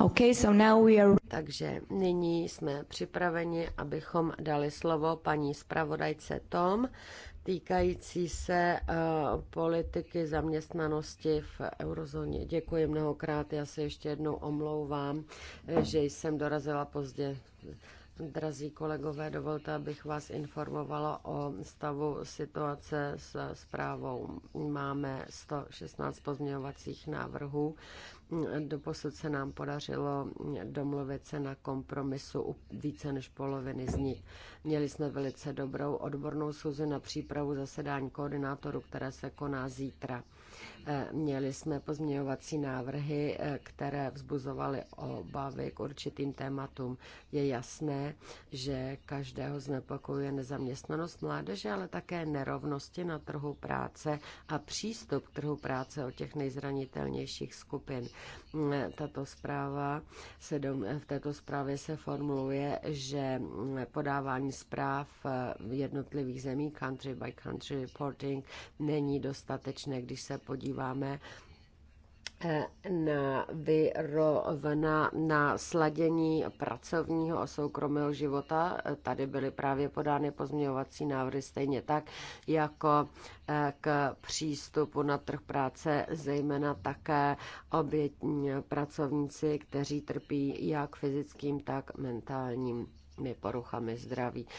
Okay, so now we are... Takže nyní jsme připraveni, abychom dali slovo paní zpravodajce Tom týkající se uh, politiky zaměstnanosti v eurozóně. Děkuji mnohokrát, já se ještě jednou omlouvám, eh, že jsem dorazila pozdě. Drazí kolegové, dovolte, abych vás informovala o stavu situace s zprávou. Máme 116 pozměňovacích návrhů. Doposud se nám podařilo domluvit se na kompromisu u více než poloviny z nich. Měli jsme velice dobrou odbornou schůzi na přípravu zasedání koordinátorů, které se koná zítra. Eh, měli jsme pozměňovací návrhy, eh, které vzbuzovaly obavy k určitým tématům. Je jasné, že každého znepokojuje nezaměstnanost mládeže, ale také nerovnosti na trhu práce a přístup k trhu práce od těch nejzranitelnějších skupin. Mm, eh, tato zpráva se dom, v této zprávě se formuluje, že mm, podávání zpráv v jednotlivých zemí country by country reporting není dostatečné, když se podívá používáme eh, na vyrovna na sladění pracovního a soukromého života. Eh, tady byly právě podány pozměňovací návrhy stejně tak, jako eh, k přístupu na trh práce, zejména také obětní pracovníci, kteří trpí jak fyzickým, tak mentálním poruchami zdraví. E,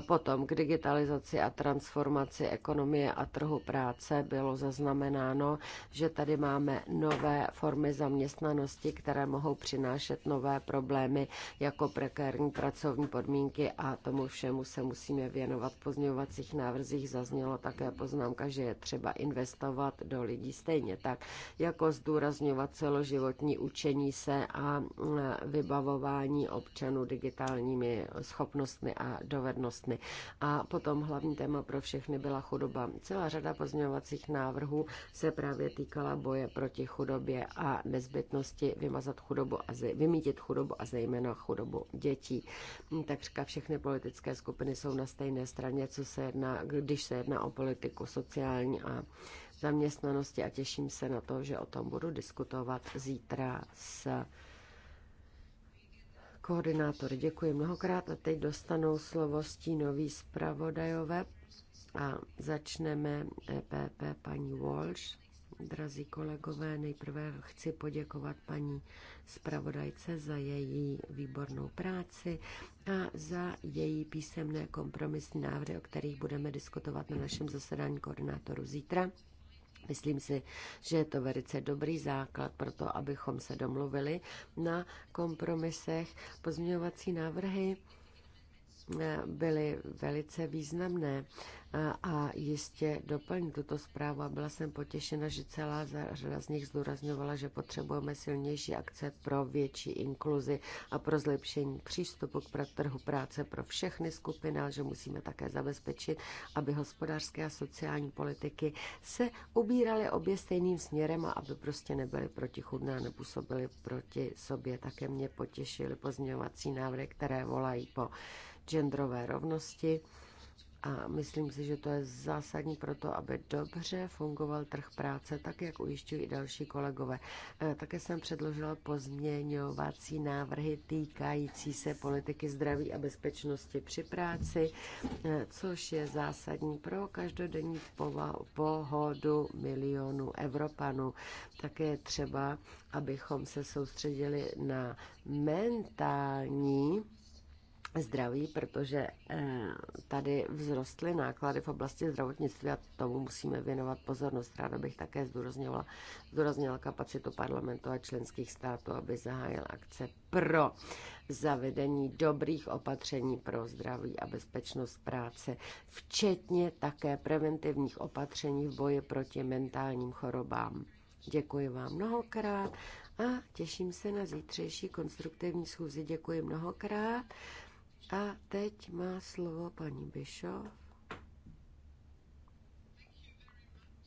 potom k digitalizaci a transformaci ekonomie a trhu práce bylo zaznamenáno, že tady máme nové formy zaměstnanosti, které mohou přinášet nové problémy jako prekérní pracovní podmínky a tomu všemu se musíme věnovat. V pozměňovacích návrzích zaznělo také poznámka, že je třeba investovat do lidí stejně tak, jako zdůrazňovat celoživotní učení se a e, vybavování občanů digitálními schopnostmi a dovednostmi. A potom hlavní téma pro všechny byla chudoba. Celá řada pozměňovacích návrhů se právě týkala boje proti chudobě a nezbytnosti vymazat chudobu a ze, vymítit chudobu a zejména chudobu dětí. Takřka všechny politické skupiny jsou na stejné straně, co se jedná, když se jedná o politiku sociální a zaměstnanosti a těším se na to, že o tom budu diskutovat zítra s koordinátory. Děkuji mnohokrát a teď dostanou slovo stínový zpravodajové a začneme EPP paní Walsh. Drazí kolegové, nejprve chci poděkovat paní zpravodajce za její výbornou práci a za její písemné kompromisní návrhy, o kterých budeme diskutovat na našem zasedání koordinátoru zítra. Myslím si, že je to velice dobrý základ pro to, abychom se domluvili na kompromisech. Pozměňovací návrhy Eh, byly velice významné eh, a jistě doplní tuto zprávu a byla jsem potěšena, že celá řada z nich zdůrazňovala, že potřebujeme silnější akce pro větší inkluzi a pro zlepšení přístupu k trhu práce pro všechny skupiny, ale že musíme také zabezpečit, aby hospodářské a sociální politiky se ubíraly obě stejným směrem a aby prostě nebyly protichudné a nepůsobily proti sobě. Také mě potěšily pozměňovací návrhy, které volají po genderové rovnosti a myslím si, že to je zásadní pro to, aby dobře fungoval trh práce, tak jak ujišťují i další kolegové. E, také jsem předložila pozměňovací návrhy týkající se politiky zdraví a bezpečnosti při práci, e, což je zásadní pro každodenní pohodu milionů Evropanů. Také je třeba, abychom se soustředili na mentální zdraví, protože eh, tady vzrostly náklady v oblasti zdravotnictví a tomu musíme věnovat pozornost. Ráda bych také zdůraznila, zdůraznila kapacitu parlamentu a členských států, aby zahájil akce pro zavedení dobrých opatření pro zdraví a bezpečnost práce, včetně také preventivních opatření v boji proti mentálním chorobám. Děkuji vám mnohokrát a těším se na zítřejší konstruktivní schůzi. Děkuji mnohokrát. A teď má slovo paní Bischoff.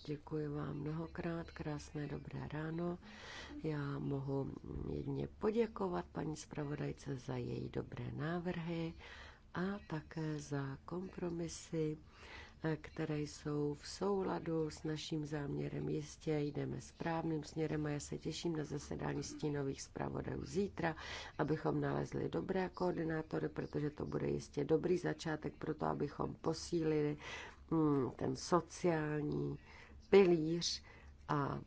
Děkuji vám mnohokrát, krásné dobré ráno. Já mohu jedně poděkovat paní zpravodajce za její dobré návrhy a také za kompromisy, Eh, které jsou v souladu s naším záměrem. Jistě jdeme správným směrem a já se těším na zasedání stínových zpravodajů zítra, abychom nalezli dobré koordinátory, protože to bude jistě dobrý začátek pro to, abychom posílili mm, ten sociální pilíř a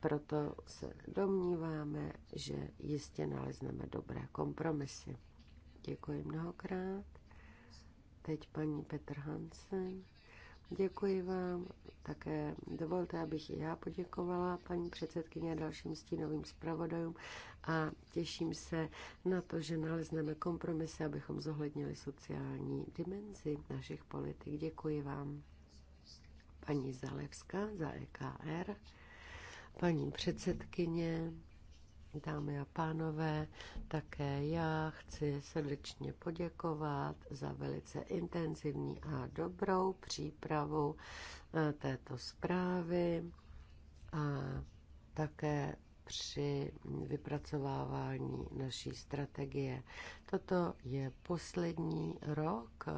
proto se domníváme, že jistě nalezneme dobré kompromisy. Děkuji mnohokrát. Teď paní Petr Hansen. Děkuji vám. Také dovolte, abych i já poděkovala paní předsedkyně a dalším stínovým zpravodajům a těším se na to, že nalezneme kompromisy, abychom zohlednili sociální dimenzi našich politik. Děkuji vám. Paní Zalevská za EKR, paní předsedkyně, Dámy a pánové, také já chci srdečně poděkovat za velice intenzivní a dobrou přípravu eh, této zprávy a také při vypracovávání naší strategie. Toto je poslední rok eh,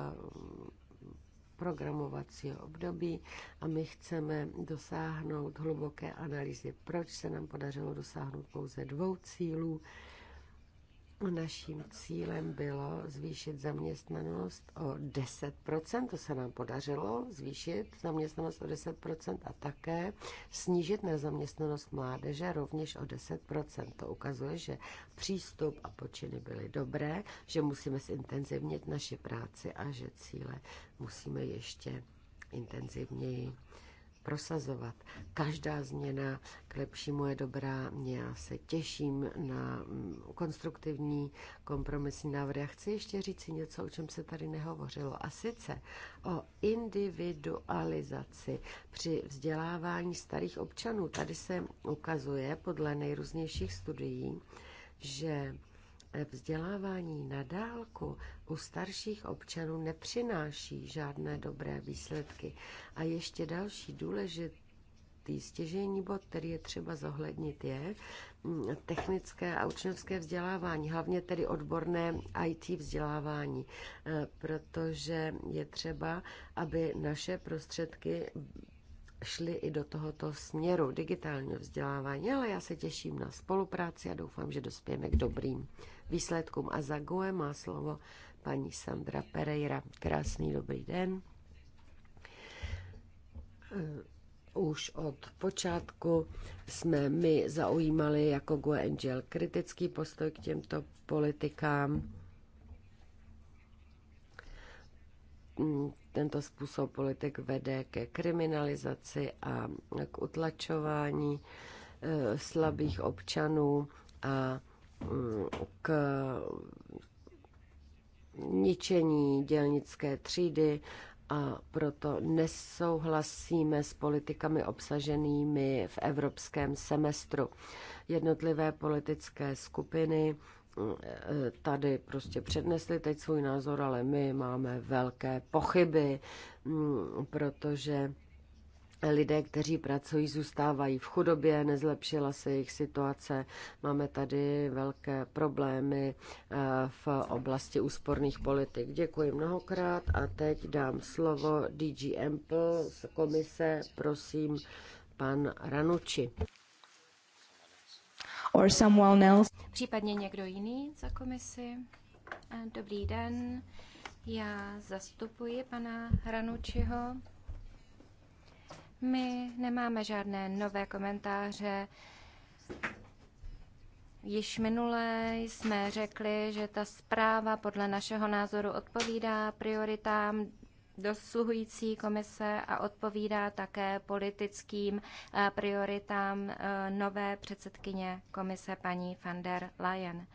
programovacího období a my chceme dosáhnout hluboké analýzy, proč se nám podařilo dosáhnout pouze dvou cílů Naším cílem bylo zvýšit zaměstnanost o 10%, to se nám podařilo zvýšit zaměstnanost o 10% a také snížit nezaměstnanost mládeže rovněž o 10%. To ukazuje, že přístup a počiny byly dobré, že musíme zintenzivnit naši práci a že cíle musíme ještě intenzivněji prosazovat. Každá změna k lepšímu je dobrá. Já se těším na mm, konstruktivní kompromisní návrhy. Já chci ještě říct něco, o čem se tady nehovořilo. A sice o individualizaci při vzdělávání starých občanů. Tady se ukazuje podle nejrůznějších studií, že vzdělávání na dálku u starších občanů nepřináší žádné dobré výsledky. A ještě další důležitý stěžení bod, který je třeba zohlednit, je mm, technické a učňovské vzdělávání, hlavně tedy odborné IT vzdělávání, e, protože je třeba, aby naše prostředky šli i do tohoto směru digitálního vzdělávání, ale já se těším na spolupráci a doufám, že dospějeme k dobrým výsledkům. A za GUE má slovo paní Sandra Pereira. Krásný dobrý den. Eh, už od počátku jsme my zaujímali jako GUE Angel kritický postoj k těmto politikám. Mm, tento způsob politik vede ke kriminalizaci a k utlačování eh, slabých občanů a k ničení dělnické třídy a proto nesouhlasíme s politikami obsaženými v evropském semestru. Jednotlivé politické skupiny eh, tady prostě přednesli teď svůj názor, ale my máme velké pochyby, mm, protože lidé, kteří pracují, zůstávají v chudobě, nezlepšila se jejich situace. Máme tady velké problémy eh, v oblasti úsporných politik. Děkuji mnohokrát a teď dám slovo DG Ample z komise, prosím, pan Ranuči. Or someone else. Případně někdo jiný za komisi. Eh, dobrý den, já zastupuji pana Ranučiho my nemáme žádné nové komentáře. Již minule jsme řekli, že ta zpráva podle našeho názoru odpovídá prioritám dosluhující komise a odpovídá také politickým eh, prioritám eh, nové předsedkyně komise paní van der Leyen.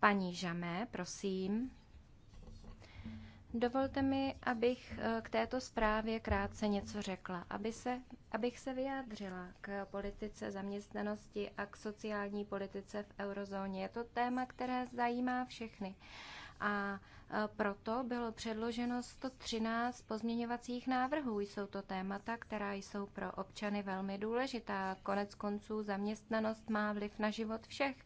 Paní Žamé, prosím. Dovolte mi, abych eh, k této zprávě krátce něco řekla, aby se, abych se vyjádřila k politice zaměstnanosti a k sociální politice v eurozóně. Je to téma, které zajímá všechny a e, proto bylo předloženo 113 pozměňovacích návrhů. Jsou to témata, která jsou pro občany velmi důležitá. Konec konců zaměstnanost má vliv na život všech.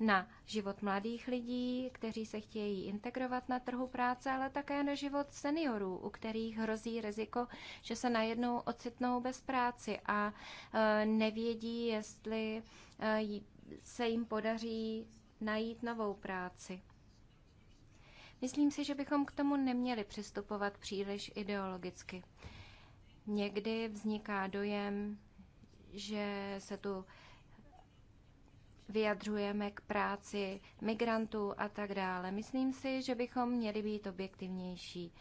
Na život mladých lidí, kteří se chtějí integrovat na trhu práce, ale také na život seniorů, u kterých hrozí riziko, že se najednou ocitnou bez práci a e, nevědí, jestli e, se jim podaří najít novou práci. Myslím si, že bychom k tomu neměli přistupovat příliš ideologicky. Někdy vzniká dojem, že se tu vyjadřujeme k práci migrantů a tak dále. Myslím si, že bychom měli být objektivnější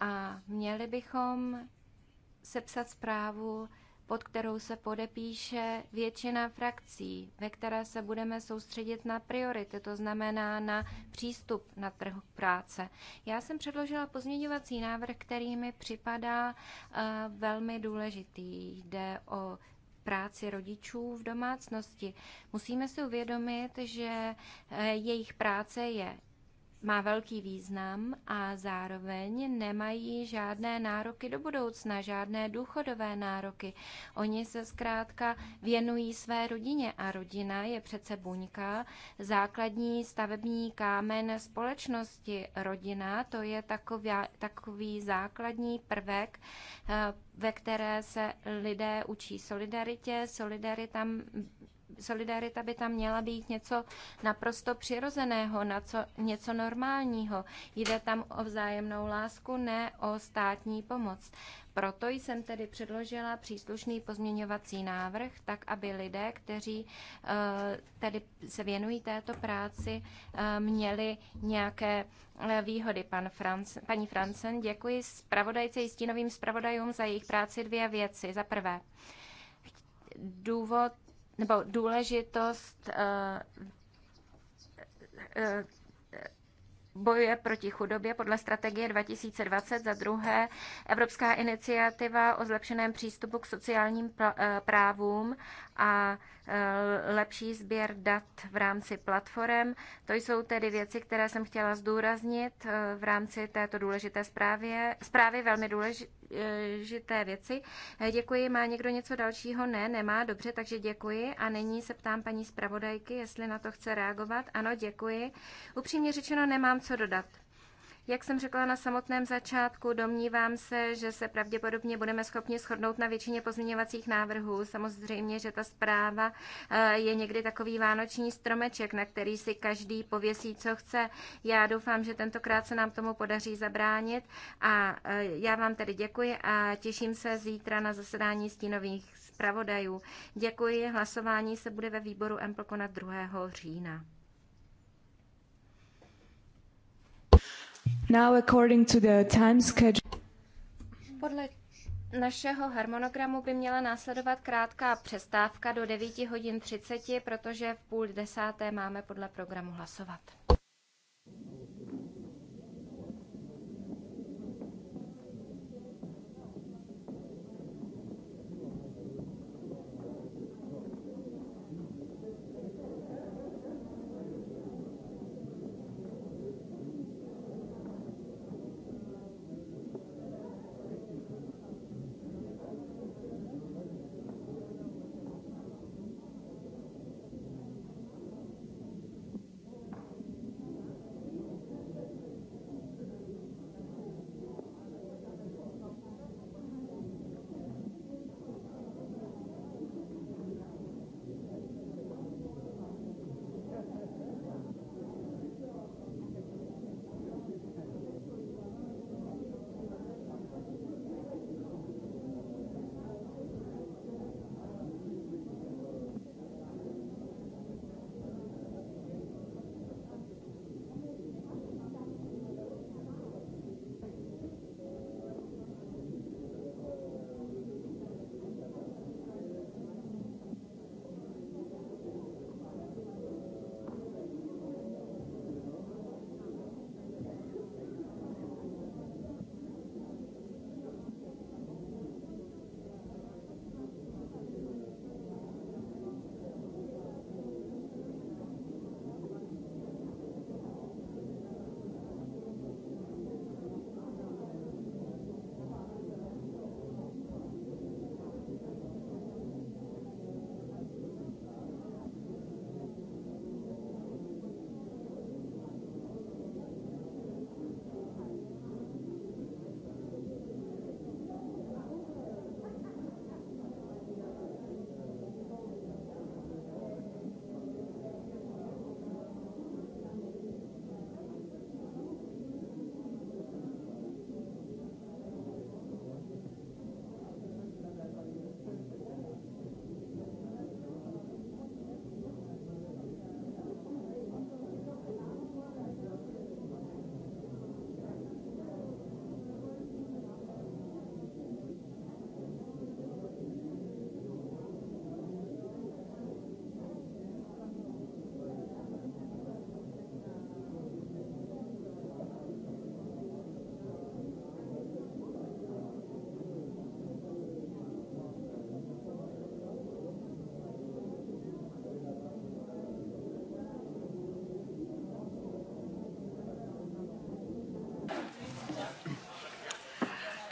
a měli bychom sepsat zprávu pod kterou se podepíše většina frakcí, ve které se budeme soustředit na priority, to znamená na přístup na trh práce. Já jsem předložila pozměňovací návrh, který mi připadá eh, velmi důležitý. Jde o práci rodičů v domácnosti. Musíme si uvědomit, že eh, jejich práce je má velký význam a zároveň nemají žádné nároky do budoucna, žádné důchodové nároky. Oni se zkrátka věnují své rodině a rodina je přece buňka, základní stavební kámen společnosti. Rodina to je takový, takový základní prvek, eh, ve které se lidé učí solidaritě. Solidarita solidarita by tam měla být něco naprosto přirozeného, na co, něco normálního. Jde tam o vzájemnou lásku, ne o státní pomoc. Proto jsem tedy předložila příslušný pozměňovací návrh, tak aby lidé, kteří eh, tedy se věnují této práci, eh, měli nějaké eh, výhody. Pan Franc, paní Francen, děkuji zpravodajce i stínovým zpravodajům za jejich práci dvě věci. Za prvé, důvod nebo důležitost eh, eh, eh, bojuje proti chudobě podle strategie 2020, za druhé Evropská iniciativa o zlepšeném přístupu k sociálním právům a lepší sběr dat v rámci platform. To jsou tedy věci, které jsem chtěla zdůraznit v rámci této důležité zprávy. Zprávy velmi důležité důležité věci. Eh, děkuji. Má někdo něco dalšího? Ne, nemá. Dobře, takže děkuji. A nyní se ptám paní zpravodajky, jestli na to chce reagovat. Ano, děkuji. Upřímně řečeno, nemám co dodat. Jak jsem řekla na samotném začátku, domnívám se, že se pravděpodobně budeme schopni shodnout na většině pozměňovacích návrhů. Samozřejmě, že ta zpráva eh, je někdy takový vánoční stromeček, na který si každý pověsí, co chce. Já doufám, že tentokrát se nám tomu podaří zabránit. A eh, já vám tedy děkuji a těším se zítra na zasedání stínových zpravodajů. Děkuji, hlasování se bude ve výboru MPL konat 2. října. Now according to the time schedule. Podle našeho harmonogramu by měla následovat krátká přestávka do 9 hodin 30, protože v půl desáté máme podle programu hlasovat.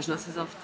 možná si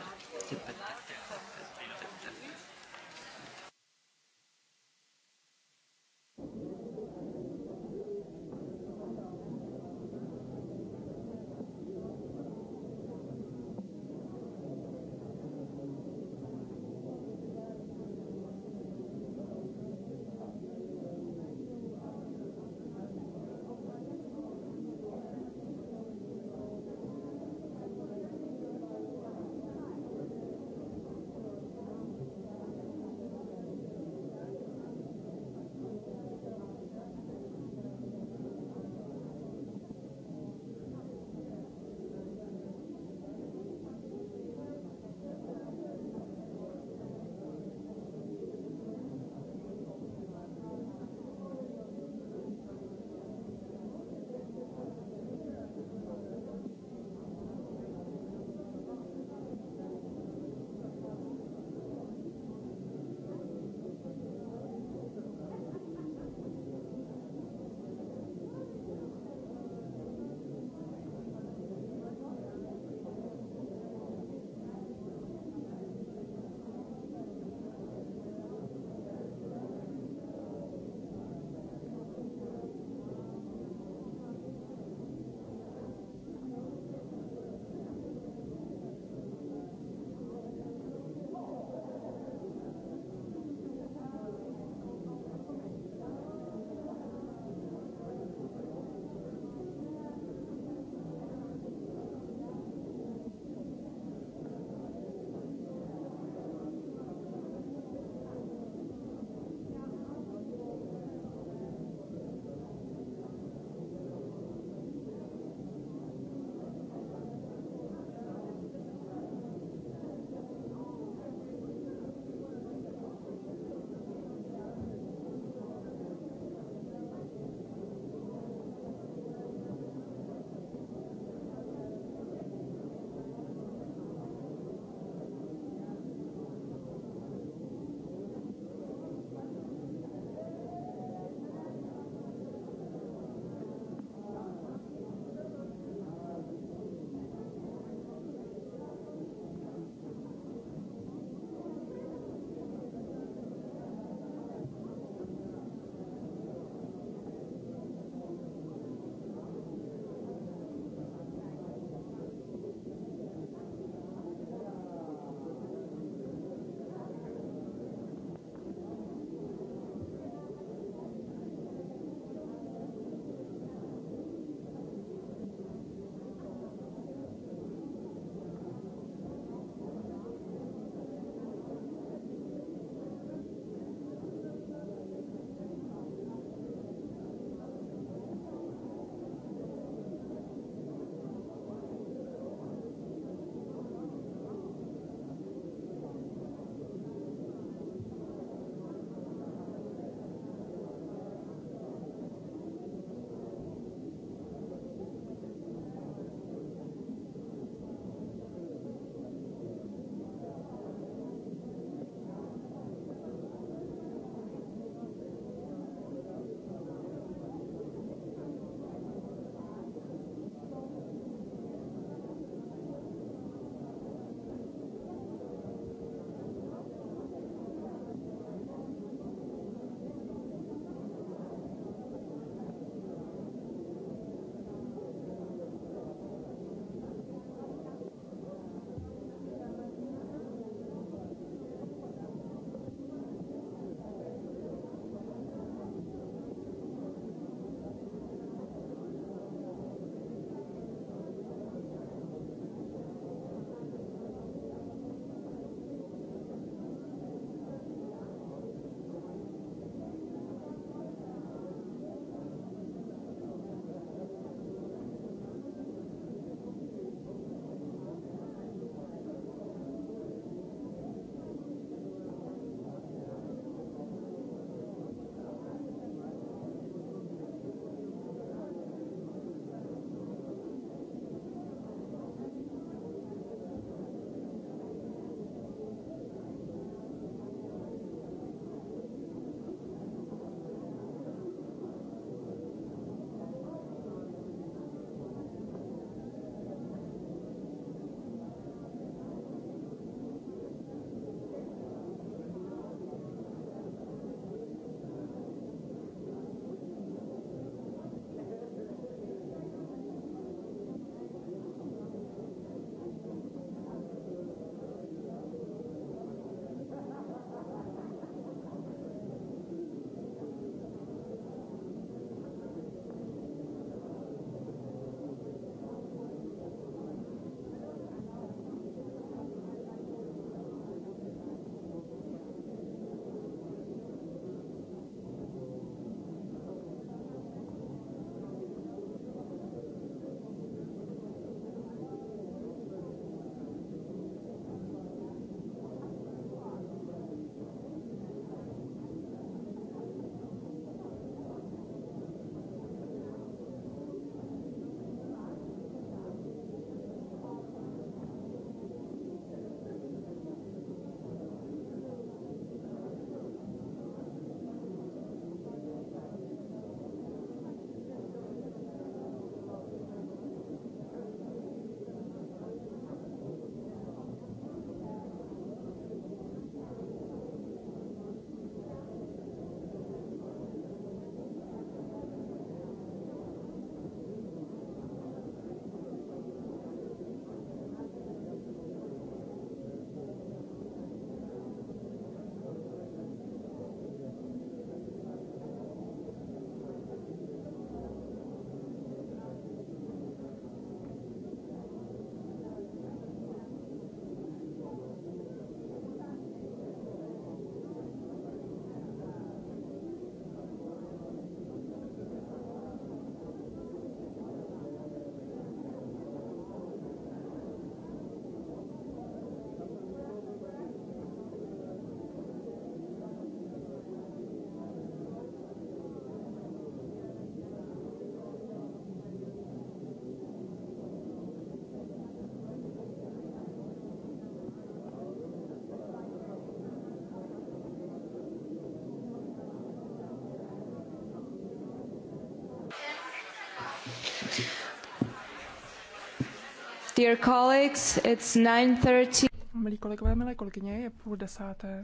Dear colleagues, it's 9.30. Milí kolegové, milé kolegyně, je půl desáté.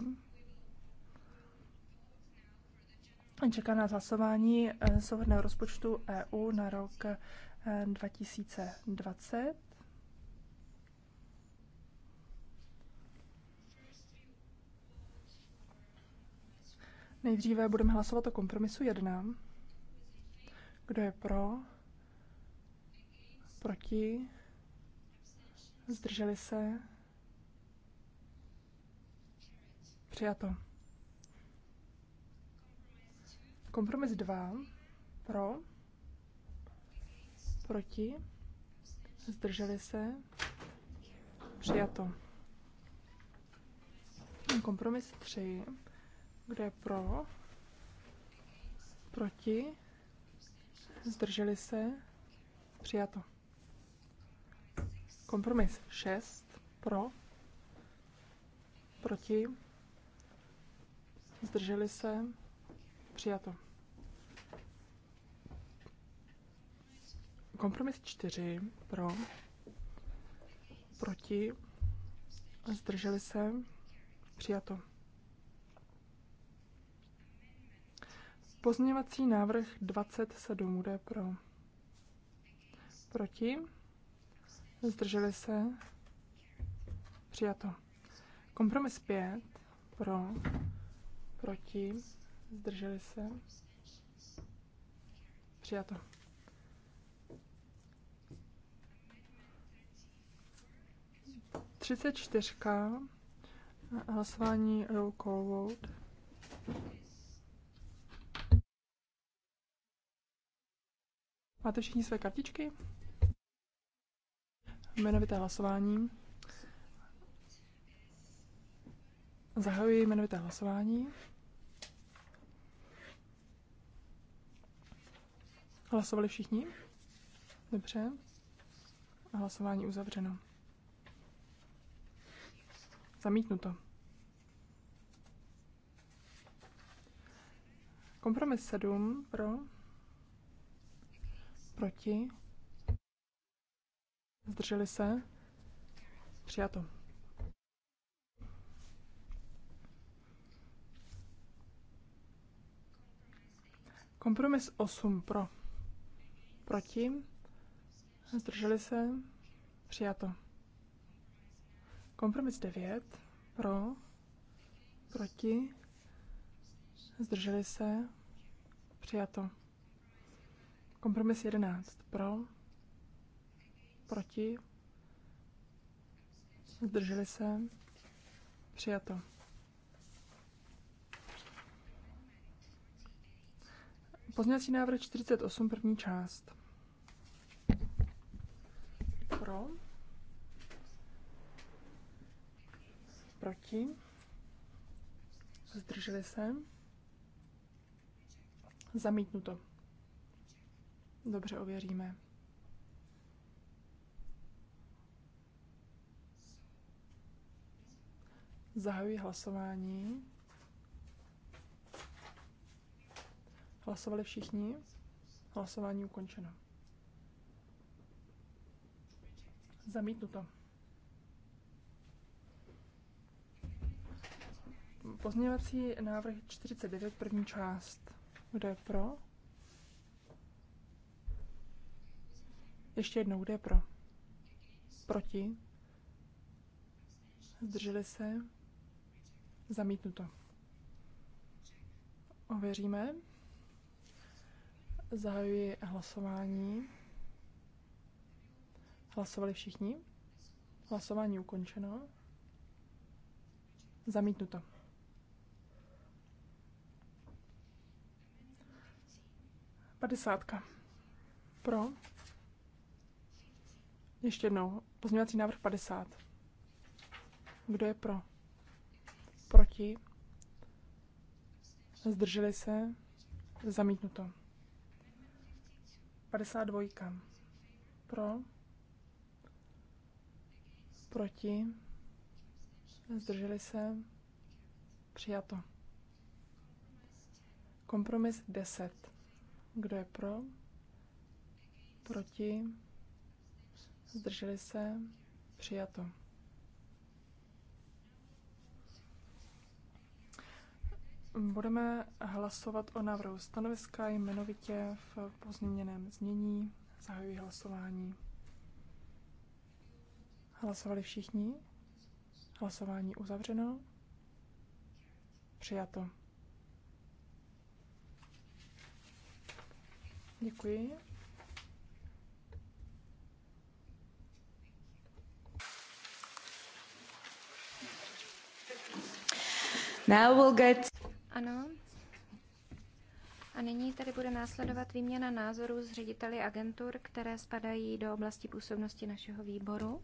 Čeká nás hlasování eh, souhrného rozpočtu EU na rok 2020. Eh, Nejdříve budeme hlasovat o kompromisu 1. Kdo je pro? Proti? Zdrželi se? Přijato. Kompromis 2. Pro. Proti. Zdrželi se. Přijato. Kompromis 3. Kdo je pro? Proti. Zdrželi se. Přijato. Kompromis 6 pro, proti, zdrželi se, přijato. Kompromis 4 pro, proti, zdrželi se, přijato. Pozměňovací návrh 27 bude pro, proti, Zdrželi se? Přijato. Kompromis 5. Pro. Proti. Zdrželi se? Přijato. Třicet čtyřka. Hlasování roll call vote. Máte všichni své kartičky? jmenovité hlasování. Zahajuji jmenovité hlasování. Hlasovali všichni? Dobře. Hlasování uzavřeno. Zamítnuto. Kompromis 7 pro, proti, Zdrželi se? Přijato. Kompromis 8 pro. Proti. Zdrželi se. Přijato. Kompromis 9 pro. Proti. Zdrželi se. Přijato. Kompromis 11 pro. Proti? Zdrželi se? Přijato. Pozměňovací návrh 48, první část. Pro. Proti. Zdrželi se. Zamítnuto. Dobře, ověříme. Zahajuji hlasování. Hlasovali všichni. Hlasování ukončeno. Zamítnuto. Pozměňovací návrh 49, první část. Kdo je pro? Ještě jednou, kdo je pro? Proti? Zdrželi se? Zamítnuto. Ověříme. Zahajuji hlasování. Hlasovali všichni. Hlasování ukončeno. Zamítnuto. Padesátka. Pro. Ještě jednou. Pozměňovací návrh 50. Kdo je pro? Proti? Zdrželi se? Zamítnuto. 52. Pro? Proti? Zdrželi se? Přijato. Kompromis 10. Kdo je pro? Proti? Zdrželi se? Přijato. Budeme hlasovat o návrhu stanoviska jmenovitě v pozměněném znění. Zahajuji hlasování. Hlasovali všichni? Hlasování uzavřeno? Přijato. Děkuji. Now we'll get... Ano. A nyní tady bude následovat výměna názorů s řediteli agentur, které spadají do oblasti působnosti našeho výboru.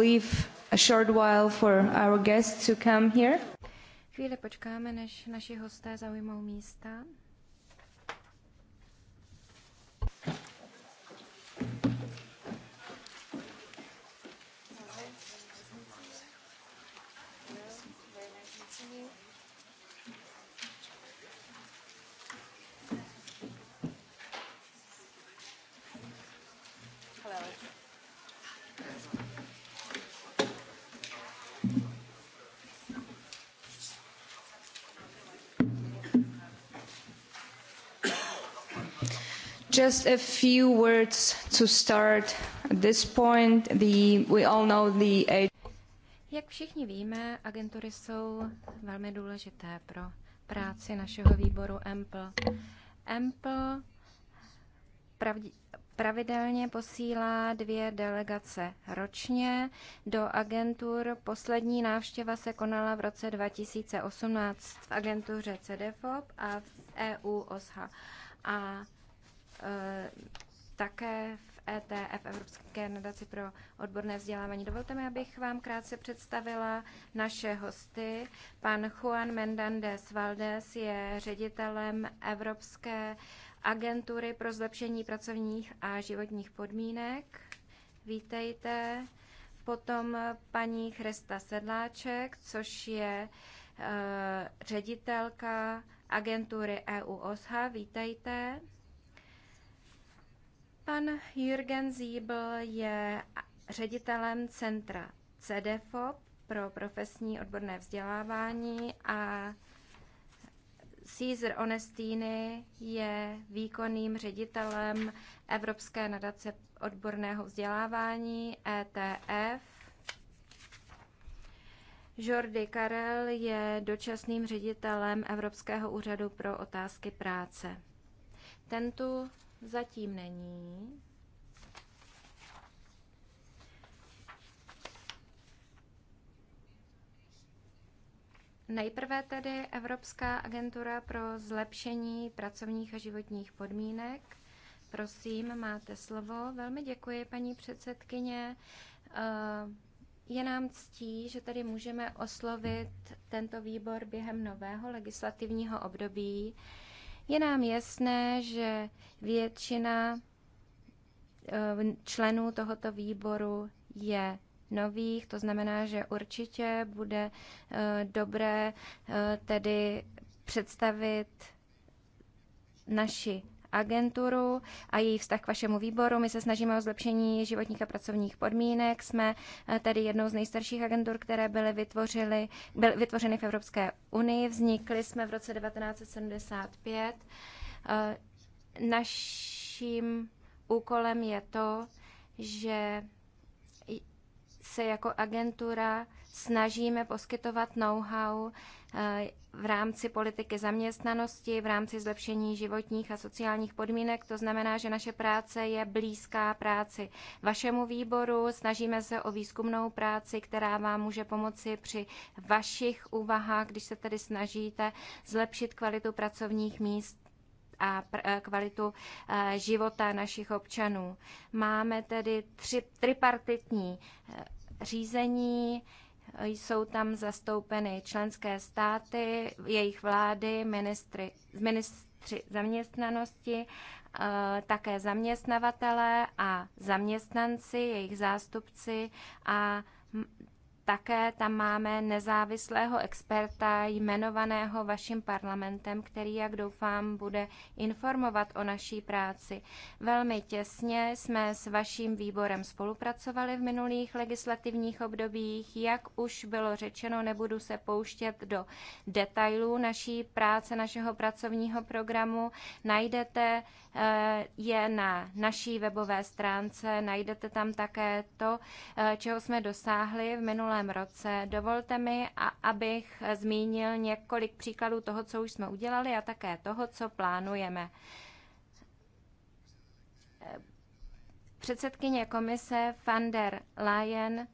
leave a short while for our guests to come here. Chvíli počkáme, než naši hosté zaujmou místa. Just a few words to start. At this point, the, we all know the Jak všichni víme, agentury jsou velmi důležité pro práci našeho výboru EMPL. EMPL pravidelně posílá dvě delegace ročně do agentur. Poslední návštěva se konala v roce 2018 v agentuře CDFOP a v EU OSHA. A Eh, také v ETF, Evropské nadaci pro odborné vzdělávání. Dovolte mi, abych vám krátce představila naše hosty. Pan Juan Mendandes Valdes je ředitelem Evropské agentury pro zlepšení pracovních a životních podmínek. Vítejte. Potom paní Chrysta Sedláček, což je eh, ředitelka agentury EU OSHA. Vítejte. Pan Jürgen Siebel je ředitelem centra CDFOP pro profesní odborné vzdělávání a Cesar Onestini je výkonným ředitelem Evropské nadace odborného vzdělávání ETF. Jordi Karel je dočasným ředitelem Evropského úřadu pro otázky práce. Tento zatím není. Nejprve tedy Evropská agentura pro zlepšení pracovních a životních podmínek. Prosím, máte slovo. Velmi děkuji, paní předsedkyně. Eh, je nám ctí, že tady můžeme oslovit tento výbor během nového legislativního období. Je nám jasné, že většina eh, členů tohoto výboru je nových, to znamená, že určitě bude eh, dobré eh, tedy představit naši agenturu a její vztah k vašemu výboru. My se snažíme o zlepšení životních a pracovních podmínek. Jsme eh, tedy jednou z nejstarších agentur, které byly, vytvořily, byly vytvořeny v Evropské unii. Vznikly jsme v roce 1975. Eh, naším úkolem je to, že se jako agentura snažíme poskytovat know-how eh, v rámci politiky zaměstnanosti, v rámci zlepšení životních a sociálních podmínek. To znamená, že naše práce je blízká práci vašemu výboru. Snažíme se o výzkumnou práci, která vám může pomoci při vašich úvahách, když se tedy snažíte zlepšit kvalitu pracovních míst a eh, kvalitu eh, života našich občanů. Máme tedy tři, tripartitní řízení, jsou tam zastoupeny členské státy, jejich vlády, ministry, ministři zaměstnanosti, eh, také zaměstnavatelé a zaměstnanci, jejich zástupci a také tam máme nezávislého experta jmenovaného vaším parlamentem, který, jak doufám, bude informovat o naší práci. Velmi těsně jsme s vaším výborem spolupracovali v minulých legislativních obdobích. Jak už bylo řečeno, nebudu se pouštět do detailů naší práce, našeho pracovního programu. Najdete eh, je na naší webové stránce, najdete tam také to, eh, čeho jsme dosáhli v minulé minulém roce. Dovolte mi, a abych zmínil několik příkladů toho, co už jsme udělali a také toho, co plánujeme. Předsedkyně komise van der Leyen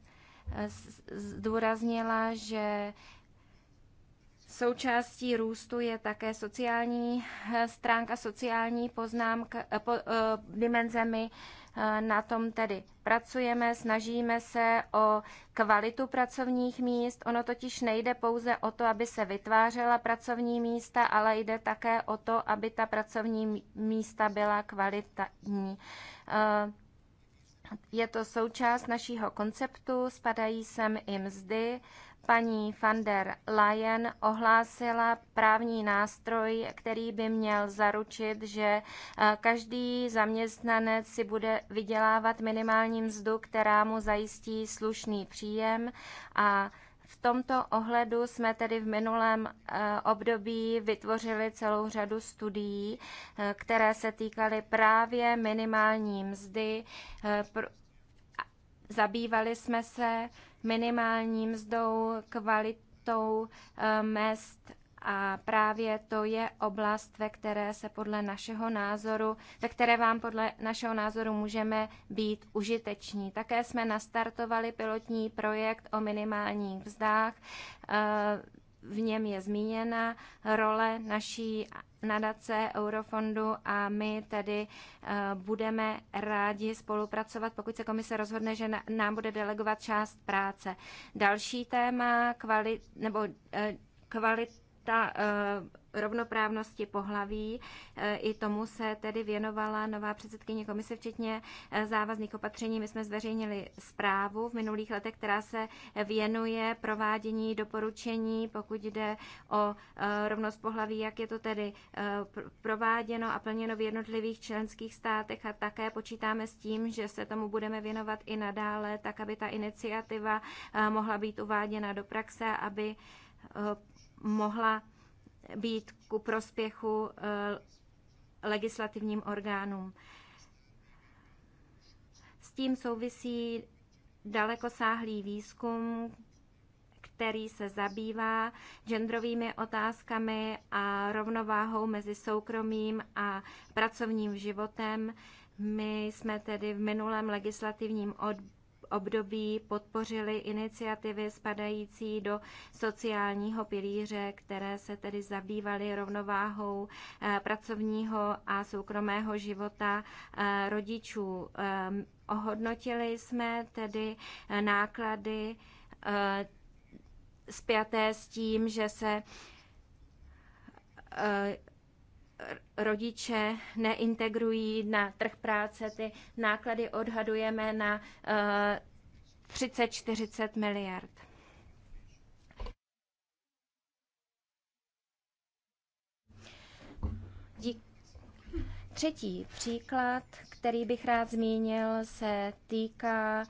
zdůraznila, že Součástí růstu je také sociální stránka, sociální poznámka, eh, po, eh, dimenze. My Eh, na tom tedy pracujeme, snažíme se o kvalitu pracovních míst. Ono totiž nejde pouze o to, aby se vytvářela pracovní místa, ale jde také o to, aby ta pracovní místa byla kvalitní. Eh, je to součást našího konceptu, spadají sem i mzdy paní van der Leyen ohlásila právní nástroj, který by měl zaručit, že eh, každý zaměstnanec si bude vydělávat minimální mzdu, která mu zajistí slušný příjem a v tomto ohledu jsme tedy v minulém eh, období vytvořili celou řadu studií, eh, které se týkaly právě minimální mzdy. Zabývali jsme se minimální mzdou, kvalitou eh, mest a právě to je oblast, ve které se podle našeho názoru, ve které vám podle našeho názoru můžeme být užiteční. Také jsme nastartovali pilotní projekt o minimálních mzdách eh, v něm je zmíněna role naší nadace Eurofondu a my tedy eh, budeme rádi spolupracovat, pokud se komise rozhodne, že nám bude delegovat část práce. Další téma, kvali, nebo eh, kvalit ta eh, rovnoprávnosti pohlaví. Eh, I tomu se tedy věnovala nová předsedkyně komise, včetně eh, závazných opatření. My jsme zveřejnili zprávu v minulých letech, která se věnuje provádění doporučení, pokud jde o rovnost pohlaví, jak je to tedy prováděno a plněno v jednotlivých členských státech a také počítáme s tím, že se tomu budeme věnovat i nadále, tak aby ta iniciativa mohla být uváděna do praxe, aby mohla být ku prospěchu eh, legislativním orgánům. S tím souvisí dalekosáhlý výzkum, který se zabývá genderovými otázkami a rovnováhou mezi soukromým a pracovním životem. My jsme tedy v minulém legislativním odboru období podpořili iniciativy spadající do sociálního pilíře, které se tedy zabývaly rovnováhou eh, pracovního a soukromého života eh, rodičů. Eh, ohodnotili jsme tedy náklady spjaté s tím, že se rodiče neintegrují na trh práce. Ty náklady odhadujeme na 30-40 eh, miliard. Dík. Třetí příklad, který bych rád zmínil, se týká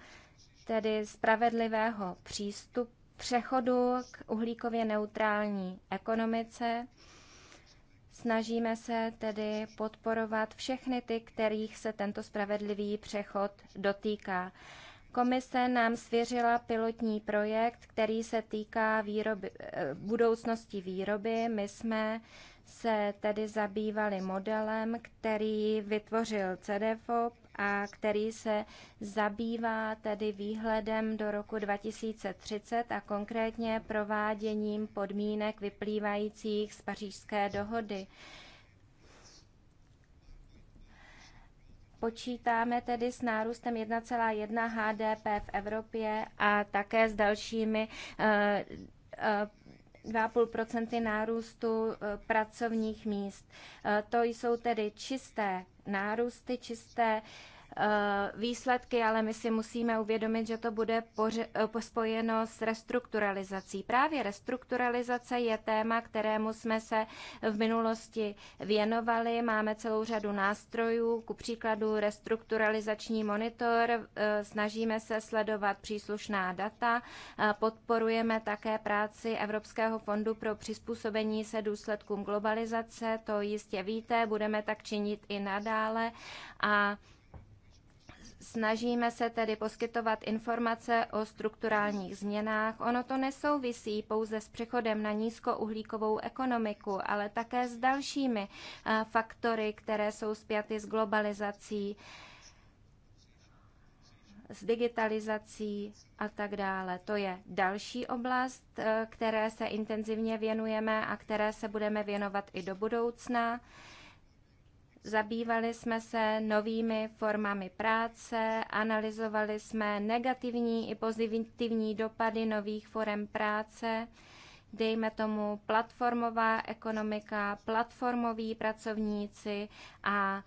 tedy spravedlivého přístupu přechodu k uhlíkově neutrální ekonomice. Snažíme se tedy podporovat všechny ty, kterých se tento spravedlivý přechod dotýká. Komise nám svěřila pilotní projekt, který se týká výroby, eh, budoucnosti výroby. My jsme se tedy zabývali modelem, který vytvořil CDFOP a který se zabývá tedy výhledem do roku 2030 a konkrétně prováděním podmínek vyplývajících z pařížské dohody. Počítáme tedy s nárůstem 1,1 HDP v Evropě a také s dalšími 2,5 eh, eh, nárůstu eh, pracovních míst. To jsou tedy čisté nárůsty čisté Eh, výsledky, ale my si musíme uvědomit, že to bude eh, pospojeno s restrukturalizací. Právě restrukturalizace je téma, kterému jsme se v minulosti věnovali. Máme celou řadu nástrojů, ku příkladu restrukturalizační monitor, eh, snažíme se sledovat příslušná data, podporujeme také práci Evropského fondu pro přizpůsobení se důsledkům globalizace, to jistě víte, budeme tak činit i nadále a Snažíme se tedy poskytovat informace o strukturálních změnách. Ono to nesouvisí pouze s přechodem na nízkouhlíkovou ekonomiku, ale také s dalšími eh, faktory, které jsou spjaty s globalizací, s digitalizací a tak dále. To je další oblast, eh, které se intenzivně věnujeme a které se budeme věnovat i do budoucna. Zabývali jsme se novými formami práce, analyzovali jsme negativní i pozitivní dopady nových forem práce, dejme tomu platformová ekonomika, platformoví pracovníci a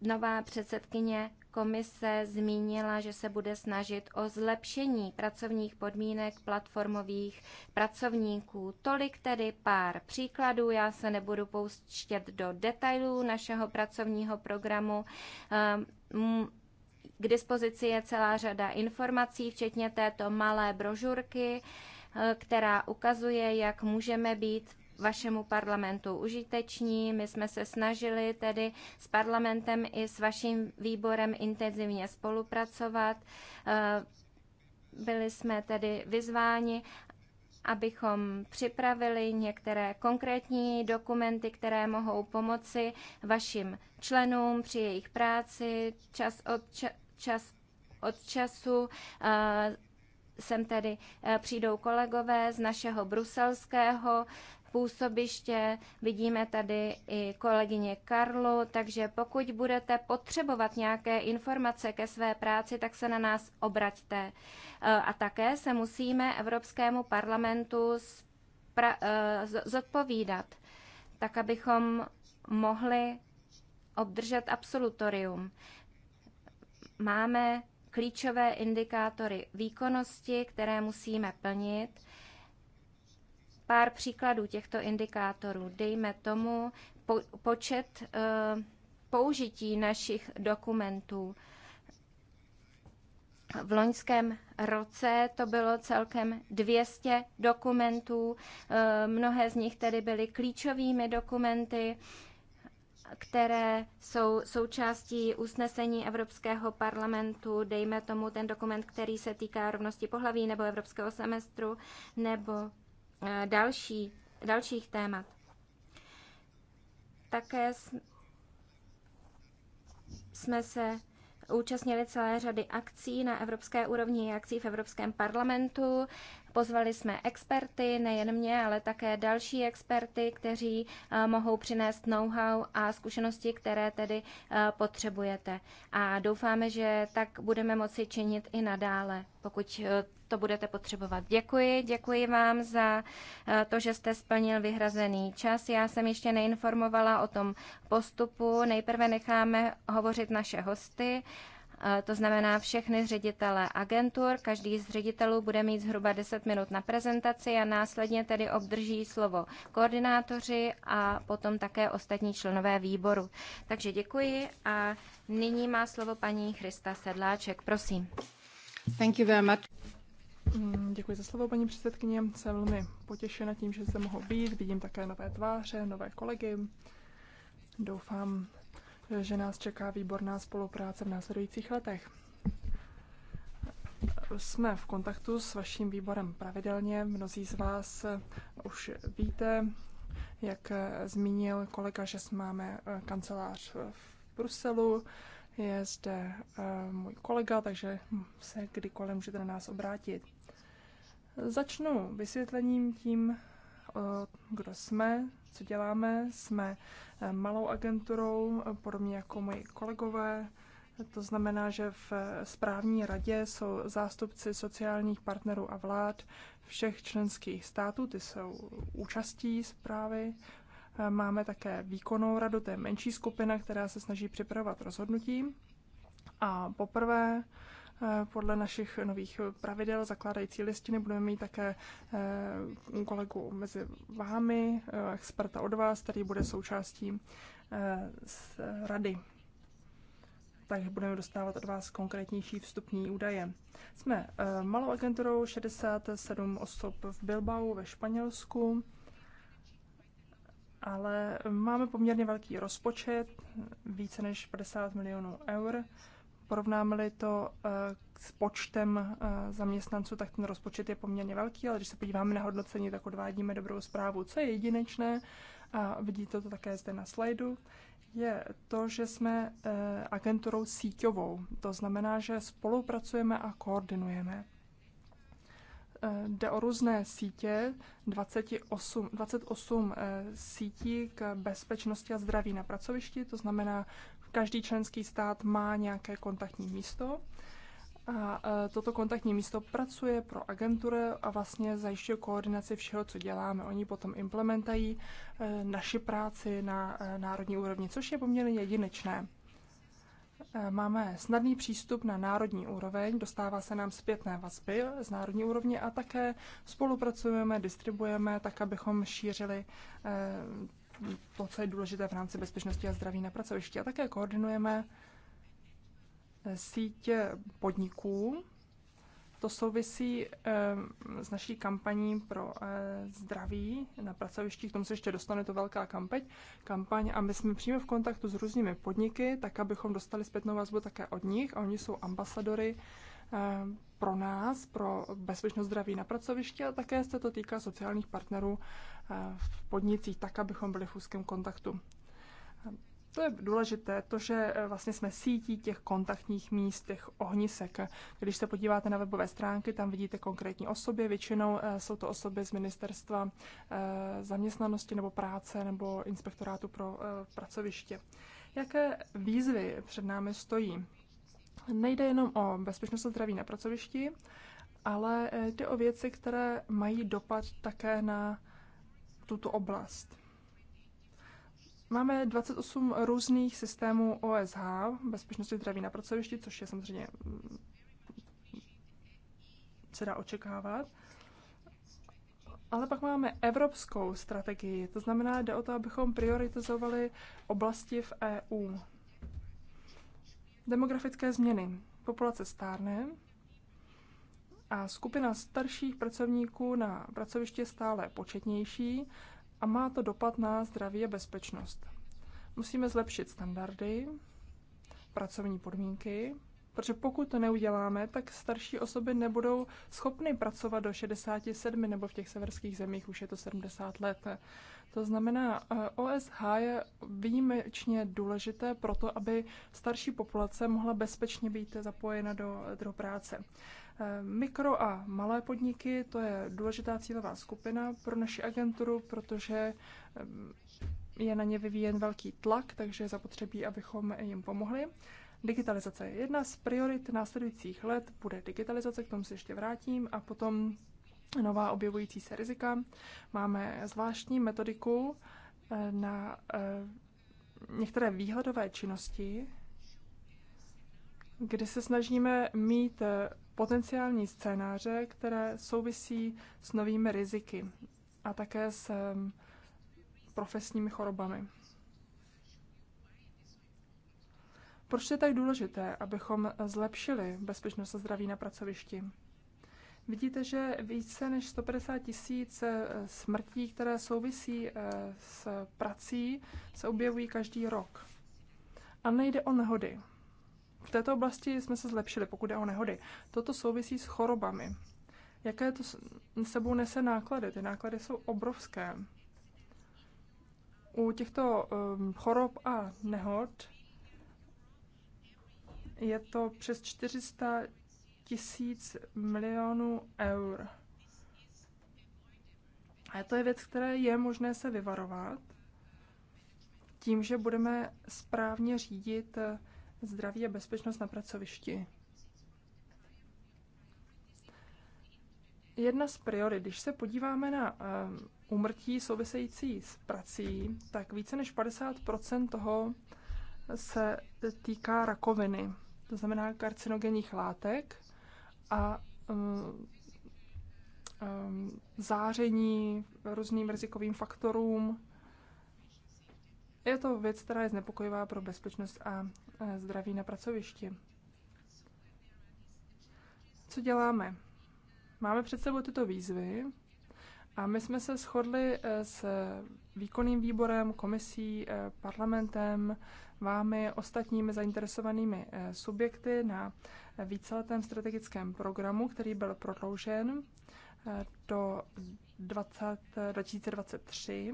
nová předsedkyně Komise zmínila, že se bude snažit o zlepšení pracovních podmínek platformových pracovníků. Tolik tedy pár příkladů. Já se nebudu pouštět do detailů našeho pracovního programu. Ehm, k dispozici je celá řada informací, včetně této malé brožurky, e, která ukazuje, jak můžeme být vašemu parlamentu užiteční. My jsme se snažili tedy s parlamentem i s vaším výborem intenzivně spolupracovat. Eh, byli jsme tedy vyzváni, abychom připravili některé konkrétní dokumenty, které mohou pomoci vašim členům při jejich práci. Čas od, ča, čas od času eh, sem tedy eh, přijdou kolegové z našeho bruselského působiště. Vidíme tady i kolegyně Karlu, takže pokud budete potřebovat nějaké informace ke své práci, tak se na nás obraťte. E, a také se musíme Evropskému parlamentu e, zodpovídat, tak abychom mohli obdržet absolutorium. Máme klíčové indikátory výkonnosti, které musíme plnit pár příkladů těchto indikátorů. Dejme tomu po, počet eh, použití našich dokumentů. V loňském roce to bylo celkem 200 dokumentů, eh, mnohé z nich tedy byly klíčovými dokumenty, které jsou součástí usnesení Evropského parlamentu, dejme tomu ten dokument, který se týká rovnosti pohlaví nebo Evropského semestru nebo Eh, další, dalších témat. Také jsme se účastnili celé řady akcí na evropské úrovni, akcí v Evropském parlamentu. Pozvali jsme experty, nejen mě, ale také další experty, kteří eh, mohou přinést know-how a zkušenosti, které tedy eh, potřebujete. A doufáme, že tak budeme moci činit i nadále, pokud eh, to budete potřebovat. Děkuji, děkuji vám za to, že jste splnil vyhrazený čas. Já jsem ještě neinformovala o tom postupu. Nejprve necháme hovořit naše hosty to znamená všechny ředitele agentur. Každý z ředitelů bude mít zhruba 10 minut na prezentaci a následně tedy obdrží slovo koordinátoři a potom také ostatní členové výboru. Takže děkuji a nyní má slovo paní Christa Sedláček. Prosím. Thank you very much. Mm, děkuji za slovo, paní předsedkyně. Jsem velmi potěšena tím, že se mohu být. Vidím také nové tváře, nové kolegy. Doufám, že nás čeká výborná spolupráce v následujících letech. Jsme v kontaktu s vaším výborem pravidelně. Mnozí z vás už víte, jak zmínil kolega, že máme eh, kancelář v Bruselu. Je zde eh, můj kolega, takže se kdykoliv můžete na nás obrátit. Začnu vysvětlením tím, eh, kdo jsme, co děláme. Jsme eh, malou agenturou, eh, podobně jako moji kolegové. To znamená, že v eh, správní radě jsou zástupci sociálních partnerů a vlád všech členských států, ty jsou účastí zprávy. Máme také výkonnou radu, to je menší skupina, která se snaží připravovat rozhodnutí. A poprvé Eh, podle našich nových eh, pravidel zakládající listiny budeme mít také eh, kolegu mezi vámi, experta od vás, který bude součástí z rady takže budeme dostávat od vás konkrétnější vstupní údaje. Jsme malou agenturou, 67 osob v Bilbao ve Španělsku, ale máme poměrně velký rozpočet, více než 50 milionů eur porovnáme-li to eh, s počtem eh, zaměstnanců, tak ten rozpočet je poměrně velký, ale když se podíváme na hodnocení, tak odvádíme dobrou zprávu. Co je jedinečné, a vidíte to také zde na slajdu, je to, že jsme eh, agenturou síťovou. To znamená, že spolupracujeme a koordinujeme. Jde o různé sítě, 28, 28 sítí k bezpečnosti a zdraví na pracovišti, to znamená Každý členský stát má nějaké kontaktní místo a e, toto kontaktní místo pracuje pro agentury a vlastně zajišťuje koordinaci všeho, co děláme. Oni potom implementají e, naši práci na e, národní úrovni, což je poměrně jedinečné. Máme snadný přístup na národní úroveň, dostává se nám zpětné vazby z národní úrovně a také spolupracujeme, distribuujeme tak, abychom šířili to, co je důležité v rámci bezpečnosti a zdraví na pracovišti. A také koordinujeme eh, síť podniků. To souvisí eh, s naší kampaní pro eh, zdraví na pracovišti. K tomu se ještě dostane to velká kampaň. kampaň a my jsme přímo v kontaktu s různými podniky, tak abychom dostali zpětnou vazbu také od nich. A oni jsou ambasadory Eh, pro nás, pro bezpečnost zdraví na pracovišti a také se to týká sociálních partnerů eh, v podnicích, tak, abychom byli v úzkém kontaktu. Eh, to je důležité, to, že vlastně jsme sítí těch kontaktních míst, těch ohnisek. Když se podíváte na webové stránky, tam vidíte konkrétní osoby. Většinou jsou to osoby z ministerstva zaměstnanosti nebo práce nebo inspektorátu pro pracoviště. Jaké výzvy před námi stojí? Nejde jenom o bezpečnost a zdraví na pracovišti, ale eh, jde o věci, které mají dopad také na tuto oblast. Máme 28 různých systémů OSH, bezpečnosti zdraví na pracovišti, což je samozřejmě mm, se dá očekávat. Ale pak máme evropskou strategii, to znamená, jde o to, abychom prioritizovali oblasti v EU. Demografické změny. Populace stárne a skupina starších pracovníků na pracoviště stále početnější a má to dopad na zdraví a bezpečnost. Musíme zlepšit standardy, pracovní podmínky Protože pokud to neuděláme, tak starší osoby nebudou schopny pracovat do 67 nebo v těch severských zemích už je to 70 let. To znamená, OSH eh, je výjimečně důležité pro to, aby starší populace mohla bezpečně být zapojena do do práce. Eh, mikro a malé podniky, to je důležitá cílová skupina pro naši agenturu, protože eh, je na ně vyvíjen velký tlak, takže je zapotřebí, abychom jim pomohli. Digitalizace. Jedna z priorit následujících let bude digitalizace, k tomu se ještě vrátím, a potom nová objevující se rizika. Máme zvláštní metodiku eh, na eh, některé výhledové činnosti, kde se snažíme mít eh, potenciální scénáře, které souvisí s novými riziky a také s profesními chorobami. Proč je tak důležité, abychom zlepšili bezpečnost a zdraví na pracovišti? Vidíte, že více než 150 tisíc eh, smrtí, které souvisí eh, s prací, se objevují každý rok. A nejde o nehody. V této oblasti jsme se zlepšili, pokud jde o nehody. Toto souvisí s chorobami. Jaké to sebou nese náklady? Ty náklady jsou obrovské. U těchto um, chorob a nehod je to přes 400 tisíc milionů eur. A to je věc, které je možné se vyvarovat tím, že budeme správně řídit zdraví a bezpečnost na pracovišti. Jedna z priory, když se podíváme na umrtí ehm, související s prací, tak více než 50 toho se týká rakoviny to znamená karcinogenních látek a um, um, záření různým rizikovým faktorům. Je to věc, která je znepokojivá pro bezpečnost a e, zdraví na pracovišti. Co děláme? Máme před sebou tyto výzvy, a my jsme se shodli eh, s výkonným výborem, komisí, eh, parlamentem, vámi, ostatními zainteresovanými eh, subjekty na víceletém strategickém programu, který byl prodloužen do 2023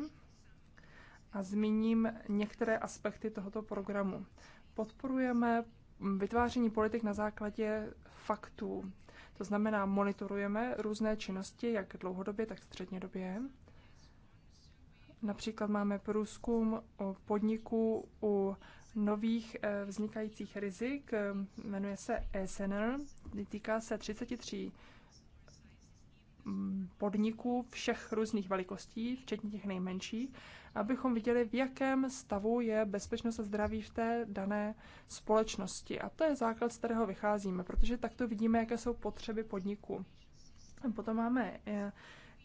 a zmíním některé aspekty tohoto programu. Podporujeme vytváření politik na základě faktů, to znamená, monitorujeme různé činnosti, jak dlouhodobě, tak střednědobě. Například máme průzkum podniků u nových eh, vznikajících rizik, eh, jmenuje se ESNR, týká se 33 Mm, podniků všech různých velikostí, včetně těch nejmenších, abychom viděli, v jakém stavu je bezpečnost a zdraví v té dané společnosti. A to je základ, z kterého vycházíme, protože takto vidíme, jaké jsou potřeby podniků. Potom máme eh,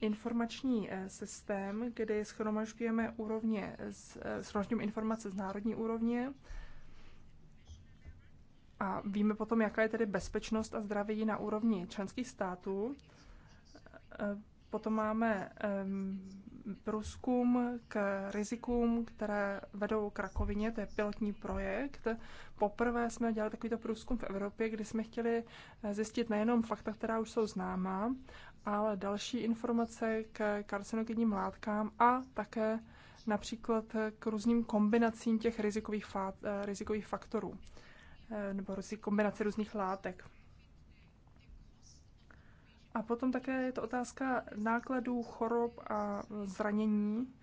informační eh, systém, kdy schromažďujeme úrovně, eh, schromažďujeme informace z národní úrovně, a víme potom, jaká je tedy bezpečnost a zdraví na úrovni členských států. Eh, potom máme průzkum k rizikům, které vedou k rakovině, to je pilotní projekt. Poprvé jsme dělali takovýto průzkum v Evropě, kdy jsme chtěli eh, zjistit nejenom fakta, která už jsou známá, ale další informace k karcinogenním látkám a také například k různým kombinacím těch rizikových, fát, eh, rizikových faktorů nebo kombinace různých látek. A potom také je to otázka nákladů, chorob a zranění.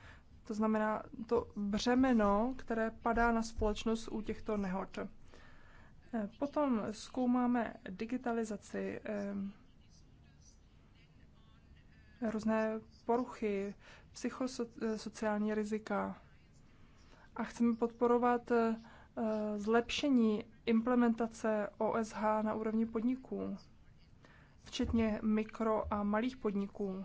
To znamená to břemeno, které padá na společnost u těchto nehod. Eh, potom zkoumáme digitalizaci, eh, různé poruchy, psychosociální rizika a chceme podporovat eh, zlepšení implementace OSH na úrovni podniků včetně mikro a malých podniků.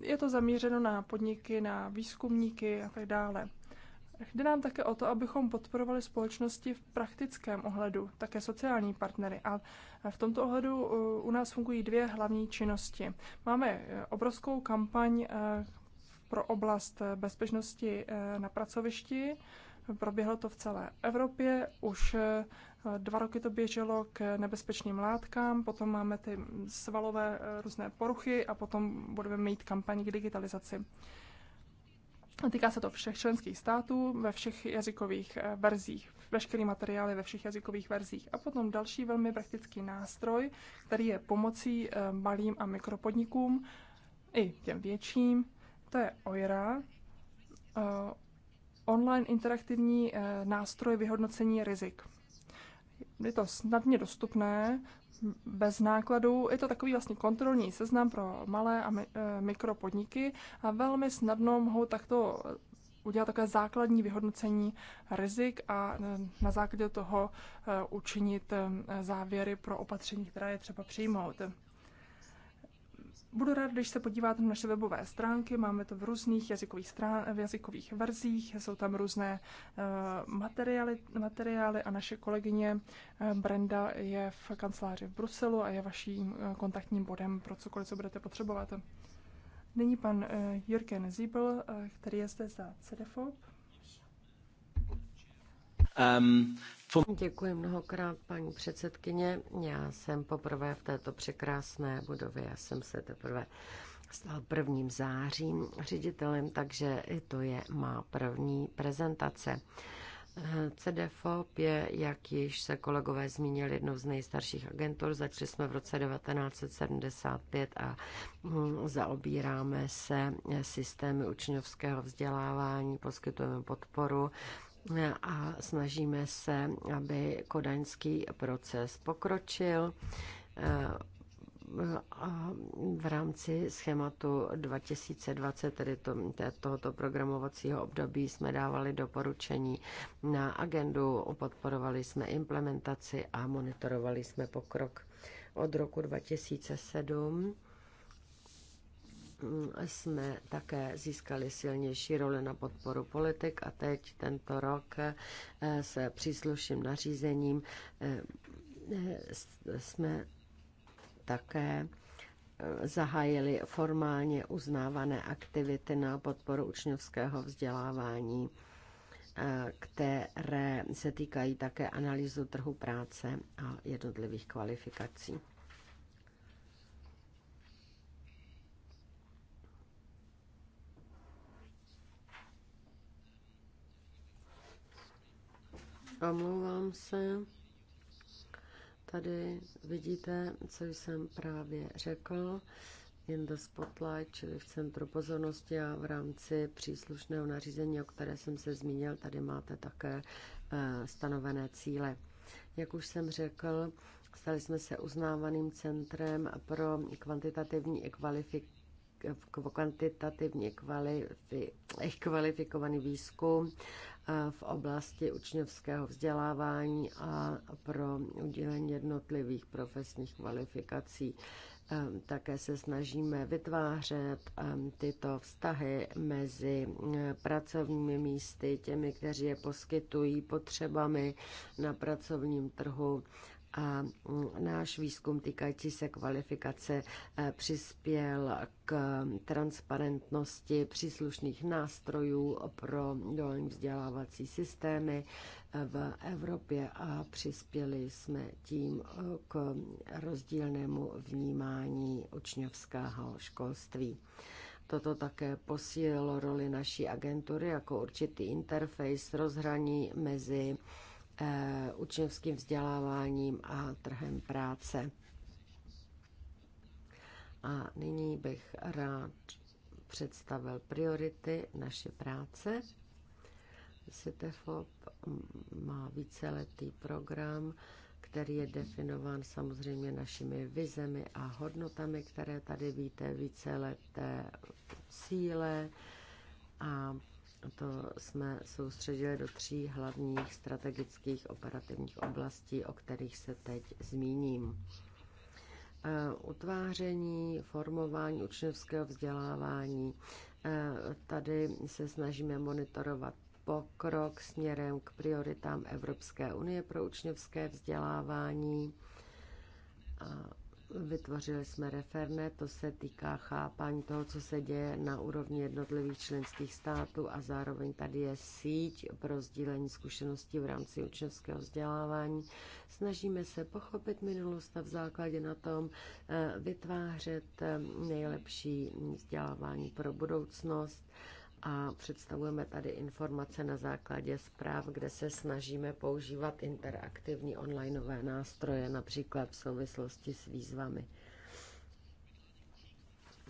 Je to zamířeno na podniky, na výzkumníky a tak dále. Jde nám také o to, abychom podporovali společnosti v praktickém ohledu, také sociální partnery. A v tomto ohledu uh, u nás fungují dvě hlavní činnosti. Máme eh, obrovskou kampaň eh, pro oblast eh, bezpečnosti na pracovišti. Proběhlo to v celé Evropě. Už Dva roky to běželo k nebezpečným látkám, potom máme ty svalové eh, různé poruchy a potom budeme mít kampaní k digitalizaci. Týká se to všech členských států ve všech jazykových eh, verzích, veškerý materiály ve všech jazykových verzích. A potom další velmi praktický nástroj, který je pomocí eh, malým a mikropodnikům, i těm větším, to je OIRA, online interaktivní nástroj vyhodnocení rizik je to snadně dostupné, bez nákladů. Je to takový vlastně kontrolní seznam pro malé a eh, mikropodniky a velmi snadno mohou takto udělat takové základní vyhodnocení rizik a eh, na základě toho eh, učinit závěry pro opatření, která je třeba přijmout. Budu rád, když se podíváte na naše webové stránky, máme to v různých jazykových, strán, v jazykových verzích, jsou tam různé uh, materiály, materiály a naše kolegyně eh, Brenda je v kanceláři v Bruselu a je vaším eh, kontaktním bodem pro cokoliv, co budete potřebovat. Nyní pan uh, Jürgen Zibel, uh, který je zde za CDFOP. Um, Děkuji mnohokrát, paní předsedkyně. Já jsem poprvé v této překrásné budově. Já jsem se teprve stal prvním zářím ředitelem, takže to je má první prezentace. CDFOP je, jak již se kolegové zmínili, jednou z nejstarších agentur. Začali jsme v roce 1975 a mm, zaobíráme se systémy učňovského vzdělávání, poskytujeme podporu a snažíme se, aby kodaňský proces pokročil eh, a v rámci schématu 2020, tedy to, tohoto programovacího období, jsme dávali doporučení na agendu, podporovali jsme implementaci a monitorovali jsme pokrok od roku 2007 jsme také získali silnější roli na podporu politik a teď tento rok eh, se příslušným nařízením eh, jsme také eh, zahájili formálně uznávané aktivity na podporu učňovského vzdělávání, které se týkají také analýzu trhu práce a jednotlivých kvalifikací. Omlouvám se. Tady vidíte, co jsem právě řekl. In the spotlight, čili v centru pozornosti a v rámci příslušného nařízení, o které jsem se zmínil, tady máte také eh, stanovené cíle. Jak už jsem řekl, stali jsme se uznávaným centrem pro kvantitativní i kvalifikaci kvantitativně kvalifikovaný výzkum v oblasti učňovského vzdělávání a pro udělení jednotlivých profesních kvalifikací. Také se snažíme vytvářet tyto vztahy mezi pracovními místy, těmi, kteří je poskytují potřebami na pracovním trhu a mm, náš výzkum týkající se kvalifikace e, přispěl k transparentnosti příslušných nástrojů pro dolní vzdělávací systémy e, v Evropě a přispěli jsme tím e, k rozdílnému vnímání učňovského školství. Toto také posílilo roli naší agentury jako určitý interface rozhraní mezi Eh, učňovským vzděláváním a trhem práce. A nyní bych rád představil priority naší práce. CITEFOP má víceletý program, který je definován samozřejmě našimi vizemi a hodnotami, které tady víte, víceleté cíle a to jsme soustředili do tří hlavních strategických operativních oblastí, o kterých se teď zmíním. E, utváření, formování učňovského vzdělávání. E, tady se snažíme monitorovat pokrok směrem k prioritám Evropské unie pro učňovské vzdělávání. Vytvořili jsme referné, to se týká chápání toho, co se děje na úrovni jednotlivých členských států a zároveň tady je síť pro sdílení zkušeností v rámci učňovského vzdělávání. Snažíme se pochopit minulost a v základě na tom eh, vytvářet eh, nejlepší vzdělávání pro budoucnost a představujeme tady informace na základě zpráv, kde se snažíme používat interaktivní onlineové nástroje, například v souvislosti s výzvami.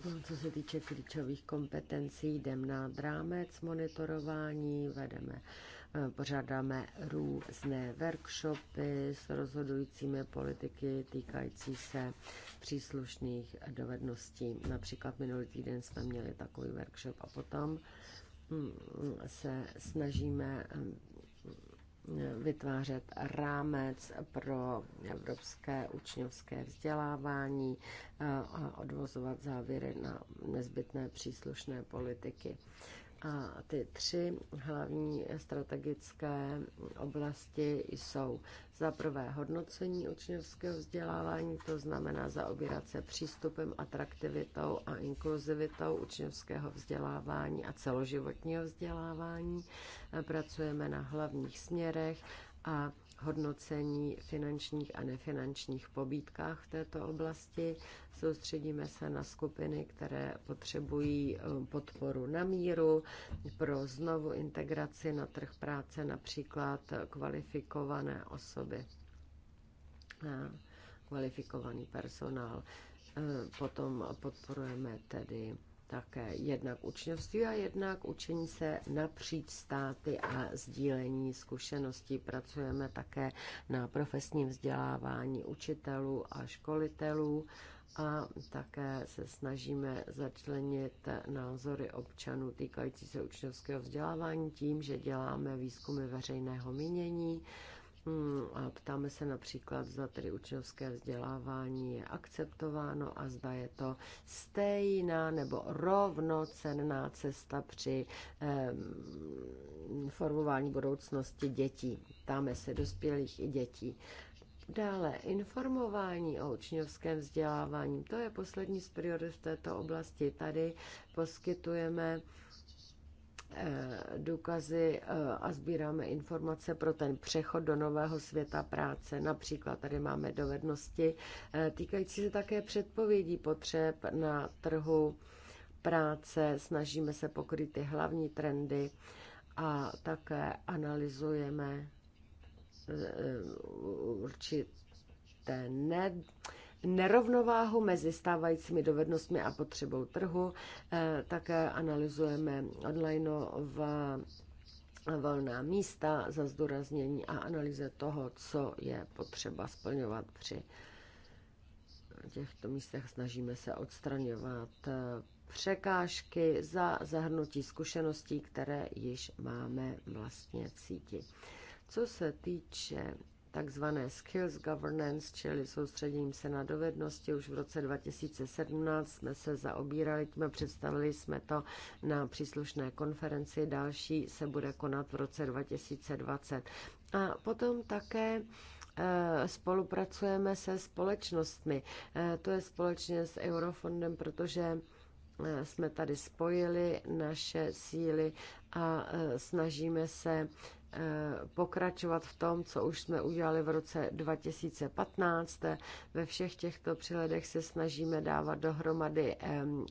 No, co se týče klíčových kompetencí, jdem na drámec monitorování, vedeme, eh, pořádáme různé workshopy s rozhodujícími politiky týkající se příslušných dovedností. Například minulý týden jsme měli takový workshop a potom hm, se snažíme hm, vytvářet rámec pro evropské učňovské vzdělávání eh, a odvozovat závěry na nezbytné příslušné politiky. A ty tři hlavní strategické oblasti jsou za prvé hodnocení učňovského vzdělávání, to znamená zaobírat se přístupem, atraktivitou a inkluzivitou učňovského vzdělávání a celoživotního vzdělávání. Pracujeme na hlavních směrech a hodnocení finančních a nefinančních pobídkách v této oblasti. Soustředíme se na skupiny, které potřebují um, podporu na míru pro znovu integraci na trh práce, například kvalifikované osoby, kvalifikovaný personál. E, potom podporujeme tedy také jednak učňovství a jednak učení se napříč státy a sdílení zkušeností. Pracujeme také na profesním vzdělávání učitelů a školitelů a také se snažíme začlenit názory občanů týkající se učňovského vzdělávání tím, že děláme výzkumy veřejného mínění Hmm, a ptáme se například, zda tedy učňovské vzdělávání je akceptováno a zda je to stejná nebo rovnocenná cesta při eh, formování budoucnosti dětí. Ptáme se dospělých i dětí. Dále informování o učňovském vzdělávání. To je poslední z priorit v této oblasti. Tady poskytujeme eh, Eh, důkazy eh, a sbíráme informace pro ten přechod do nového světa práce. Například tady máme dovednosti eh, týkající se také předpovědí potřeb na trhu práce. Snažíme se pokryt ty hlavní trendy a také analyzujeme určité ne, nerovnováhu mezi stávajícími dovednostmi a potřebou trhu. Eh, také analyzujeme online v eh, volná místa za zdůraznění a analýze toho, co je potřeba splňovat při těchto místech. Snažíme se odstraňovat eh, překážky za zahrnutí zkušeností, které již máme vlastně cítit. Co se týče takzvané skills governance, čili soustředím se na dovednosti. Už v roce 2017 jsme se zaobírali tím představili jsme to na příslušné konferenci. Další se bude konat v roce 2020. A potom také eh, spolupracujeme se společnostmi. Eh, to je společně s Eurofondem, protože eh, jsme tady spojili naše síly a snažíme se Eh, pokračovat v tom, co už jsme udělali v roce 2015. Ve všech těchto přiledech se snažíme dávat dohromady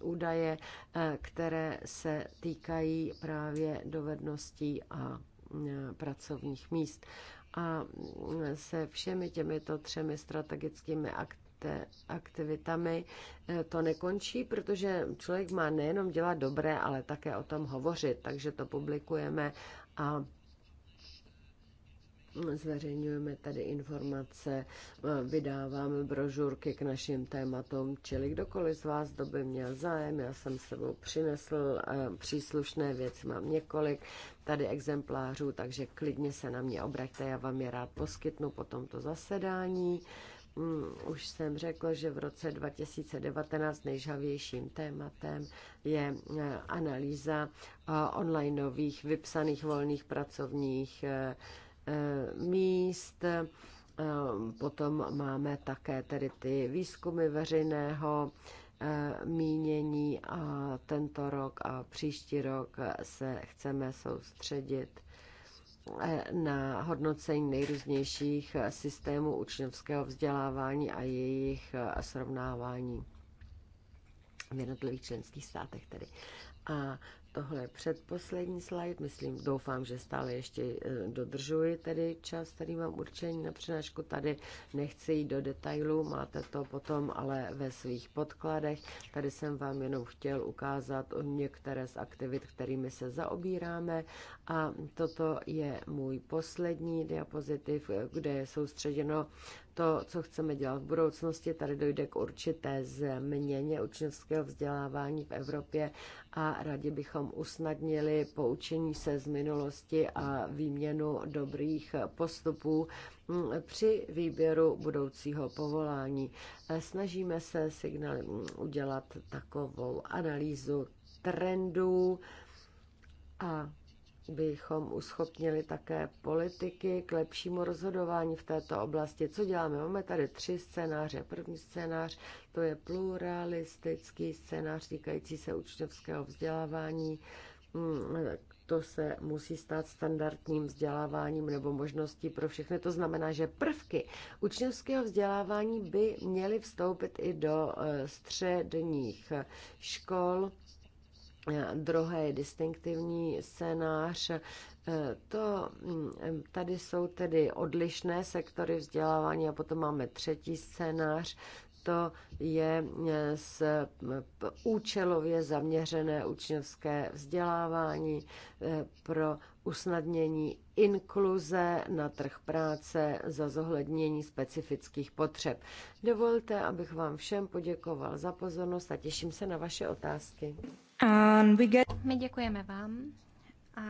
údaje, eh, které se týkají právě dovedností a eh, pracovních míst. A mm, se všemi těmito třemi strategickými akty aktivitami to nekončí, protože člověk má nejenom dělat dobré, ale také o tom hovořit. Takže to publikujeme a zveřejňujeme tady informace, vydáváme brožurky k našim tématům, čili kdokoliv z vás, kdo by měl zájem, já jsem sebou přinesl příslušné věci, mám několik tady exemplářů, takže klidně se na mě obraťte, já vám je rád poskytnu po tomto zasedání. Mm, už jsem řekl, že v roce 2019 nejžavějším tématem je e, analýza onlineových vypsaných volných pracovních e, Eh, míst. Eh, potom máme také tedy ty výzkumy veřejného eh, mínění a tento rok a příští rok se chceme soustředit na hodnocení nejrůznějších systémů učňovského vzdělávání a jejich srovnávání v jednotlivých členských státech tedy. A Tohle je předposlední slide, myslím, doufám, že stále ještě eh, dodržuji tedy čas, který mám určení. na přednášku. Tady nechci jít do detailů, máte to potom ale ve svých podkladech. Tady jsem vám jenom chtěl ukázat některé z aktivit, kterými se zaobíráme a toto je můj poslední diapozitiv, eh, kde je soustředěno to, co chceme dělat v budoucnosti. Tady dojde k určité změně učňovského vzdělávání v Evropě a rádi bychom usnadnili poučení se z minulosti a výměnu dobrých postupů mm, při výběru budoucího povolání. Snažíme se signál mm, udělat takovou analýzu trendů a bychom uschopnili také politiky k lepšímu rozhodování v této oblasti. Co děláme? Máme tady tři scénáře. První scénář to je pluralistický scénář týkající se učňovského vzdělávání. Hmm, to se musí stát standardním vzděláváním nebo možností pro všechny. To znamená, že prvky učňovského vzdělávání by měly vstoupit i do eh, středních škol Eh, druhý distinktivní scénář. Eh, to, mm, tady jsou tedy odlišné sektory vzdělávání a potom máme třetí scénář, to je eh, z účelově zaměřené učňovské vzdělávání pro usnadnění inkluze na trh práce za zohlednění specifických potřeb. Dovolte, abych vám všem poděkoval za pozornost a těším se na vaše otázky. My děkujeme vám. A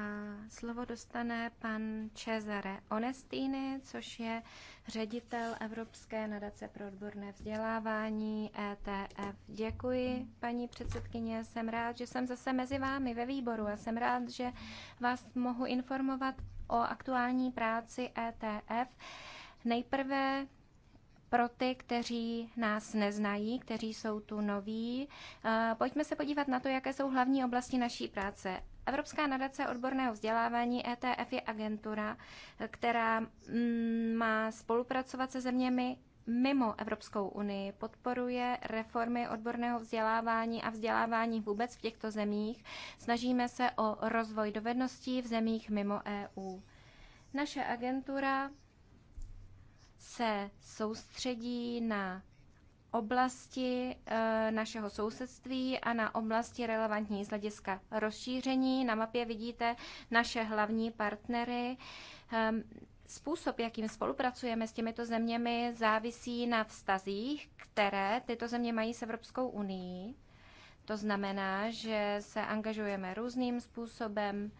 slovo dostane pan Cesare Onestini, což je ředitel Evropské nadace pro odborné vzdělávání ETF. Děkuji, paní předsedkyně. Jsem rád, že jsem zase mezi vámi ve výboru a jsem rád, že vás mohu informovat o aktuální práci ETF. Nejprve pro ty, kteří nás neznají, kteří jsou tu noví, eh, pojďme se podívat na to, jaké jsou hlavní oblasti naší práce. Evropská nadace odborného vzdělávání ETF je agentura, eh, která mm, má spolupracovat se zeměmi mimo Evropskou unii podporuje reformy odborného vzdělávání a vzdělávání vůbec v těchto zemích. Snažíme se o rozvoj dovedností v zemích mimo EU. Naše agentura se soustředí na oblasti eh, našeho sousedství a na oblasti relevantní z hlediska rozšíření. Na mapě vidíte naše hlavní partnery. Ehm, způsob, jakým spolupracujeme s těmito zeměmi, závisí na vztazích, které tyto země mají s Evropskou unii. To znamená, že se angažujeme různým způsobem,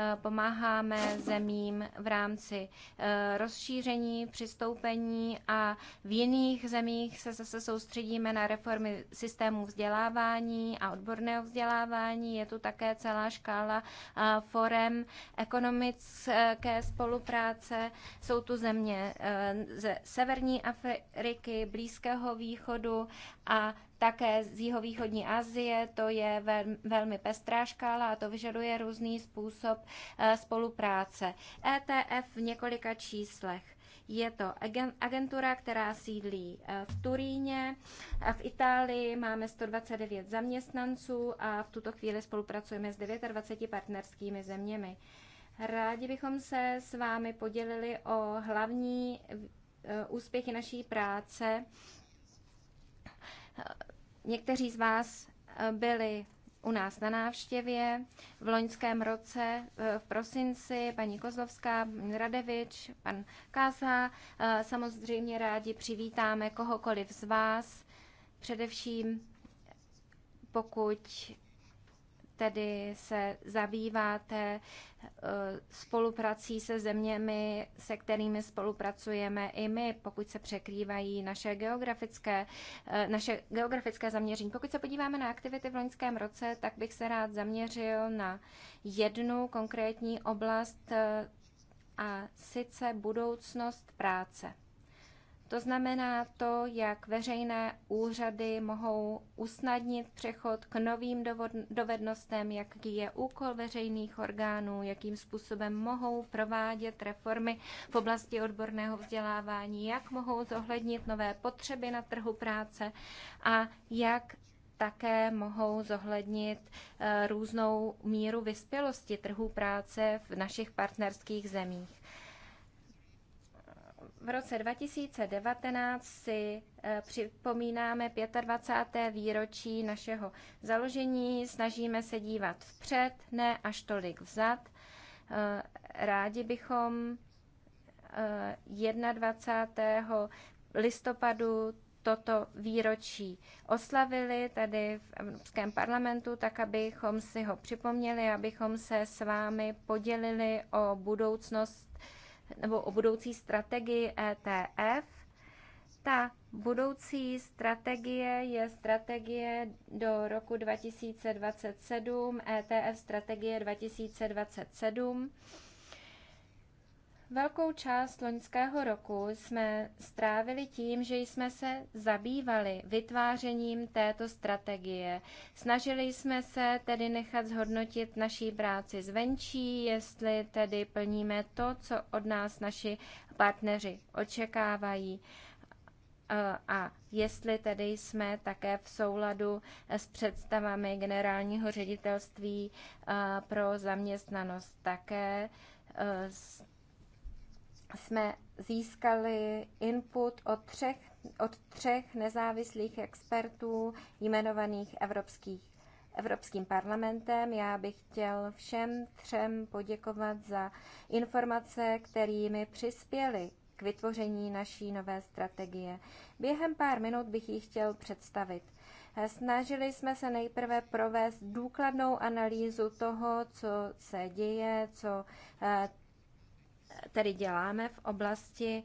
Eh, pomáháme zemím v rámci eh, rozšíření, přistoupení a v jiných zemích se zase soustředíme na reformy systému vzdělávání a odborného vzdělávání. Je tu také celá škála eh, forem ekonomické spolupráce. Jsou tu země ze Severní Afriky, Blízkého východu a také z jihovýchodní Asie, to je velmi pestrá škála a to vyžaduje různý způsob eh, spolupráce. ETF v několika číslech. Je to agentura, která sídlí eh, v Turíně. V Itálii máme 129 zaměstnanců a v tuto chvíli spolupracujeme s 29 partnerskými zeměmi. Rádi bychom se s vámi podělili o hlavní eh, úspěchy naší práce Někteří z vás eh, byli u nás na návštěvě v loňském roce eh, v prosinci paní Kozlovská, pan Radevič, pan Kása. Eh, samozřejmě rádi přivítáme kohokoliv z vás, především pokud tedy se zabýváte eh, spoluprací se zeměmi, se kterými spolupracujeme i my, pokud se překrývají naše geografické, eh, naše geografické zaměření. Pokud se podíváme na aktivity v loňském roce, tak bych se rád zaměřil na jednu konkrétní oblast eh, a sice budoucnost práce. To znamená to, jak veřejné úřady mohou usnadnit přechod k novým dovednostem, jaký je úkol veřejných orgánů, jakým způsobem mohou provádět reformy v oblasti odborného vzdělávání, jak mohou zohlednit nové potřeby na trhu práce a jak také mohou zohlednit eh, různou míru vyspělosti trhu práce v našich partnerských zemích v roce 2019 si e, připomínáme 25. výročí našeho založení. Snažíme se dívat vpřed, ne až tolik vzad. E, rádi bychom 21. E, listopadu toto výročí oslavili tady v Evropském parlamentu, tak abychom si ho připomněli, abychom se s vámi podělili o budoucnost nebo o budoucí strategii ETF. Ta budoucí strategie je strategie do roku 2027, ETF strategie 2027. Velkou část loňského roku jsme strávili tím, že jsme se zabývali vytvářením této strategie. Snažili jsme se tedy nechat zhodnotit naší práci zvenčí, jestli tedy plníme to, co od nás naši partneři očekávají a jestli tedy jsme také v souladu s představami generálního ředitelství pro zaměstnanost také jsme získali input od třech, od třech nezávislých expertů jmenovaných evropských, Evropským parlamentem. Já bych chtěl všem třem poděkovat za informace, kterými přispěli k vytvoření naší nové strategie. Během pár minut bych ji chtěl představit. Snažili jsme se nejprve provést důkladnou analýzu toho, co se děje, co eh, tedy děláme v oblasti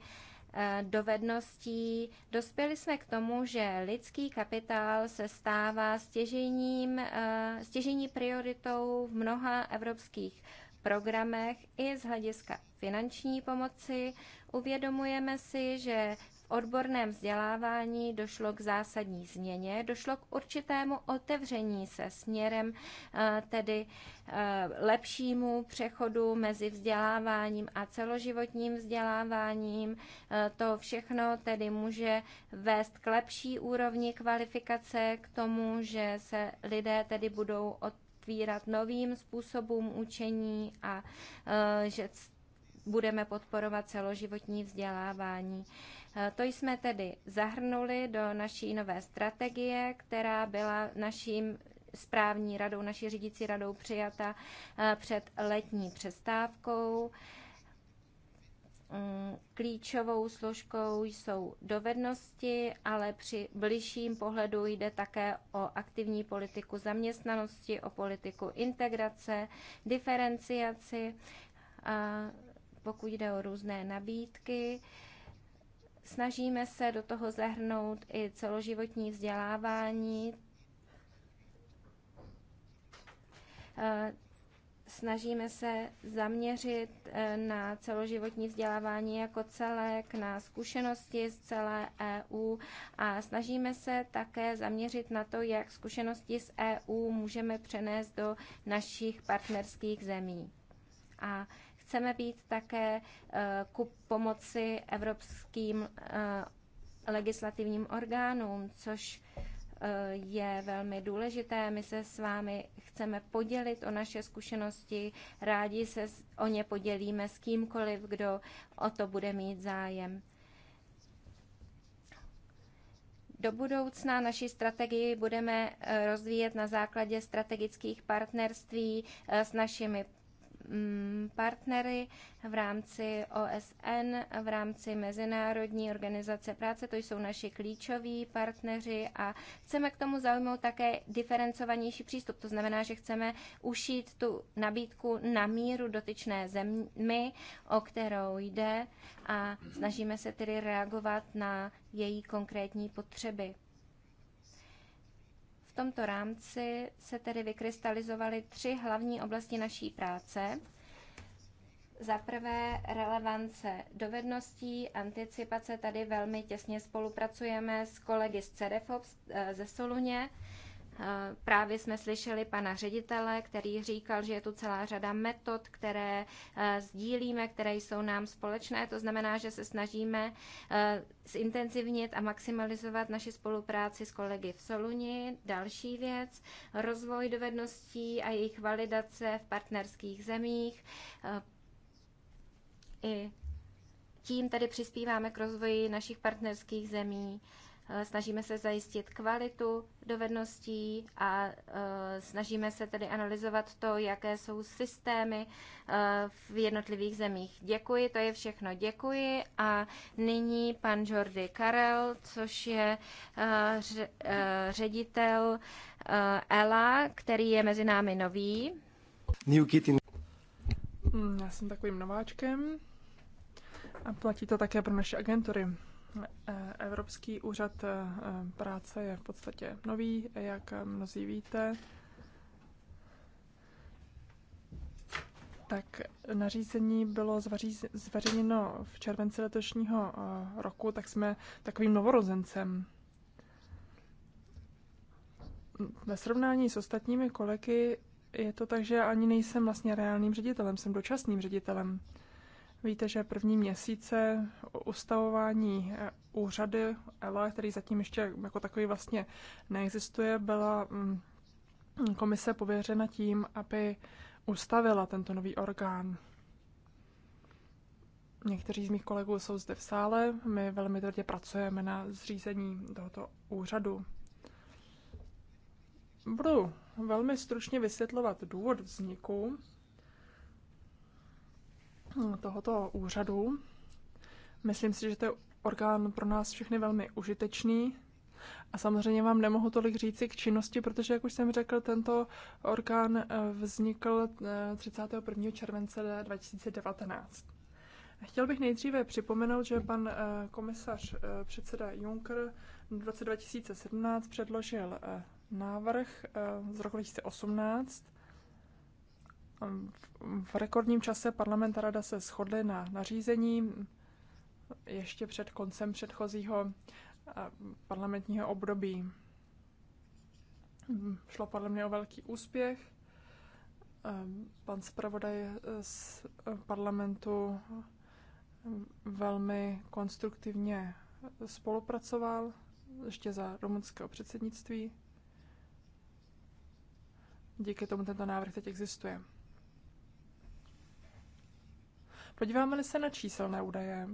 eh, dovedností. Dospěli jsme k tomu, že lidský kapitál se stává stěžením, eh, stěžení prioritou v mnoha evropských programech i z hlediska finanční pomoci. Uvědomujeme si, že v odborném vzdělávání došlo k zásadní změně, došlo k určitému otevření se směrem eh, tedy eh, lepšímu přechodu mezi vzděláváním a celoživotním vzděláváním. Eh, to všechno tedy může vést k lepší úrovni kvalifikace, k tomu, že se lidé tedy budou otvírat novým způsobům učení a že budeme podporovat celoživotní vzdělávání. Eh, to jsme tedy zahrnuli do naší nové strategie, která byla naším správní radou, naší řídící radou přijata eh, před letní přestávkou. Mm, klíčovou složkou jsou dovednosti, ale při bližším pohledu jde také o aktivní politiku zaměstnanosti, o politiku integrace, diferenciaci, pokud jde o různé nabídky. Snažíme se do toho zahrnout i celoživotní vzdělávání. Eh, snažíme se zaměřit eh, na celoživotní vzdělávání jako celek, na zkušenosti z celé EU a snažíme se také zaměřit na to, jak zkušenosti z EU můžeme přenést do našich partnerských zemí. A Chceme být také eh, ku pomoci evropským eh, legislativním orgánům, což eh, je velmi důležité. My se s vámi chceme podělit o naše zkušenosti, rádi se o ně podělíme s kýmkoliv, kdo o to bude mít zájem. Do budoucna naši strategii budeme rozvíjet na základě strategických partnerství s našimi Mm, partnery v rámci OSN, v rámci Mezinárodní organizace práce. To jsou naši klíčoví partneři a chceme k tomu zaujmout také diferencovanější přístup. To znamená, že chceme ušít tu nabídku na míru dotyčné zemi, o kterou jde a mhm. snažíme se tedy reagovat na její konkrétní potřeby. V tomto rámci se tedy vykrystalizovaly tři hlavní oblasti naší práce. Za prvé relevance dovedností, anticipace, tady velmi těsně spolupracujeme s kolegy z CEDEFOP eh, ze Soluně. Eh, právě jsme slyšeli pana ředitele, který říkal, že je tu celá řada metod, které eh, sdílíme, které jsou nám společné. To znamená, že se snažíme eh, zintenzivnit a maximalizovat naši spolupráci s kolegy v Soluni. Další věc, rozvoj dovedností a jejich validace v partnerských zemích. I tím tedy přispíváme k rozvoji našich partnerských zemí. Eh, snažíme se zajistit kvalitu dovedností a eh, snažíme se tedy analyzovat to, jaké jsou systémy eh, v jednotlivých zemích. Děkuji, to je všechno. Děkuji. A nyní pan Jordi Karel, což je ředitel ELA, e který je mezi námi nový. New mm, Já jsem takovým nováčkem a platí to také pro naše agentury. Eh, Evropský úřad eh, práce je v podstatě nový, jak mnozí víte. Tak nařízení bylo zveřejněno v červenci letošního eh, roku, tak jsme takovým novorozencem. Ve srovnání s ostatními kolegy je to tak, že ani nejsem vlastně reálným ředitelem, jsem dočasným ředitelem. Víte, že první měsíce ustavování eh, úřady ELA, který zatím ještě jako takový vlastně neexistuje, byla mm, komise pověřena tím, aby ustavila tento nový orgán. Někteří z mých kolegů jsou zde v sále. My velmi tvrdě pracujeme na zřízení tohoto úřadu. Budu velmi stručně vysvětlovat důvod vzniku tohoto úřadu. Myslím si, že to je orgán pro nás všechny velmi užitečný. A samozřejmě vám nemohu tolik říci k činnosti, protože, jak už jsem řekl, tento orgán eh, vznikl 31. Eh, července 2019. Chtěl bych nejdříve připomenout, že pan eh, komisař předseda Juncker v roce 2017 předložil návrh z roku 2018 v rekordním čase parlament a rada se shodly na nařízení ještě před koncem předchozího eh, parlamentního období. Šlo podle mě o velký úspěch. Eh, pan zpravodaj eh, z parlamentu velmi konstruktivně spolupracoval ještě za rumunského předsednictví. Díky tomu tento návrh teď existuje. Podíváme-li se na číselné údaje,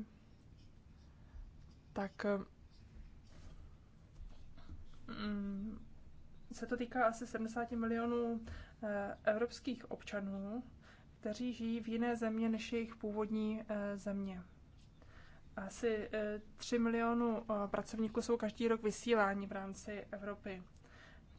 tak mm, se to týká asi 70 milionů eh, evropských občanů, kteří žijí v jiné země než jejich původní eh, země. Asi 3 eh, milionů pracovníků jsou každý rok vysíláni v rámci Evropy.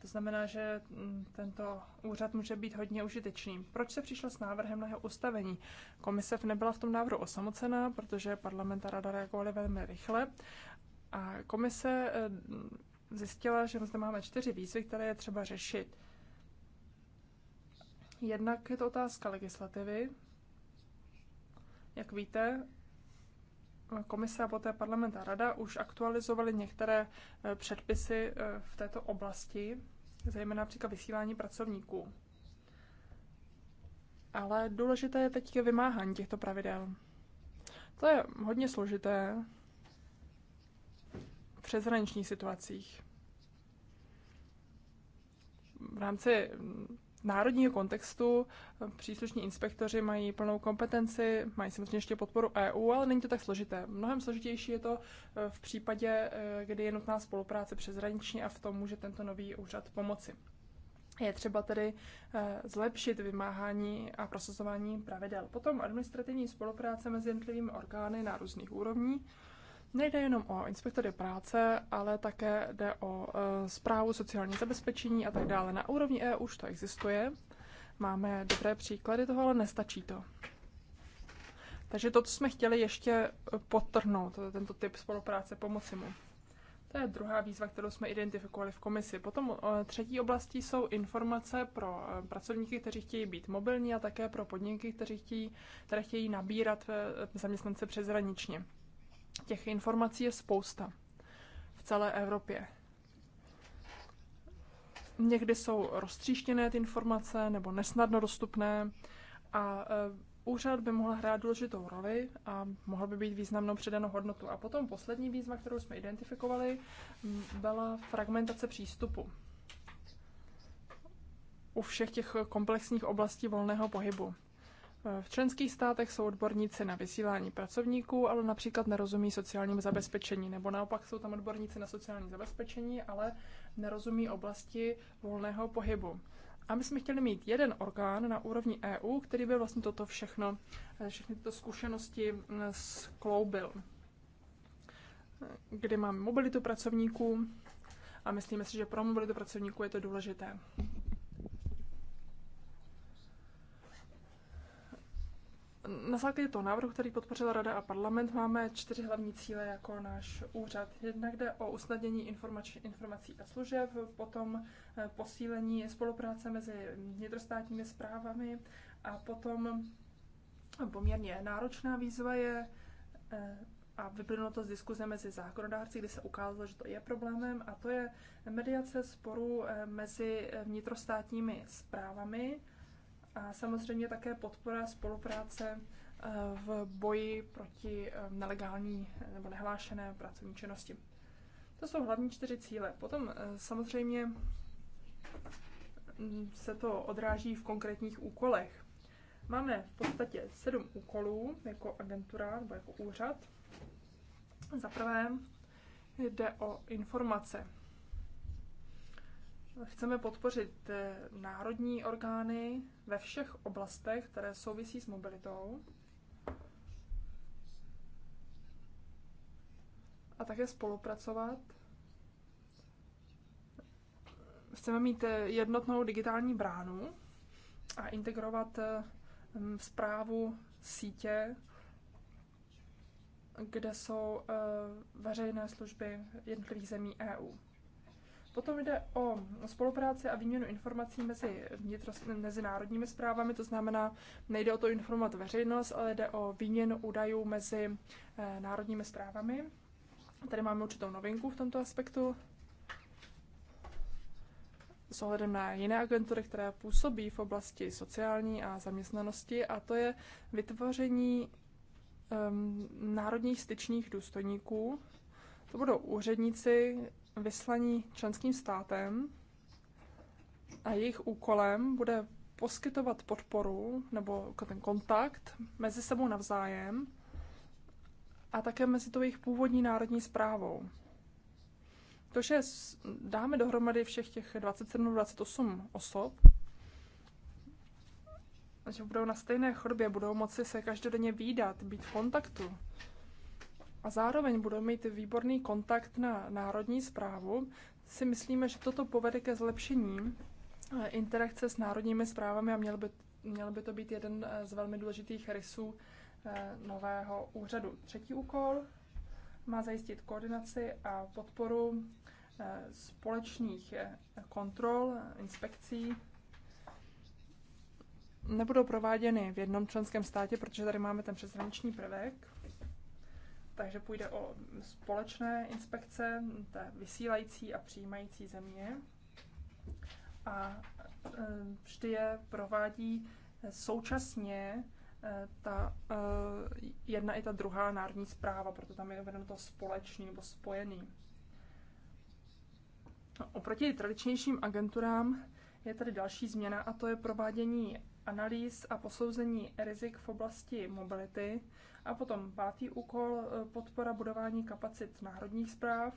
To znamená, že mm, tento úřad může být hodně užitečný. Proč se přišlo s návrhem na jeho ustavení? Komise nebyla v tom návrhu osamocená, protože parlament a rada reagovaly velmi rychle. A komise eh, zjistila, že zde máme čtyři výzvy, které je třeba řešit. Jednak je to otázka legislativy. Jak víte, komise a poté parlament a rada už aktualizovali některé eh, předpisy eh, v této oblasti, zejména například vysílání pracovníků. Ale důležité je teď vymáhání těchto pravidel. To je hodně složité v přeshraničních situacích. V rámci národního kontextu příslušní inspektoři mají plnou kompetenci, mají samozřejmě ještě podporu EU, ale není to tak složité. Mnohem složitější je to eh, v případě, eh, kdy je nutná spolupráce přeshraniční a v tom může tento nový úřad pomoci. Je třeba tedy eh, zlepšit vymáhání a prosazování pravidel. Potom administrativní spolupráce mezi jednotlivými orgány na různých úrovních Nejde jenom o inspektory práce, ale také jde o e, zprávu sociální zabezpečení a tak dále. Na úrovni EU už to existuje. Máme dobré příklady toho, ale nestačí to. Takže to, co jsme chtěli ještě e, potrhnout, tento typ spolupráce, pomoci mu. To je druhá výzva, kterou jsme identifikovali v komisi. Potom e, třetí oblastí jsou informace pro e, pracovníky, kteří chtějí být mobilní a také pro podniky, kteří chtějí, které chtějí nabírat zaměstnance přeshraničně. Těch informací je spousta v celé Evropě. Někdy jsou roztříštěné ty informace nebo nesnadno dostupné a e, úřad by mohl hrát důležitou roli a mohl by být významnou předanou hodnotu. A potom poslední výzva, kterou jsme identifikovali, byla fragmentace přístupu u všech těch komplexních oblastí volného pohybu. V členských státech jsou odborníci na vysílání pracovníků, ale například nerozumí sociálním zabezpečení, nebo naopak jsou tam odborníci na sociální zabezpečení, ale nerozumí oblasti volného pohybu. A my jsme chtěli mít jeden orgán na úrovni EU, který by vlastně toto všechno, eh, všechny tyto zkušenosti mm, skloubil. Eh, Kdy máme mobilitu pracovníků a myslíme si, že pro mobilitu pracovníků je to důležité. Na základě toho návrhu, který podpořila Rada a parlament, máme čtyři hlavní cíle jako náš úřad. Jednak jde o usnadnění informač- informací a služeb, potom eh, posílení spolupráce mezi vnitrostátními zprávami a potom eh, poměrně náročná výzva je eh, a vyplynulo to z diskuze mezi zákonodárci, kdy se ukázalo, že to je problémem, a to je mediace sporů mezi vnitrostátními zprávami a samozřejmě také podpora spolupráce eh, v boji proti eh, nelegální eh, nebo nehlášené pracovní činnosti. To jsou hlavní čtyři cíle. Potom samozřejmě mm, se to odráží v konkrétních úkolech. Máme v podstatě sedm úkolů jako agentura nebo jako úřad. Za prvé jde o informace. Chceme podpořit eh, národní orgány ve všech oblastech, které souvisí s mobilitou. A také spolupracovat. Chceme mít eh, jednotnou digitální bránu a integrovat zprávu eh, sítě, kde jsou veřejné služby jednotlivých zemí EU. Potom jde o spolupráci a výměnu informací mezi vnitro, mezinárodními zprávami, to znamená, nejde o to informovat veřejnost, ale jde o výměnu údajů mezi eh, národními zprávami. Tady máme určitou novinku v tomto aspektu. S ohledem na jiné agentury, které působí v oblasti sociální a zaměstnanosti, a to je vytvoření eh, národních styčných důstojníků. To budou úředníci, vyslaní členským státem a jejich úkolem bude poskytovat podporu nebo jako ten kontakt mezi sebou navzájem a také mezi tou jejich původní národní zprávou. To, že dáme dohromady všech těch 27-28 osob, že budou na stejné chodbě, budou moci se každodenně výdat, být v kontaktu, a zároveň budou mít výborný kontakt na národní zprávu, si myslíme, že toto povede ke zlepšení eh, interakce s národními zprávami a měl by, měl by to být jeden eh, z velmi důležitých rysů eh, nového úřadu. Třetí úkol má zajistit koordinaci a podporu společných kontrol, inspekcí. Nebudou prováděny v jednom členském státě, protože tady máme ten přeshraniční prvek takže půjde o společné inspekce té vysílající a přijímající země. A e, vždy je provádí e, současně e, ta jedna i ta druhá národní zpráva, proto tam je uvedeno to společný nebo spojený. Oproti tradičnějším agenturám je tady další změna a to je provádění analýz a posouzení rizik v oblasti mobility, a potom pátý úkol, e, podpora budování kapacit národních zpráv,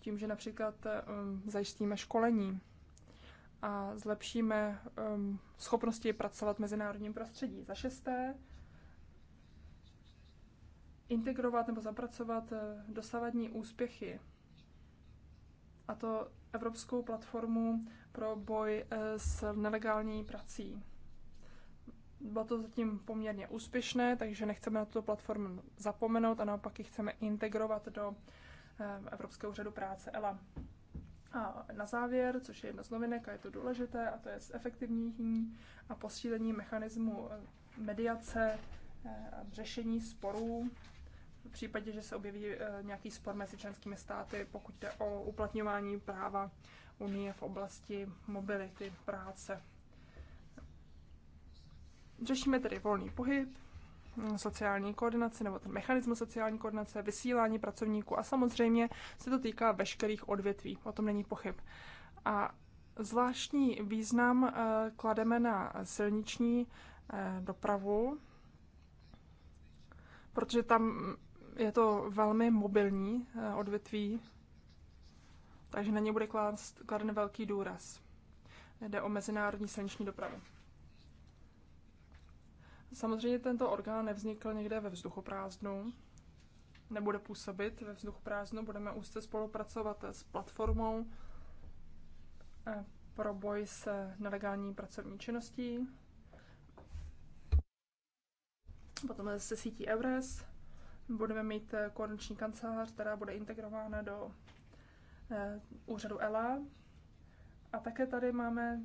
tím, že například e, zajistíme školení a zlepšíme e, schopnosti pracovat v mezinárodním prostředí. Za šesté, integrovat nebo zapracovat dosavadní úspěchy, a to Evropskou platformu pro boj s nelegální prací. Bylo to zatím poměrně úspěšné, takže nechceme na tuto platformu zapomenout a naopak ji chceme integrovat do eh, Evropského úřadu práce ELA. A na závěr, což je jedna z novinek a je to důležité, a to je zefektivnění a posílení mechanismu eh, mediace eh, a řešení sporů v případě, že se objeví nějaký spor mezi členskými státy, pokud jde o uplatňování práva Unie v oblasti mobility práce. Řešíme tedy volný pohyb, mm, sociální koordinace nebo ten mechanismus sociální koordinace, vysílání pracovníků a samozřejmě se to týká veškerých odvětví, o tom není pochyb. A zvláštní význam eh, klademe na silniční eh, dopravu, protože tam je to velmi mobilní eh, odvětví, takže na ně bude kladen velký důraz. Jde o mezinárodní silniční dopravu. Samozřejmě tento orgán nevznikl někde ve vzduchoprázdnu, nebude působit ve vzduchoprázdnu, budeme úzce spolupracovat s platformou eh, pro boj s nelegální pracovní činností, potom se sítí EURES, budeme mít eh, koordinační kancelář, která bude integrována do eh, úřadu ELA. A také tady máme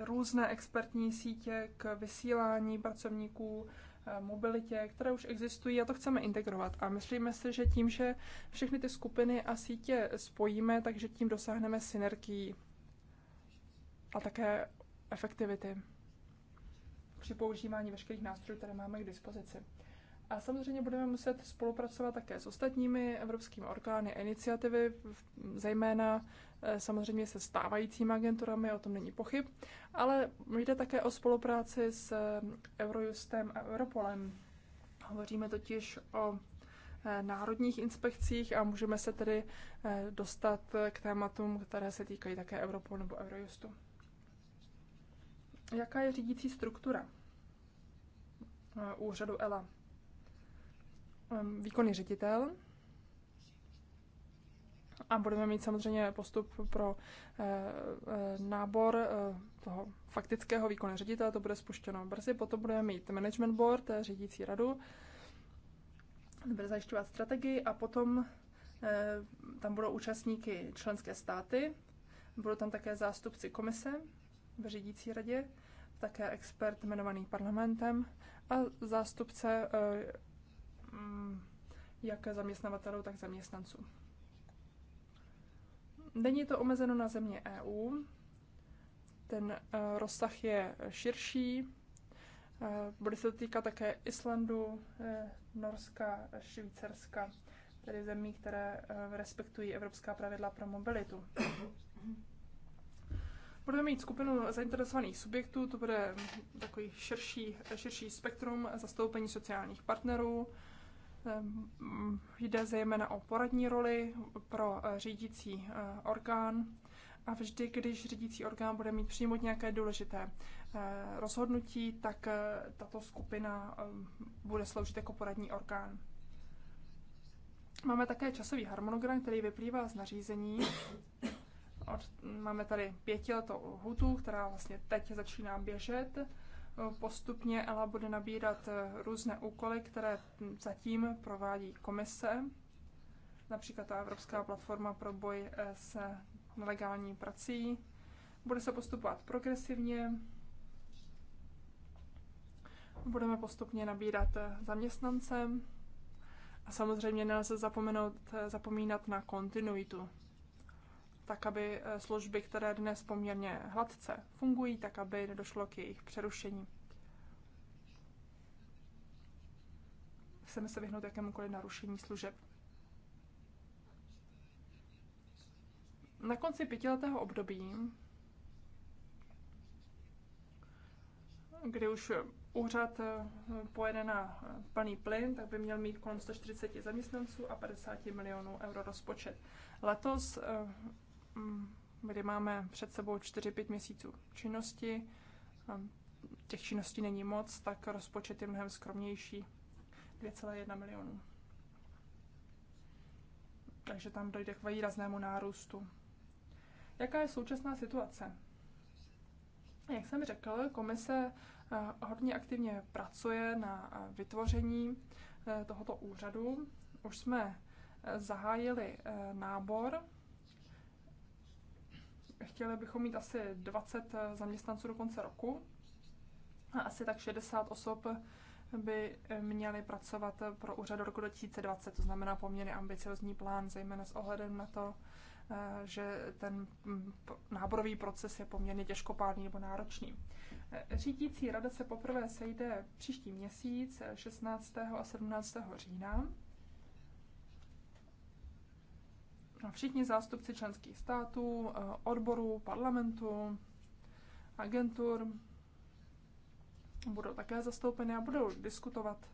různé expertní sítě k vysílání pracovníků, eh, mobilitě, které už existují a to chceme integrovat. A myslíme si, že tím, že všechny ty skupiny a sítě spojíme, takže tím dosáhneme synergii a také efektivity při používání veškerých nástrojů, které máme k dispozici. A samozřejmě budeme muset spolupracovat také s ostatními evropskými orgány a iniciativy, zejména eh, samozřejmě se stávajícími agenturami, o tom není pochyb, ale jde také o spolupráci s eh, Eurojustem a Europolem. Hovoříme totiž o eh, národních inspekcích a můžeme se tedy dostat k tématům, které se týkají také Europolu nebo Eurojustu. Jaká je řídící struktura úřadu ELA? výkonný ředitel. A budeme mít samozřejmě postup pro eh, eh, nábor eh, toho faktického výkonného ředitele, to bude spuštěno brzy. Potom budeme mít management board, řídící radu, bude zajišťovat strategii a potom tam budou účastníky členské státy, budou tam také zástupci komise v řídící radě, také expert jmenovaný parlamentem a zástupce Mm, jak zaměstnavatelů, tak zaměstnanců. Není to omezeno na země EU, ten eh, rozsah je širší, eh, bude se to týkat také Islandu, eh, Norska, Švýcarska, tedy zemí, které respektují evropská pravidla pro mobilitu. Budeme mít skupinu zainteresovaných subjektů, to bude takový širší, širší spektrum zastoupení sociálních partnerů, Ehm, jde zejména o poradní roli pro eh, řídící eh, orgán a vždy, když řídící orgán bude mít přímo nějaké důležité eh, rozhodnutí, tak tato skupina ehm, bude sloužit jako poradní orgán. Máme také časový harmonogram, který vyplývá z nařízení. máme tady pětiletou hutu která vlastně teď začíná běžet. Postupně ELA bude nabírat eh, různé úkoly, které zatím provádí komise, například ta Evropská platforma pro boj eh, s nelegální prací. Bude se postupovat progresivně. Budeme postupně nabírat eh, zaměstnance. A samozřejmě nelze zapomenout, zapomínat na kontinuitu tak aby eh, služby, které dnes poměrně hladce fungují, tak aby nedošlo k jejich přerušení. Chceme se vyhnout jakémukoliv narušení služeb. Na konci pětiletého období, kdy už úřad eh, pojede na eh, plný plyn, tak by měl mít kolem 140 zaměstnanců a 50 milionů euro rozpočet. Letos Mm, kdy máme před sebou 4-5 měsíců činnosti, těch činností není moc, tak rozpočet je mnohem skromnější, 2,1 milionů. Takže tam dojde k výraznému nárůstu. Jaká je současná situace? Jak jsem řekl, komise eh, hodně aktivně pracuje na eh, vytvoření eh, tohoto úřadu. Už jsme zahájili nábor chtěli bychom mít asi 20 eh, zaměstnanců do konce roku a asi tak 60 osob by eh, měly pracovat eh, pro úřad do roku 2020, to znamená poměrně ambiciozní plán, zejména s ohledem na to, že ten mm, náborový proces je poměrně těžkopádný nebo náročný. Řídící rada se poprvé sejde příští měsíc, 16. a 17. října. všichni zástupci členských států, eh, odborů, parlamentu, agentur budou také zastoupeny a budou diskutovat.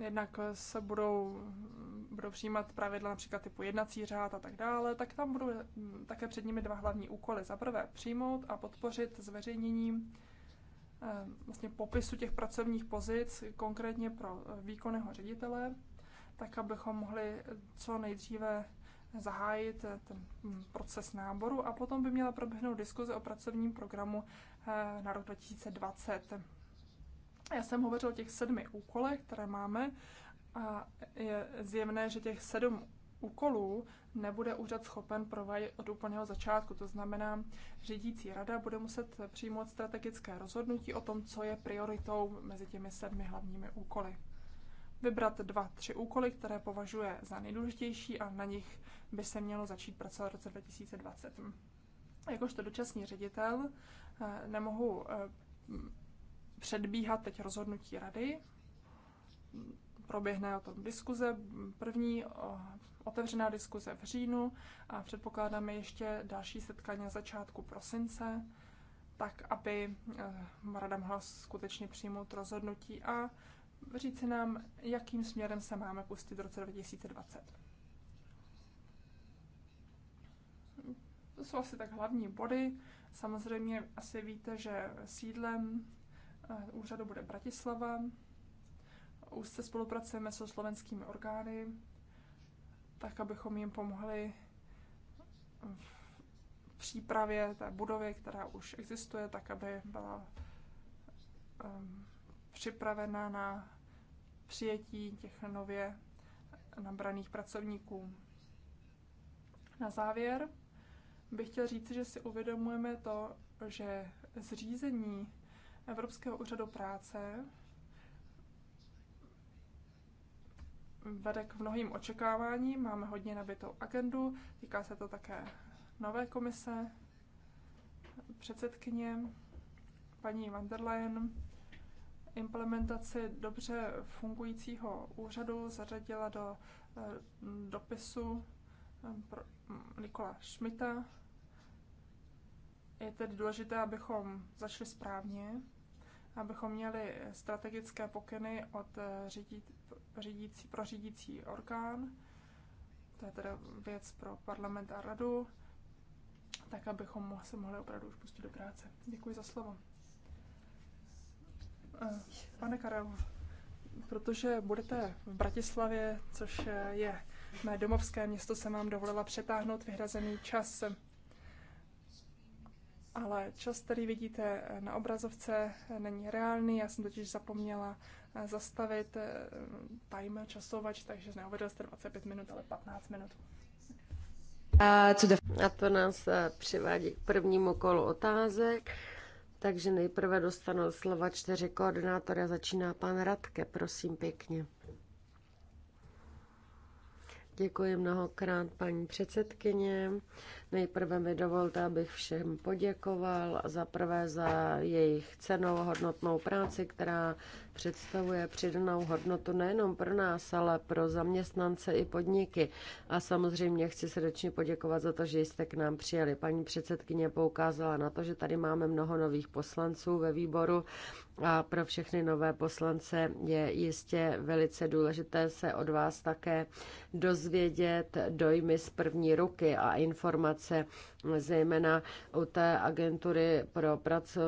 Jednak se budou, budou přijímat pravidla například typu jednací řád a tak dále, tak tam budou hm, také před nimi dva hlavní úkoly. Za prvé přijmout a podpořit zveřejněním eh, vlastně popisu těch pracovních pozic konkrétně pro eh, výkonného ředitele tak abychom mohli co nejdříve zahájit eh, ten mm, proces náboru a potom by měla proběhnout diskuze o pracovním programu eh, na rok 2020. Já jsem hovořil o těch sedmi úkolech, které máme a je zjemné, že těch sedm úkolů nebude úřad schopen provádět od úplného začátku. To znamená, řídící rada bude muset přijmout strategické rozhodnutí o tom, co je prioritou mezi těmi sedmi hlavními úkoly vybrat dva, tři úkoly, které považuje za nejdůležitější a na nich by se mělo začít pracovat v roce 2020. Jakožto dočasný ředitel eh, nemohu eh, předbíhat teď rozhodnutí rady. Proběhne o tom diskuze, první otevřená diskuze v říjnu a předpokládáme ještě další setkání na začátku prosince, tak aby eh, rada mohla skutečně přijmout rozhodnutí a říct nám, jakým směrem se máme pustit v roce 2020. To jsou asi tak hlavní body. Samozřejmě asi víte, že sídlem eh, úřadu bude Bratislava. Úzce spolupracujeme se slovenskými orgány, tak abychom jim pomohli v přípravě té budovy, která už existuje, tak aby byla um, připravena na přijetí těch nově nabraných pracovníků. Na závěr bych chtěl říct, že si uvědomujeme to, že zřízení Evropského úřadu práce vede k mnohým očekáváním, máme hodně nabitou agendu, týká se to také nové komise, předsedkyně, paní van der Leyen, implementaci dobře fungujícího úřadu zařadila do eh, dopisu eh, pro hm, Nikola Schmidta. Je tedy důležité, abychom začali správně, abychom měli strategické pokyny od eh, řídí, řídící, pro řídící orgán, to je tedy věc pro parlament a radu, tak abychom se mohli opravdu už pustit do práce. Děkuji za slovo. Eh, pane Karel, protože budete v Bratislavě, což je mé domovské město, jsem vám dovolila přetáhnout vyhrazený čas. Ale čas, který vidíte na obrazovce, není reálný. Já jsem totiž zapomněla eh, zastavit eh, timer, časovač, takže neuvedl jste 25 minut, ale 15 minut. A to nás přivádí k prvnímu kolu otázek. Takže nejprve dostanou slova čtyři koordinátory a začíná pan Radke. Prosím pěkně. Děkuji mnohokrát, paní předsedkyně. Nejprve mi dovolte, abych všem poděkoval za prvé za jejich cenou hodnotnou práci, která představuje přidanou hodnotu nejenom pro nás, ale pro zaměstnance i podniky. A samozřejmě chci srdečně poděkovat za to, že jste k nám přijeli. Paní předsedkyně poukázala na to, že tady máme mnoho nových poslanců ve výboru a pro všechny nové poslance je jistě velice důležité se od vás také dozvědět dojmy z první ruky a informace zejména u té agentury, pro praco,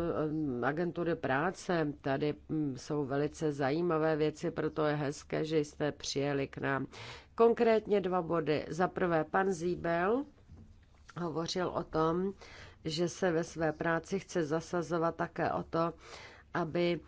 agentury práce. Tady mm, jsou velice zajímavé věci, proto je hezké, že jste přijeli k nám. Konkrétně dva body. Za prvé, pan Zíbel hovořil o tom, že se ve své práci chce zasazovat také o to, aby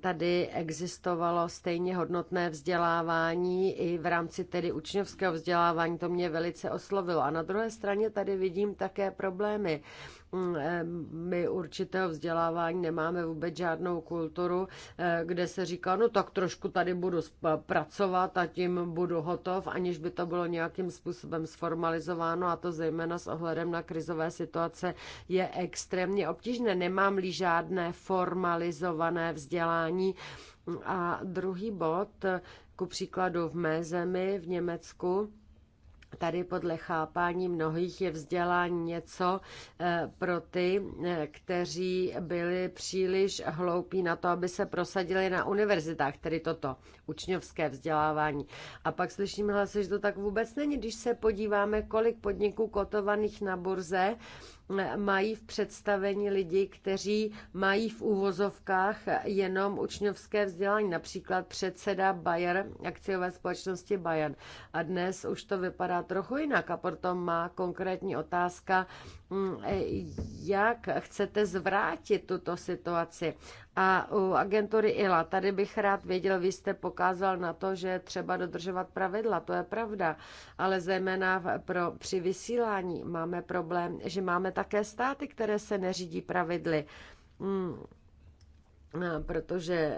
tady existovalo stejně hodnotné vzdělávání i v rámci tedy učňovského vzdělávání. To mě velice oslovilo. A na druhé straně tady vidím také problémy. Mm, eh, my určitého vzdělávání nemáme vůbec žádnou kulturu, eh, kde se říká, no tak trošku tady budu pracovat a tím budu hotov, aniž by to bylo nějakým způsobem sformalizováno a to zejména s ohledem na krizové situace je extrémně obtížné. Nemám-li žádné formalizované vzdělání. A druhý bod, eh, ku příkladu v mé zemi, v Německu, Tady podle chápání mnohých je vzdělání něco eh, pro ty, eh, kteří byli příliš hloupí na to, aby se prosadili na univerzitách, tedy toto učňovské vzdělávání. A pak slyším hlasy, že to tak vůbec není. Když se podíváme, kolik podniků kotovaných na burze mají v představení lidi, kteří mají v úvozovkách jenom učňovské vzdělání, například předseda Bayer, akciové společnosti Bayer. A dnes už to vypadá trochu jinak a proto má konkrétní otázka, mm, jak chcete zvrátit tuto situaci a u agentury ILA, tady bych rád věděl, vy jste pokázal na to, že třeba dodržovat pravidla, to je pravda, ale zejména pro, při vysílání máme problém, že máme také státy, které se neřídí pravidly. Hmm protože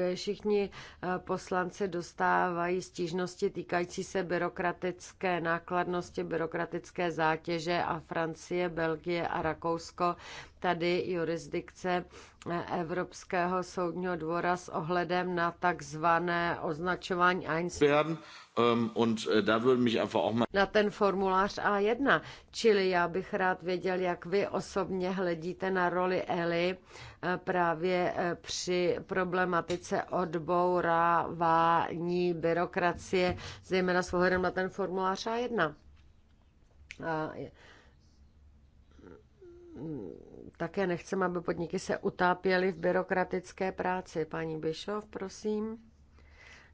eh, všichni eh, poslanci dostávají stížnosti týkající se byrokratické nákladnosti, byrokratické zátěže a Francie, Belgie a Rakousko tady jurisdikce eh, Evropského soudního dvora s ohledem na takzvané označování Einstein. Ähm, äh, na ten formulář A1. Čili já bych rád věděl, jak vy osobně hledíte na roli Eli eh, právě eh, při problematice odbourávání byrokracie, zejména s ohledem na ten formulář A1. A také nechceme, aby podniky se utápěly v byrokratické práci. Paní Bišov, prosím.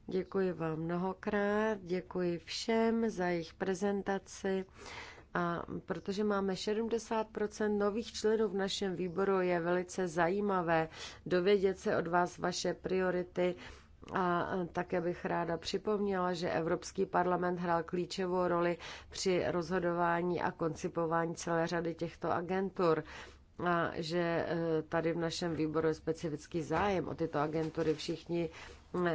Děkuji vám mnohokrát, děkuji všem za jejich prezentaci. A protože máme 70 nových členů v našem výboru, je velice zajímavé dovědět se od vás vaše priority. A také bych ráda připomněla, že Evropský parlament hrál klíčovou roli při rozhodování a koncipování celé řady těchto agentur a že e, tady v našem výboru je specifický zájem o tyto agentury. Všichni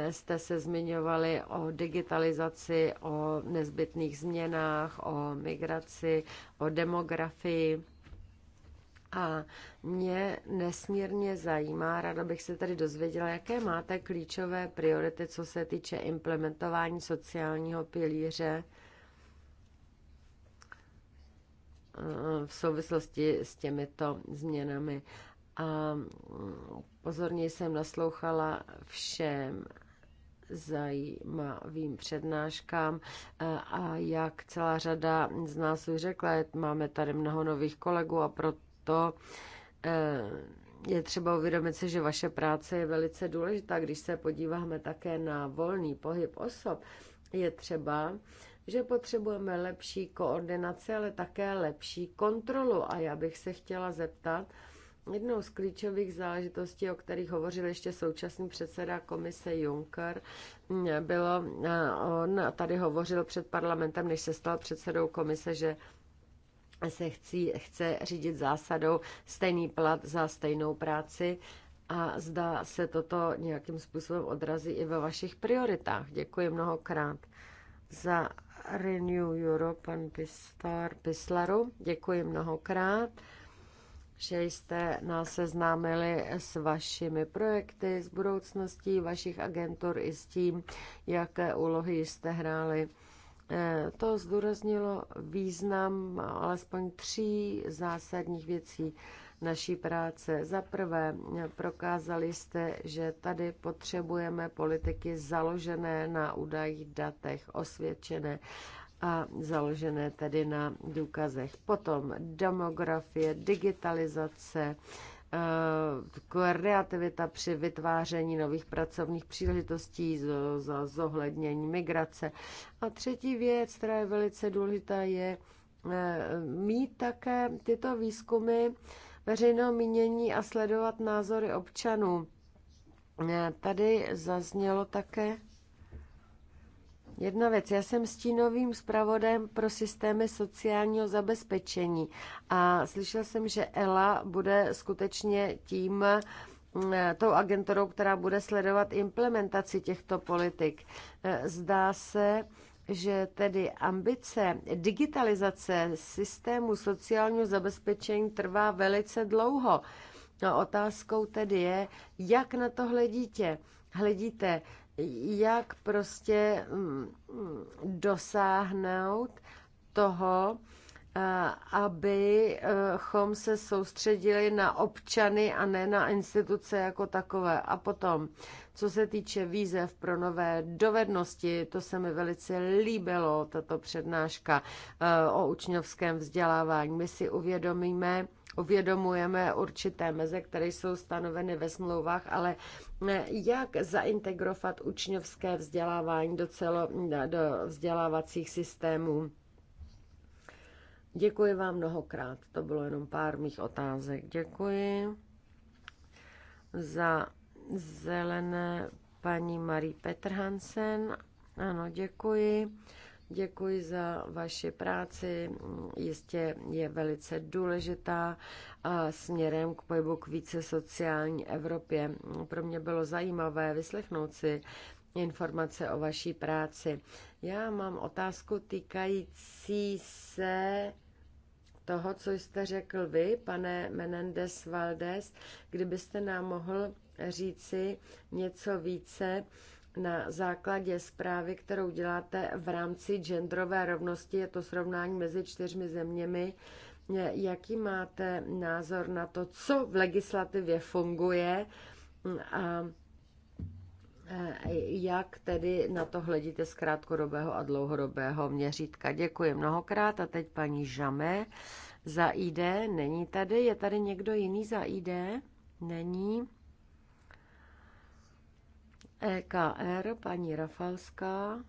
e, jste se zmiňovali o digitalizaci, o nezbytných změnách, o migraci, o demografii. A mě nesmírně zajímá, ráda bych se tady dozvěděla, jaké máte klíčové priority, co se týče implementování sociálního pilíře v souvislosti s těmito změnami. A pozorně jsem naslouchala všem zajímavým přednáškám a jak celá řada z nás už řekla, máme tady mnoho nových kolegů a proto eh, je třeba uvědomit si, že vaše práce je velice důležitá. Když se podíváme také na volný pohyb osob, je třeba že potřebujeme lepší koordinaci, ale také lepší kontrolu. A já bych se chtěla zeptat, Jednou z klíčových záležitostí, o kterých hovořil ještě současný předseda komise Juncker, bylo, on tady hovořil před parlamentem, než se stal předsedou komise, že se chcí, chce řídit zásadou stejný plat za stejnou práci a zda se toto nějakým způsobem odrazí i ve vašich prioritách. Děkuji mnohokrát za Renew Europe, pan Pistar, Pislaru. Děkuji mnohokrát, že jste nás seznámili s vašimi projekty, s budoucností vašich agentur i s tím, jaké úlohy jste hráli. Eh, to zdůraznilo význam alespoň tří zásadních věcí naší práce. Za prvé, prokázali jste, že tady potřebujeme politiky založené na údajích, datech, osvědčené a založené tedy na důkazech. Potom demografie, digitalizace, eh, kreativita při vytváření nových pracovních příležitostí za zohlednění migrace. A třetí věc, která je velice důležitá, je eh, mít také tyto výzkumy veřejného mínění a sledovat názory občanů. Eh, tady zaznělo také Jedna věc, já jsem stínovým zpravodem pro systémy sociálního zabezpečení a slyšel jsem, že ELA bude skutečně tím, eh, tou agenturou, která bude sledovat implementaci těchto politik. Eh, zdá se, že tedy ambice digitalizace systému sociálního zabezpečení trvá velice dlouho. No, otázkou tedy je, jak na to hledíte. Hledíte, jak prostě mm, dosáhnout toho, eh, abychom se soustředili na občany a ne na instituce jako takové. A potom co se týče výzev pro nové dovednosti, to se mi velice líbilo, tato přednáška eh, o učňovském vzdělávání. My si uvědomíme, uvědomujeme určité meze, které jsou stanoveny ve smlouvách, ale eh, jak zaintegrovat učňovské vzdělávání do, celo, eh, do vzdělávacích systémů? Děkuji vám mnohokrát. To bylo jenom pár mých otázek. Děkuji za zelené paní Marie Petrhansen. Ano, děkuji. Děkuji za vaši práci, jistě je velice důležitá a směrem k pohybu k více sociální Evropě. Pro mě bylo zajímavé vyslechnout si informace o vaší práci. Já mám otázku týkající se toho, co jste řekl vy, pane Menendez Valdez, kdybyste nám mohl říci něco více na základě zprávy, kterou děláte v rámci genderové rovnosti, je to srovnání mezi čtyřmi zeměmi. Jaký máte názor na to, co v legislativě funguje a jak tedy na to hledíte z krátkodobého a dlouhodobého měřítka? Děkuji mnohokrát a teď paní Žame za ID. Není tady, je tady někdo jiný za ID? Není. EKR, paní Rafalská,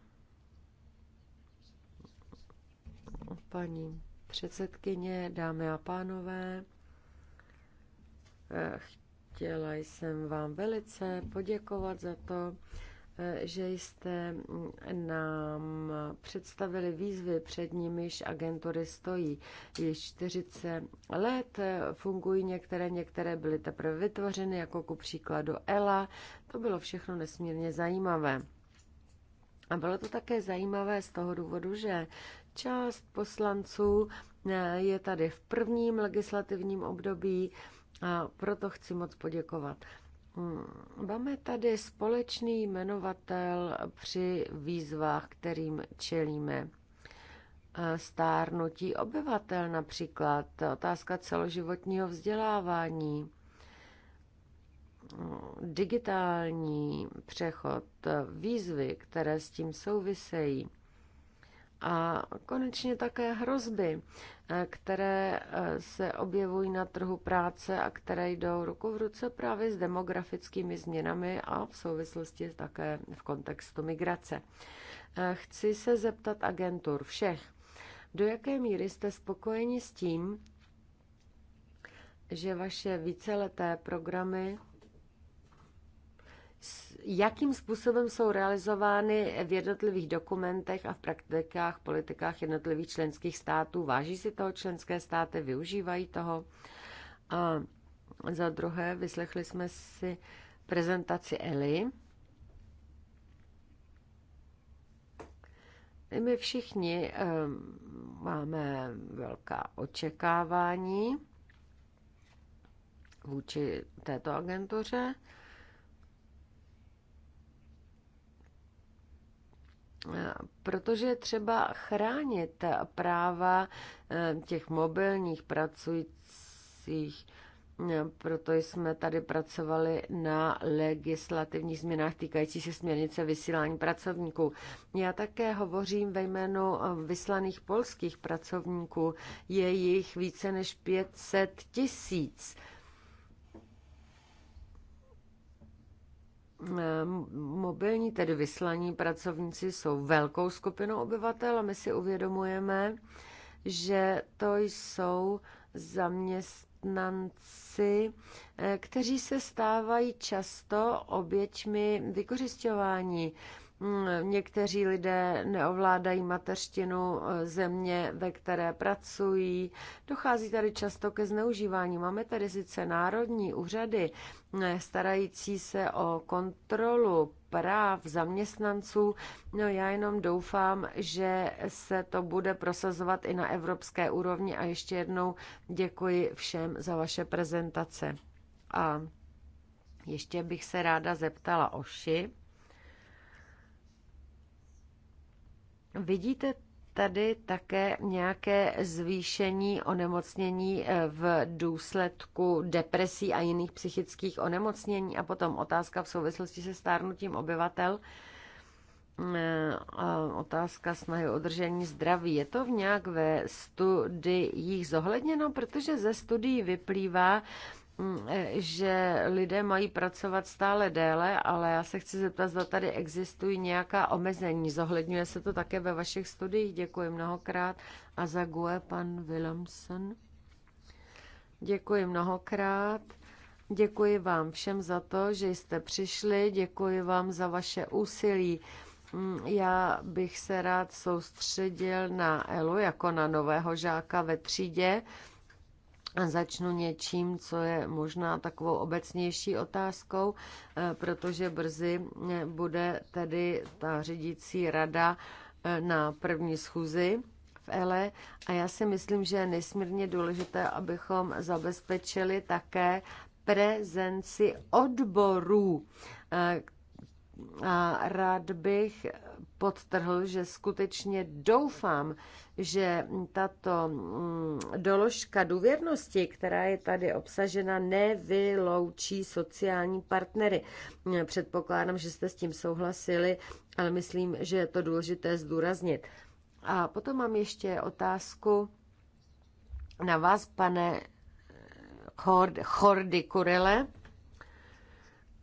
paní předsedkyně, dámy a pánové, eh, chtěla jsem vám velice poděkovat za to, Eh, že jste mm, nám představili výzvy, před nimiž agentury stojí. Již 40 let eh, fungují některé, některé byly teprve vytvořeny, jako ku příkladu ELA. To bylo všechno nesmírně zajímavé. A bylo to také zajímavé z toho důvodu, že část poslanců eh, je tady v prvním legislativním období a proto chci moc poděkovat. Máme tady společný jmenovatel při výzvách, kterým čelíme. Stárnutí obyvatel například, otázka celoživotního vzdělávání, digitální přechod, výzvy, které s tím souvisejí a konečně také hrozby. Eh, které eh, se objevují na trhu práce a které jdou ruku v ruce právě s demografickými změnami a v souvislosti také v kontextu migrace. Eh, chci se zeptat agentur všech, do jaké míry jste spokojeni s tím, že vaše víceleté programy jakým způsobem jsou realizovány v jednotlivých dokumentech a v praktikách, politikách jednotlivých členských států. Váží si toho členské státy, využívají toho. A za druhé, vyslechli jsme si prezentaci Eli. My všichni ehm, máme velká očekávání vůči této agentuře. Eh, protože třeba chránit práva eh, těch mobilních pracujících, eh, proto jsme tady pracovali na legislativních změnách týkající se směrnice vysílání pracovníků. Já také hovořím ve jménu vyslaných polských pracovníků. Je jich více než 500 tisíc Ehm, mobilní, tedy vyslaní pracovníci, jsou velkou skupinou obyvatel a my si uvědomujeme, že to jsou zaměstnanci, eh, kteří se stávají často oběťmi vykořišťování. Mm, někteří lidé neovládají mateřštinu eh, země, ve které pracují. Dochází tady často ke zneužívání. Máme tady sice národní úřady eh, starající se o kontrolu práv zaměstnanců. No já jenom doufám, že se to bude prosazovat i na evropské úrovni a ještě jednou děkuji všem za vaše prezentace. A ještě bych se ráda zeptala ši. Vidíte tady také nějaké zvýšení onemocnění eh, v důsledku depresí a jiných psychických onemocnění? A potom otázka v souvislosti se stárnutím obyvatel. Eh, otázka snahy o udržení zdraví. Je to v nějak ve studiích zohledněno? Protože ze studií vyplývá, že lidé mají pracovat stále déle, ale já se chci zeptat, zda tady existují nějaká omezení. Zohledňuje se to také ve vašich studiích. Děkuji mnohokrát. A za GUE pan Willemsen. Děkuji mnohokrát. Děkuji vám všem za to, že jste přišli. Děkuji vám za vaše úsilí. Já bych se rád soustředil na Elu jako na nového žáka ve třídě. Začnu něčím, co je možná takovou obecnější otázkou, eh, protože brzy eh, bude tedy ta řídící rada eh, na první schůzi v ELE a já si myslím, že je nesmírně důležité, abychom zabezpečili také prezenci odborů. A rád bych podtrhl, že skutečně doufám, že tato mm, doložka důvěrnosti, která je tady obsažena, nevyloučí sociální partnery. Předpokládám, že jste s tím souhlasili, ale myslím, že je to důležité zdůraznit. A potom mám ještě otázku na vás, pane Chordy Kurele.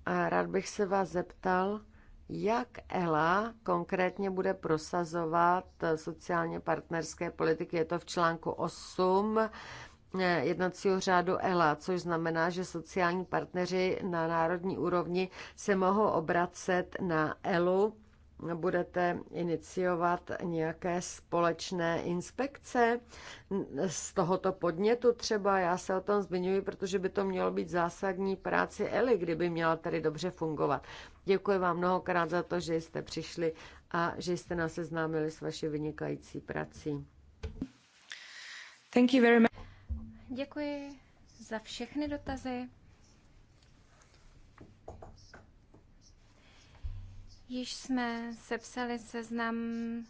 A rád bych se vás zeptal, jak ELA konkrétně bude prosazovat sociálně partnerské politiky? Je to v článku 8 eh, jednacího řádu ELA, což znamená, že sociální partneři na národní úrovni se mohou obracet na ELU budete iniciovat nějaké společné inspekce z tohoto podnětu třeba. Já se o tom zmiňuji, protože by to mělo být zásadní práci Eli, kdyby měla tady dobře fungovat. Děkuji vám mnohokrát za to, že jste přišli a že jste nás seznámili s vaší vynikající prací. Thank you very much. Děkuji za všechny dotazy. Již jsme sepsali seznam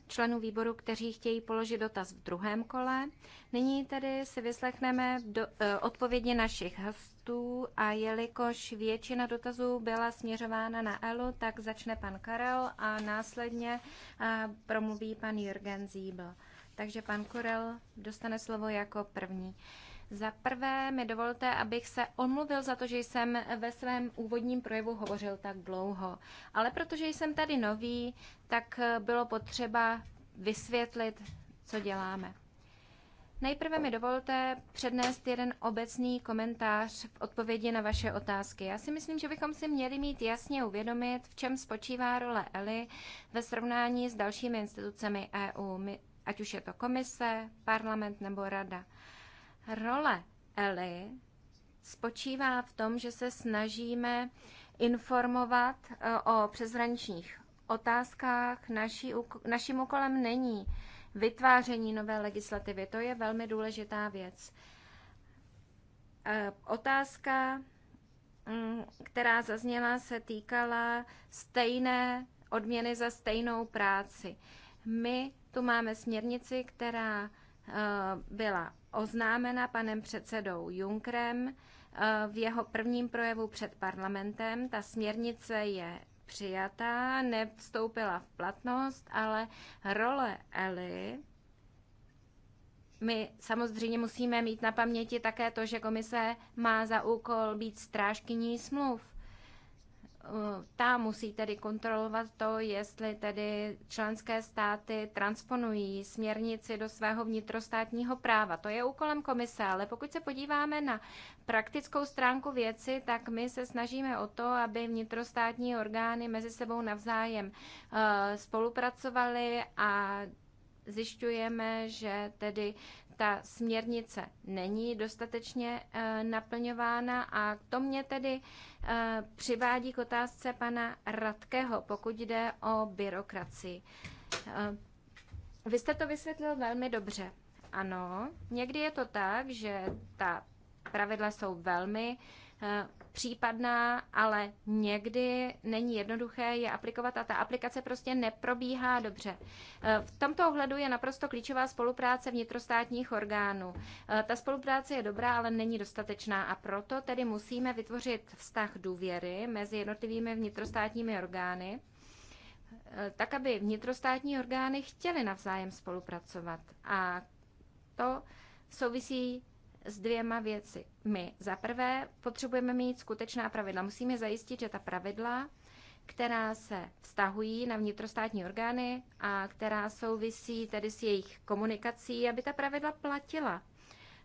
členů výboru, kteří chtějí položit dotaz v druhém kole. Nyní tedy si vyslechneme do, e, odpovědi našich hostů a jelikož většina dotazů byla směřována na Elu, tak začne pan Karel a následně e, promluví pan Jürgen Zíbl. Takže pan Karel dostane slovo jako první. Za prvé mi dovolte, abych se omluvil za to, že jsem ve svém úvodním projevu hovořil tak dlouho. Ale protože jsem tady nový, tak bylo potřeba vysvětlit, co děláme. Nejprve mi dovolte přednést jeden obecný komentář v odpovědi na vaše otázky. Já si myslím, že bychom si měli mít jasně uvědomit, v čem spočívá role ELI ve srovnání s dalšími institucemi EU, ať už je to komise, parlament nebo rada. Role Eli spočívá v tom, že se snažíme informovat eh, o přezraničních otázkách. Naší, naším úkolem není vytváření nové legislativy. To je velmi důležitá věc. Eh, otázka, mm, která zazněla, se týkala stejné odměny za stejnou práci. My tu máme směrnici, která eh, byla oznámena panem předsedou Junkrem eh, v jeho prvním projevu před parlamentem. Ta směrnice je přijatá, nevstoupila v platnost, ale role Eli my samozřejmě musíme mít na paměti také to, že komise má za úkol být strážkyní smluv ta musí tedy kontrolovat to, jestli tedy členské státy transponují směrnici do svého vnitrostátního práva. To je úkolem komise, ale pokud se podíváme na praktickou stránku věci, tak my se snažíme o to, aby vnitrostátní orgány mezi sebou navzájem eh, spolupracovaly a zjišťujeme, že tedy ta směrnice není dostatečně eh, naplňována a to mě tedy eh, přivádí k otázce pana Radkého, pokud jde o byrokracii. Eh, vy jste to vysvětlil velmi dobře. Ano, někdy je to tak, že ta pravidla jsou velmi případná, ale někdy není jednoduché je aplikovat a ta aplikace prostě neprobíhá dobře. E, v tomto ohledu je naprosto klíčová spolupráce vnitrostátních orgánů. E, ta spolupráce je dobrá, ale není dostatečná a proto tedy musíme vytvořit vztah důvěry mezi jednotlivými vnitrostátními orgány, e, tak aby vnitrostátní orgány chtěly navzájem spolupracovat. A to souvisí s dvěma věci. My za prvé potřebujeme mít skutečná pravidla. Musíme zajistit, že ta pravidla, která se vztahují na vnitrostátní orgány a která souvisí tedy s jejich komunikací, aby ta pravidla platila.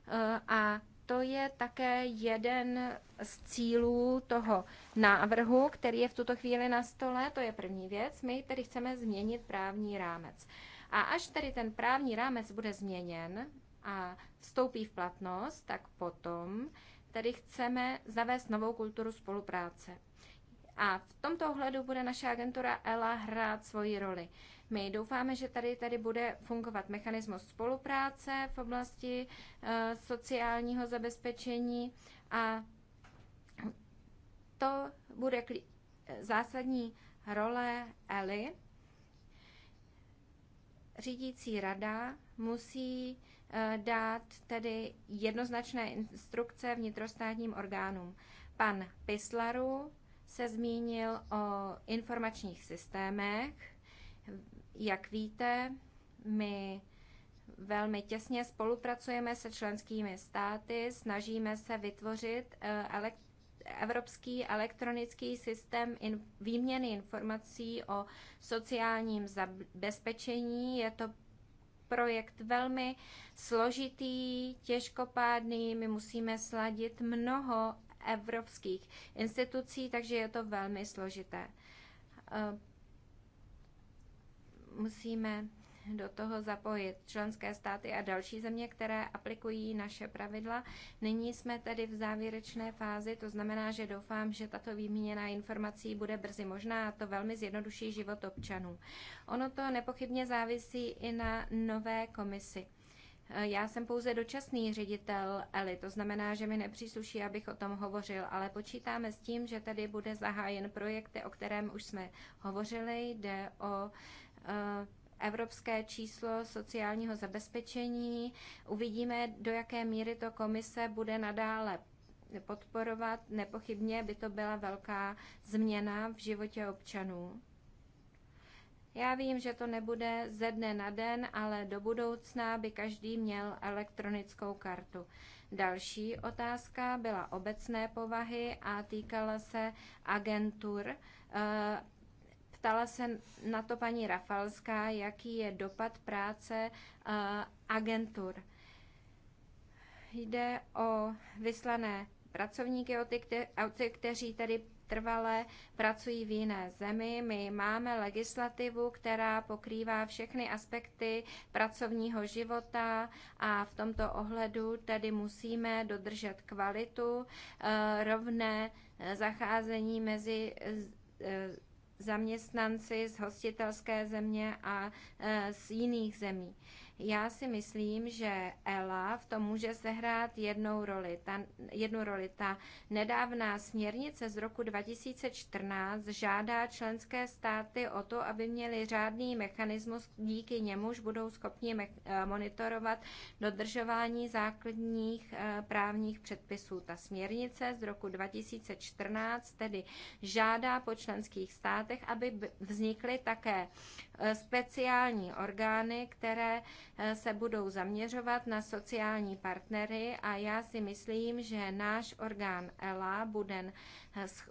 Eh, a to je také jeden z cílů toho návrhu, který je v tuto chvíli na stole. To je první věc. My tedy chceme změnit právní rámec. A až tedy ten právní rámec bude změněn a vstoupí v platnost, tak potom tedy chceme zavést novou kulturu spolupráce. A v tomto ohledu bude naše agentura ELA hrát svoji roli. My doufáme, že tady, tady bude fungovat mechanismus spolupráce v oblasti e, sociálního zabezpečení a to bude klí- zásadní role ELI. Řídící rada musí Eh, dát tedy jednoznačné instrukce vnitrostátním orgánům. Pan Pislaru se zmínil o informačních systémech. Jak víte, my velmi těsně spolupracujeme se členskými státy, snažíme se vytvořit eh, elektronické evropský elektronický systém in, výměny informací o sociálním zabezpečení. Je to projekt velmi složitý, těžkopádný. My musíme sladit mnoho evropských institucí, takže je to velmi složité. Eh, musíme do toho zapojit členské státy a další země, které aplikují naše pravidla. Nyní jsme tedy v závěrečné fázi, to znamená, že doufám, že tato výměna informací bude brzy možná a to velmi zjednoduší život občanů. Ono to nepochybně závisí i na nové komisi. Já jsem pouze dočasný ředitel ELI, to znamená, že mi nepřísluší, abych o tom hovořil, ale počítáme s tím, že tady bude zahájen projekt, o kterém už jsme hovořili. Jde o eh, evropské číslo sociálního zabezpečení. Uvidíme, do jaké míry to komise bude nadále podporovat. Nepochybně by to byla velká změna v životě občanů. Já vím, že to nebude ze dne na den, ale do budoucna by každý měl elektronickou kartu. Další otázka byla obecné povahy a týkala se agentur eh, Ptala se na to paní Rafalská, jaký je dopad práce eh, agentur. Jde o vyslané pracovníky, o ty, kte, o ty kteří tady trvale pracují v jiné zemi. My máme legislativu, která pokrývá všechny aspekty pracovního života a v tomto ohledu tedy musíme dodržet kvalitu, eh, rovné eh, zacházení mezi zaměstnanci z hostitelské země a e, z jiných zemí. Já si myslím, že Ela v tom může sehrát jednou roli. Ta, jednu roli. Ta nedávná směrnice z roku 2014 žádá členské státy o to, aby měli řádný mechanismus, díky němuž budou schopni eh, monitorovat dodržování základních eh, právních předpisů. Ta směrnice z roku 2014 tedy žádá po členských státech, aby vznikly také eh, speciální orgány, které se budou zaměřovat na sociální partnery a já si myslím, že náš orgán ELA bude,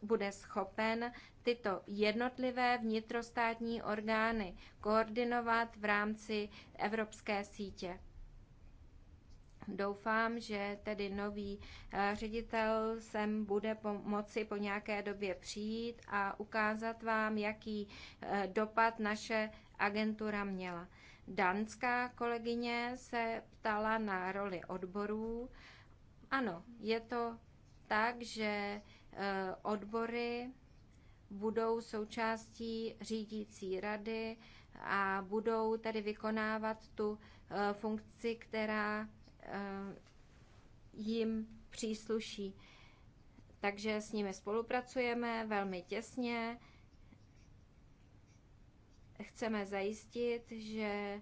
bude schopen tyto jednotlivé vnitrostátní orgány koordinovat v rámci evropské sítě. Doufám, že tedy nový e, ředitel sem bude moci po nějaké době přijít a ukázat vám, jaký e, dopad naše agentura měla dánská kolegyně se ptala na roli odborů. Ano, je to tak, že eh, odbory budou součástí řídící rady a budou tedy vykonávat tu eh, funkci, která eh, jim přísluší. Takže s nimi spolupracujeme velmi těsně chceme zajistit, že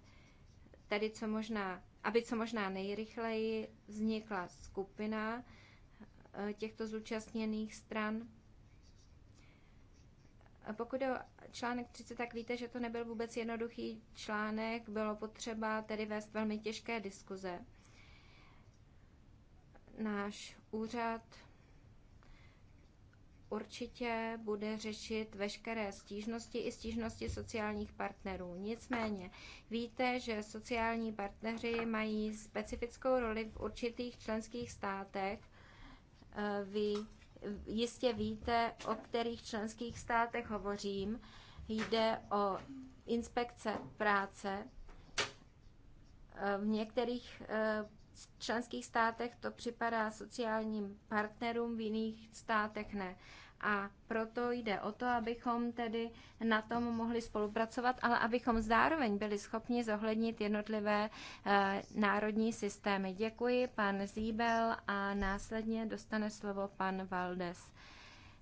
tady co možná, aby co možná nejrychleji vznikla skupina eh, těchto zúčastněných stran. A pokud o článek 30, tak víte, že to nebyl vůbec jednoduchý článek, bylo potřeba tedy vést velmi těžké diskuze. Náš úřad určitě bude řešit veškeré stížnosti i stížnosti sociálních partnerů. Nicméně víte, že sociální partneři mají specifickou roli v určitých členských státech. Eh, vy jistě víte, o kterých členských státech hovořím. Jde o inspekce práce. Eh, v některých eh, členských státech to připadá sociálním partnerům, v jiných státech ne. A proto jde o to, abychom tedy na tom mohli spolupracovat, ale abychom zároveň byli schopni zohlednit jednotlivé e, národní systémy. Děkuji, pan Zíbel, a následně dostane slovo pan Valdes.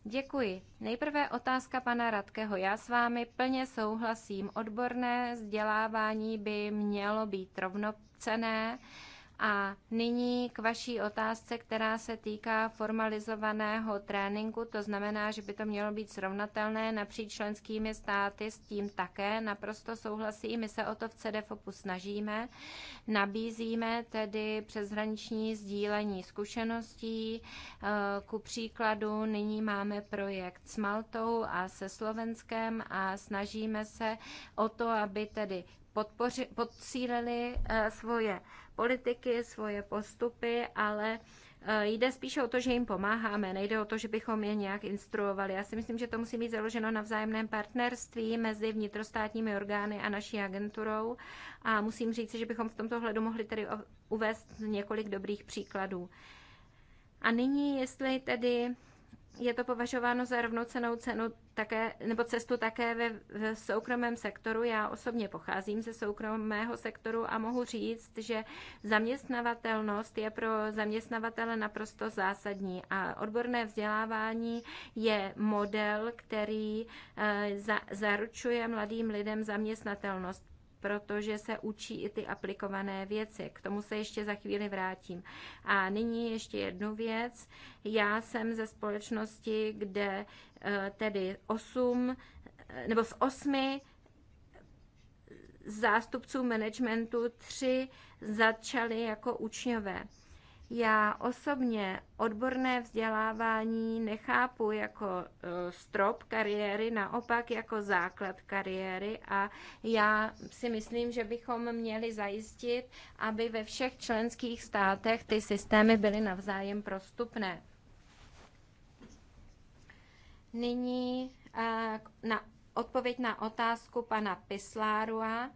Děkuji. Nejprve otázka pana Radkeho. Já s vámi plně souhlasím. Odborné vzdělávání by mělo být rovnocené. A nyní k vaší otázce, která se týká formalizovaného tréninku, to znamená, že by to mělo být srovnatelné napříč členskými státy, s tím také naprosto souhlasí. My se o to v CDFOPu snažíme. Nabízíme tedy přeshraniční sdílení zkušeností. Eh, ku příkladu nyní máme projekt s Maltou a se Slovenskem a snažíme se o to, aby tedy podpořili podsílili eh, svoje politiky, svoje postupy, ale eh, jde spíše o to, že jim pomáháme, nejde o to, že bychom je nějak instruovali. Já si myslím, že to musí být založeno na vzájemném partnerství mezi vnitrostátními orgány a naší agenturou a musím říct, že bychom v tomto hledu mohli tedy uvést několik dobrých příkladů. A nyní, jestli tedy je to považováno za rovnocenou cenu také, nebo cestu také ve, v soukromém sektoru. Já osobně pocházím ze soukromého sektoru a mohu říct, že zaměstnavatelnost je pro zaměstnavatele naprosto zásadní a odborné vzdělávání je model, který eh, za, zaručuje mladým lidem zaměstnatelnost protože se učí i ty aplikované věci. K tomu se ještě za chvíli vrátím. A nyní ještě jednu věc. Já jsem ze společnosti, kde eh, tedy osm eh, nebo z osmi zástupců managementu tři začali jako učňové. Já osobně odborné vzdělávání nechápu jako e, strop kariéry, naopak jako základ kariéry a já si myslím, že bychom měli zajistit, aby ve všech členských státech ty systémy byly navzájem prostupné. Nyní e, na odpověď na otázku pana Pislárua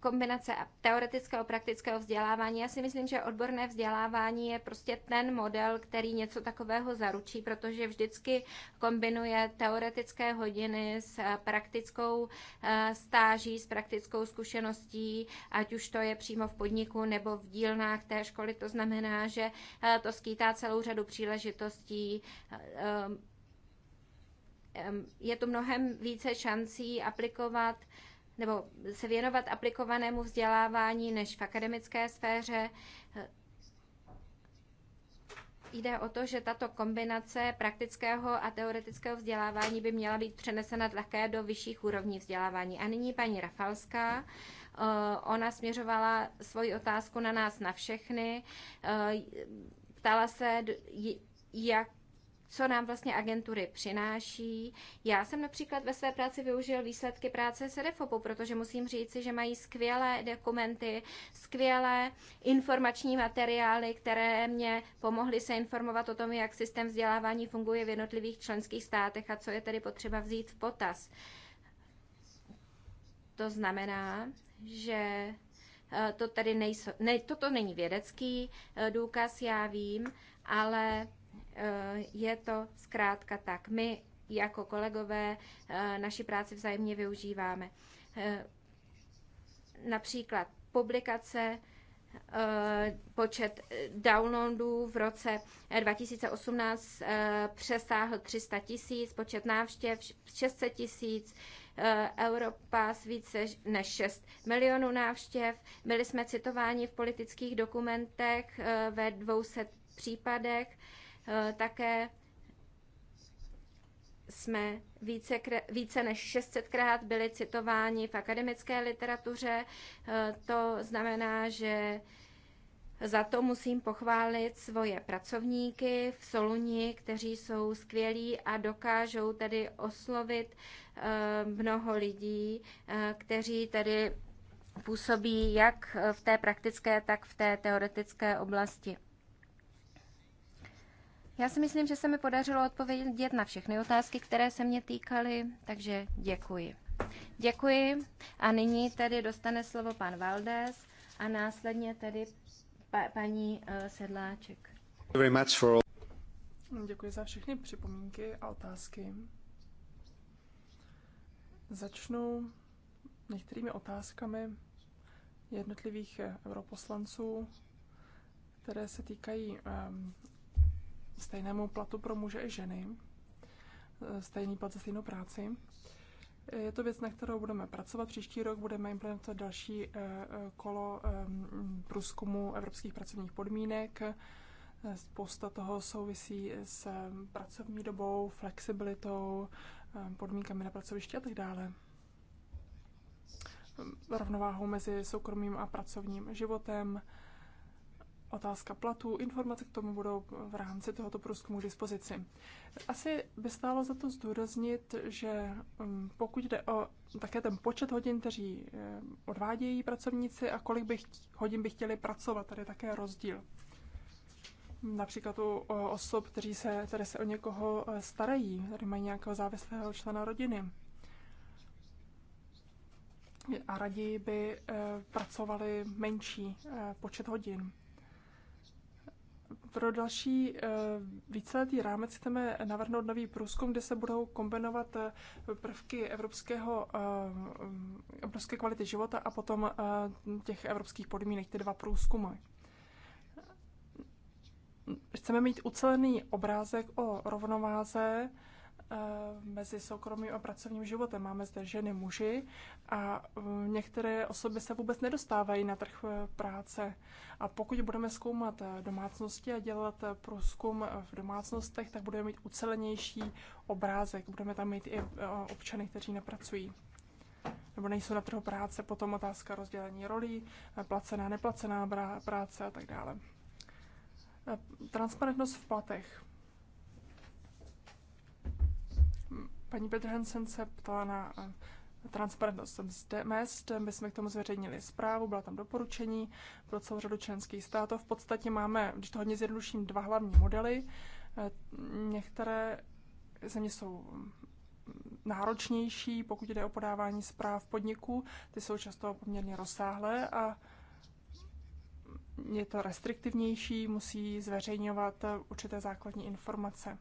kombinace teoretického a praktického vzdělávání. Já si myslím, že odborné vzdělávání je prostě ten model, který něco takového zaručí, protože vždycky kombinuje teoretické hodiny s eh, praktickou eh, stáží, s praktickou zkušeností, ať už to je přímo v podniku nebo v dílnách té školy. To znamená, že eh, to skýtá celou řadu příležitostí je tu mnohem více šancí aplikovat nebo se věnovat aplikovanému vzdělávání než v akademické sféře. Jde o to, že tato kombinace praktického a teoretického vzdělávání by měla být přenesena také do vyšších úrovní vzdělávání. A nyní paní Rafalská. Eh, ona směřovala svoji otázku na nás, na všechny. Eh, ptala se, jak co nám vlastně agentury přináší. Já jsem například ve své práci využil výsledky práce SEDEFOPu, protože musím říci, že mají skvělé dokumenty, skvělé informační materiály, které mě pomohly se informovat o tom, jak systém vzdělávání funguje v jednotlivých členských státech a co je tedy potřeba vzít v potaz. To znamená, že eh, to tady nejsou, ne, toto není vědecký eh, důkaz, já vím, ale Eh, je to zkrátka tak. My jako kolegové eh, naši práci vzájemně využíváme. Eh, například publikace, počet downloadů v roce 2018 přesáhl 300 tisíc, počet návštěv 600 tisíc, Europa s více než 6 milionů návštěv. Byli jsme citováni v politických dokumentech ve 200 případech. Eh, také jsme více, více než 600krát byli citováni v akademické literatuře. Eh, to znamená, že za to musím pochválit svoje pracovníky v Soluni, kteří jsou skvělí a dokážou tedy oslovit eh, mnoho lidí, kteří tedy působí jak v té praktické, tak v té teoretické oblasti. Já si myslím, že se mi podařilo odpovědět na všechny otázky, které se mě týkaly, takže děkuji. Děkuji a nyní tedy dostane slovo pan Valdés a následně tedy pa- paní uh, Sedláček. Děkuji za všechny připomínky a otázky. Začnu některými otázkami jednotlivých eh, europoslanců, které se týkají um, stejnému platu pro muže i ženy, e, stejný plat za stejnou práci. Je to věc, na kterou budeme pracovat. Příští rok budeme implementovat další e, e, kolo průzkumu evropských pracovních podmínek. Spousta toho souvisí s pracovní dobou, flexibilitou, podmínkami na pracovišti a tak dále. Rovnováhou mezi soukromým a pracovním životem, otázka platů, informace k tomu budou v rámci tohoto průzkumu k dispozici. Asi by stálo za to zdůraznit, že mm, pokud jde o také ten počet hodin, kteří eh, odvádějí pracovníci a kolik by hodin by chtěli pracovat, tady je také rozdíl. Například u osob, kteří se, které se o někoho eh, starají, tady mají nějakého závislého člena rodiny. A raději by eh, pracovali menší počet hodin. Pro další eh, víceletý rámec chceme navrhnout nový průzkum, kde se budou kombinovat eh, prvky evropského, evropské eh, kvality života a potom těch evropských podmínek, ty dva průzkumy. Chceme mít ucelený obrázek o rovnováze Eh, mezi soukromým a pracovním životem. Máme zde ženy, muži a eh, některé osoby se vůbec nedostávají na trh eh, práce. A pokud budeme zkoumat domácnosti a dělat průzkum v domácnostech, tak budeme mít ucelenější obrázek. Budeme tam mít i občany, kteří nepracují nebo nejsou na trhu práce, potom otázka rozdělení rolí, placená, neplacená práce a tak dále. Transparentnost v platech. Paní Petr Hansen se ptala na eh, transparentnost mest. My jsme k tomu zveřejnili zprávu, byla tam doporučení pro celou řadu členských států. V podstatě máme, když to hodně zjednoduším, dva hlavní modely. Eh, některé země jsou mm, náročnější, pokud jde o podávání zpráv podniků. Ty jsou často poměrně rozsáhlé a je to restriktivnější, musí zveřejňovat eh, určité základní informace.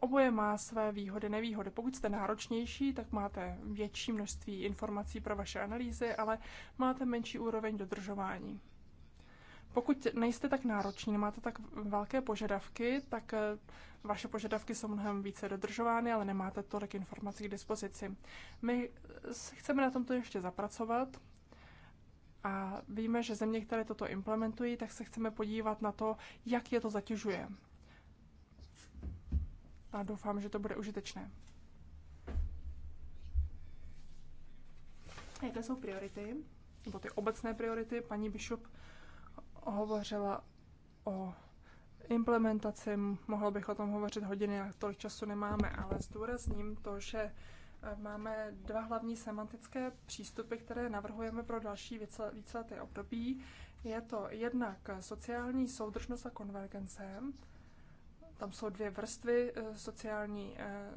Oboje má své výhody, nevýhody. Pokud jste náročnější, tak máte větší množství informací pro vaše analýzy, ale máte menší úroveň dodržování. Pokud nejste tak nároční, nemáte tak velké požadavky, tak eh, vaše požadavky jsou mnohem více dodržovány, ale nemáte tolik informací k dispozici. My eh, chceme na tomto ještě zapracovat a víme, že země, které toto implementují, tak se chceme podívat na to, jak je to zatěžuje a doufám, že to bude užitečné. Jaké jsou priority, nebo ty obecné priority? Paní Bishop hovořila o implementaci, mohla bych o tom hovořit hodiny, a tolik času nemáme, ale zdůrazním to, že eh, máme dva hlavní semantické přístupy, které navrhujeme pro další víceleté období. Je to jednak sociální soudržnost a konvergence, tam jsou dvě vrstvy eh, sociální eh,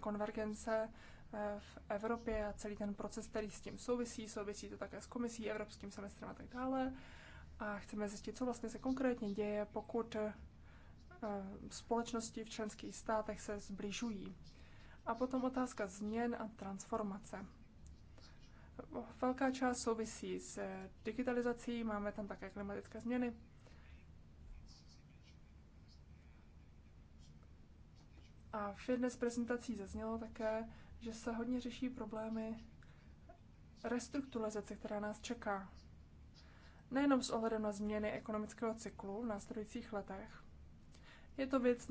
konvergence eh, v Evropě a celý ten proces, který s tím souvisí. Souvisí to také s komisí, evropským semestrem a tak dále. A chceme zjistit, co vlastně se konkrétně děje, pokud společnosti v členských státech se zbližují. A potom otázka změn a transformace. Velká část souvisí s digitalizací, máme tam také klimatické změny, A v jedné z prezentací zaznělo také, že se hodně řeší problémy restrukturalizace, která nás čeká. Nejenom s ohledem na změny ekonomického cyklu v následujících letech. Je to věc,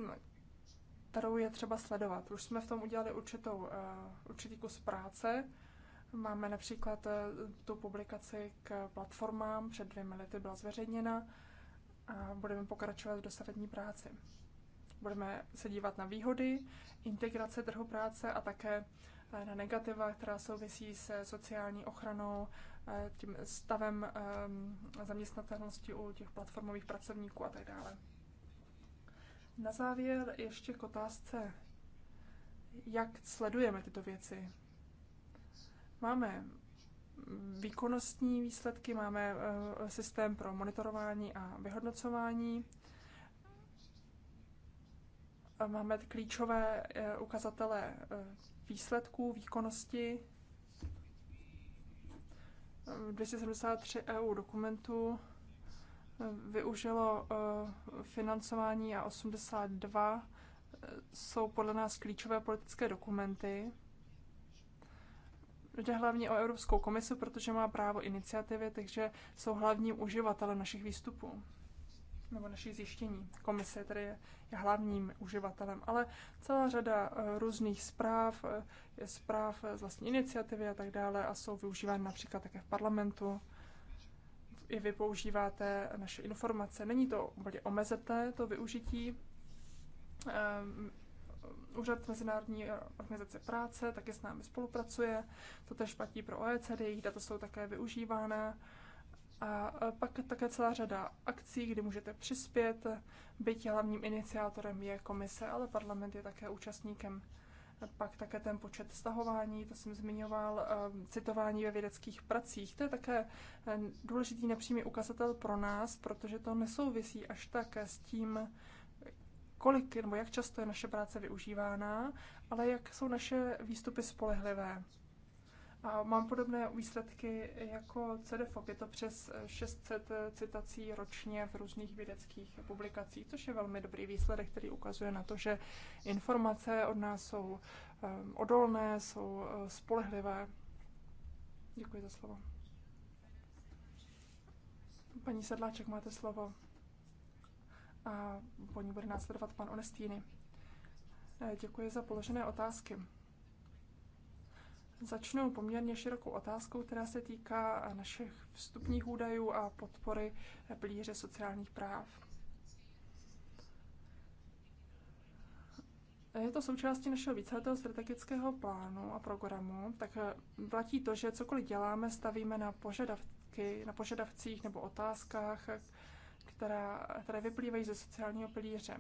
kterou je třeba sledovat. Už jsme v tom udělali určitou, eh, určitý kus práce. Máme například eh, tu publikaci k platformám, před dvěma lety byla zveřejněna a budeme pokračovat v dosavadní práci. Budeme se dívat na výhody integrace trhu práce a také eh, na negativa, která souvisí se sociální ochranou, eh, tím stavem eh, zaměstnatelnosti u těch platformových pracovníků a tak dále. Na závěr ještě k otázce, jak sledujeme tyto věci. Máme výkonnostní výsledky, máme systém pro monitorování a vyhodnocování. Máme klíčové eh, ukazatele eh, výsledků, výkonnosti, 273 eh, EU dokumentů využilo financování a 82 jsou podle nás klíčové politické dokumenty. Jde hlavně o Evropskou komisi, protože má právo iniciativy, takže jsou hlavním uživatelem našich výstupů nebo naše zjištění. Komise tedy je, je hlavním uživatelem, ale celá řada eh, různých zpráv, je eh, zpráv z vlastní iniciativy a tak dále a jsou využívány například také v parlamentu. I vy používáte naše informace. Není to úplně omezeté, to využití. Eh, Úřad Mezinárodní organizace práce také s námi spolupracuje. To tež platí pro OECD, jejich data jsou také využívána a e, pak také celá řada akcí, kdy můžete přispět, byť hlavním iniciátorem je komise, ale parlament je také účastníkem. Pak také ten počet stahování, to jsem zmiňoval, e, citování ve vědeckých pracích. To je také e, důležitý nepřímý ukazatel pro nás, protože to nesouvisí až tak s tím, kolik nebo jak často je naše práce využívána, ale jak jsou naše výstupy spolehlivé. A mám podobné výsledky jako CDFOP. Je to přes 600 eh, citací ročně v různých vědeckých publikacích, což je velmi dobrý výsledek, který ukazuje na to, že informace od nás jsou ehm, odolné, jsou eh, spolehlivé. Děkuji za slovo. Paní Sedláček, máte slovo. A po ní bude následovat pan Onestýny. Eh, děkuji za položené otázky. Začnu poměrně širokou otázkou, která se týká našich vstupních údajů a podpory pilíře sociálních práv. Je to součástí našeho víceletého strategického plánu a programu, tak platí to, že cokoliv děláme, stavíme na požadavky, na požadavcích nebo otázkách, která, které vyplývají ze sociálního pilíře.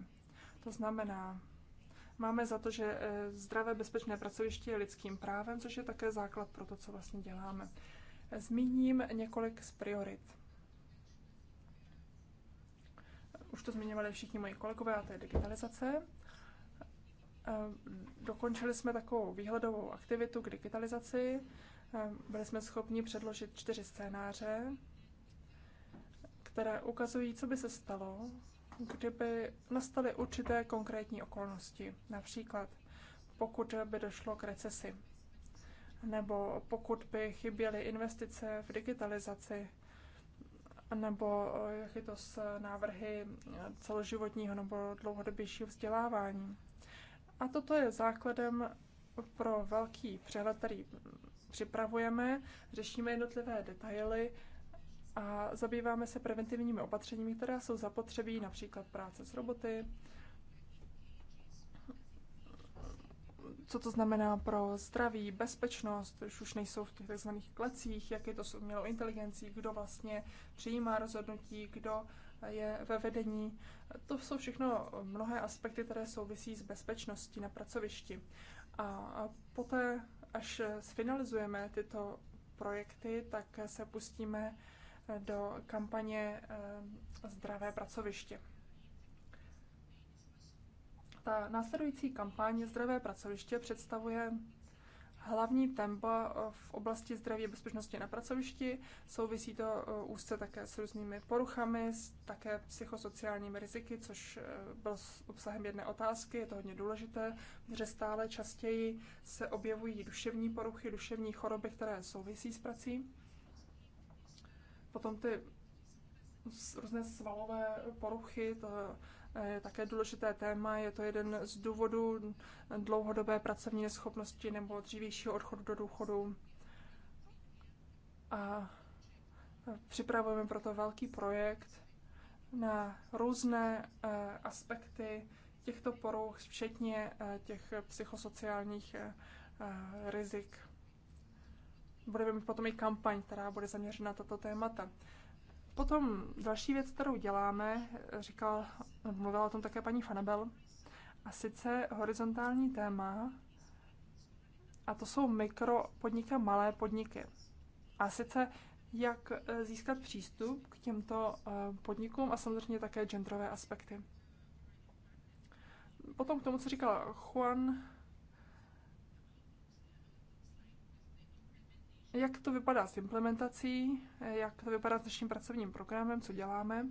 To znamená, Máme za to, že eh, zdravé bezpečné pracoviště je lidským právem, což je také základ pro to, co vlastně děláme. Eh, zmíním několik z priorit. Už to zmiňovali všichni moji kolegové, a to je digitalizace. Eh, dokončili jsme takovou výhledovou aktivitu k digitalizaci. Byli jsme schopni předložit čtyři scénáře, které ukazují, co by se stalo, kdyby nastaly určité konkrétní okolnosti, například pokud by došlo k recesi, nebo pokud by chyběly investice v digitalizaci, nebo eh, jak je to s návrhy celoživotního nebo dlouhodobějšího vzdělávání. A toto je základem pro velký přehled, který připravujeme, řešíme jednotlivé detaily a zabýváme se preventivními opatřeními, která jsou zapotřebí, například práce s roboty, co to znamená pro zdraví, bezpečnost, když už nejsou v těch tzv. klecích, jak je to s umělou inteligencí, kdo vlastně přijímá rozhodnutí, kdo je ve vedení. To jsou všechno mnohé aspekty, které souvisí s bezpečností na pracovišti. A poté, až sfinalizujeme tyto projekty, tak se pustíme do kampaně eh, Zdravé pracoviště. Ta následující kampaň Zdravé pracoviště představuje hlavní tempo eh, v oblasti zdraví a bezpečnosti na pracovišti. Souvisí to eh, úzce také s různými poruchami, s také psychosociálními riziky, což byl obsahem jedné otázky. Je to hodně důležité, že stále častěji se objevují duševní poruchy, duševní choroby, které souvisí s prací. Potom ty různé svalové poruchy, to je také důležité téma, je to jeden z důvodů dlouhodobé pracovní neschopnosti nebo dřívějšího odchodu do důchodu. A připravujeme proto velký projekt na různé e, aspekty těchto poruch, včetně e, těch psychosociálních e, rizik budeme potom i kampaň, která bude zaměřena na tato témata. Potom další věc, kterou děláme, říkal, mluvila o tom také paní Fanabel, a sice horizontální téma, a to jsou mikropodniky a malé podniky. A sice jak eh, získat přístup k těmto eh, podnikům a samozřejmě také genderové aspekty. Potom k tomu, co říkala Juan, Jak to vypadá s implementací, jak to vypadá s naším pracovním programem, co děláme.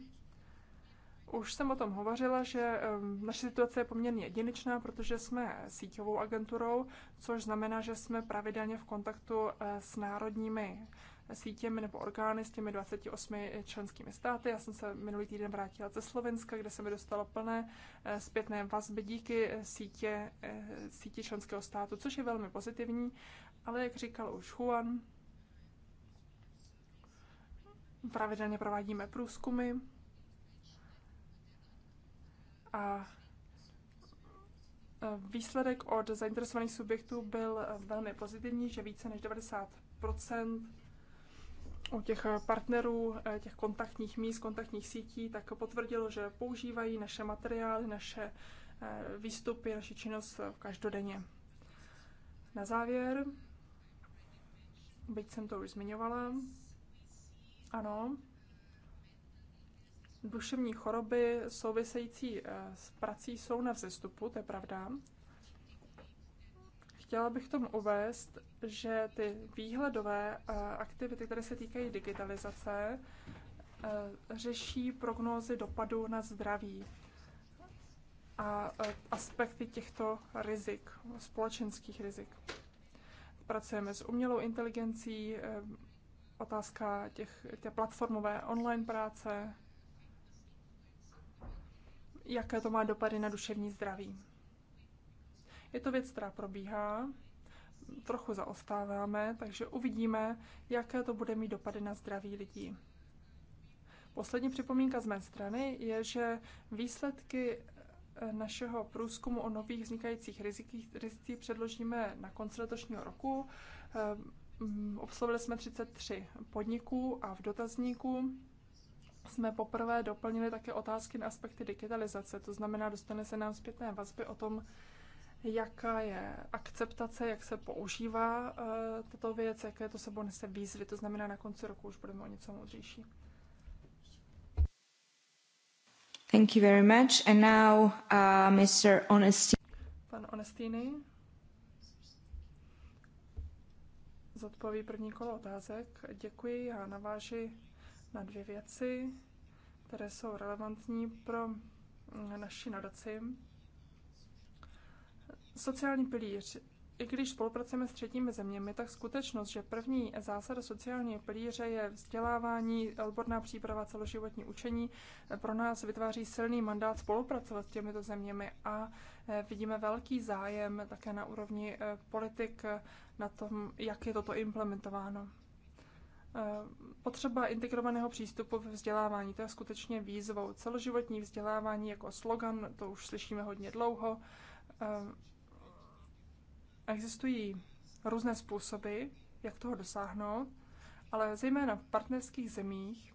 Už jsem o tom hovořila, že naše situace je poměrně jedinečná, protože jsme síťovou agenturou, což znamená, že jsme pravidelně v kontaktu e, s národními sítěmi nebo orgány s těmi 28 členskými státy. Já jsem se minulý týden vrátila ze Slovenska, kde se mi dostalo plné e, zpětné vazby díky e, sítě, sítě členského státu, což je velmi pozitivní ale jak říkal už Juan, pravidelně provádíme průzkumy a e, výsledek od zainteresovaných subjektů byl e, velmi pozitivní, že více než 90 u těch e, partnerů, těch kontaktních míst, kontaktních sítí, tak potvrdilo, že používají naše materiály, naše výstupy, naši činnost každodenně. Na závěr byť jsem to už zmiňovala. Ano. Duševní choroby související eh, s prací jsou na vzestupu, to je pravda. Chtěla bych tomu uvést, že ty výhledové eh, aktivity, které se týkají digitalizace, eh, řeší prognózy dopadu na zdraví a aspekty těchto rizik, společenských rizik pracujeme s umělou inteligencí, eh, otázka těch, tě platformové online práce, jaké to má dopady na duševní zdraví. Je to věc, která probíhá, trochu zaostáváme, takže uvidíme, jaké to bude mít dopady na zdraví lidí. Poslední připomínka z mé strany je, že výsledky našeho průzkumu o nových vznikajících rizicích předložíme na konci letošního roku. Ehm, obslovili jsme 33 podniků a v dotazníku jsme poprvé doplnili také otázky na aspekty digitalizace, to znamená, dostane se nám zpětné vazby o tom, jaká je akceptace, jak se používá uh, tato věc, jaké to sebou nese výzvy, to znamená, na konci roku už budeme o něco moudřejší. Thank you very much. And now, uh, Mr. Onestini. Pan Onestini zodpoví první kolo otázek. Děkuji, já naváži na dvě věci, které jsou relevantní pro naši nadaci. Sociální pilíř i když spolupracujeme s třetími zeměmi, tak skutečnost, že první zásada sociálního pilíře je vzdělávání, odborná příprava, celoživotní učení, pro nás vytváří silný mandát spolupracovat s těmito zeměmi a eh, vidíme velký zájem také na úrovni eh, politik eh, na tom, jak je toto implementováno. Potřeba integrovaného přístupu ve vzdělávání, to je skutečně výzvou. Celoživotní vzdělávání jako slogan, to už slyšíme hodně dlouho Existují různé způsoby, jak toho dosáhnout, ale zejména v partnerských zemích,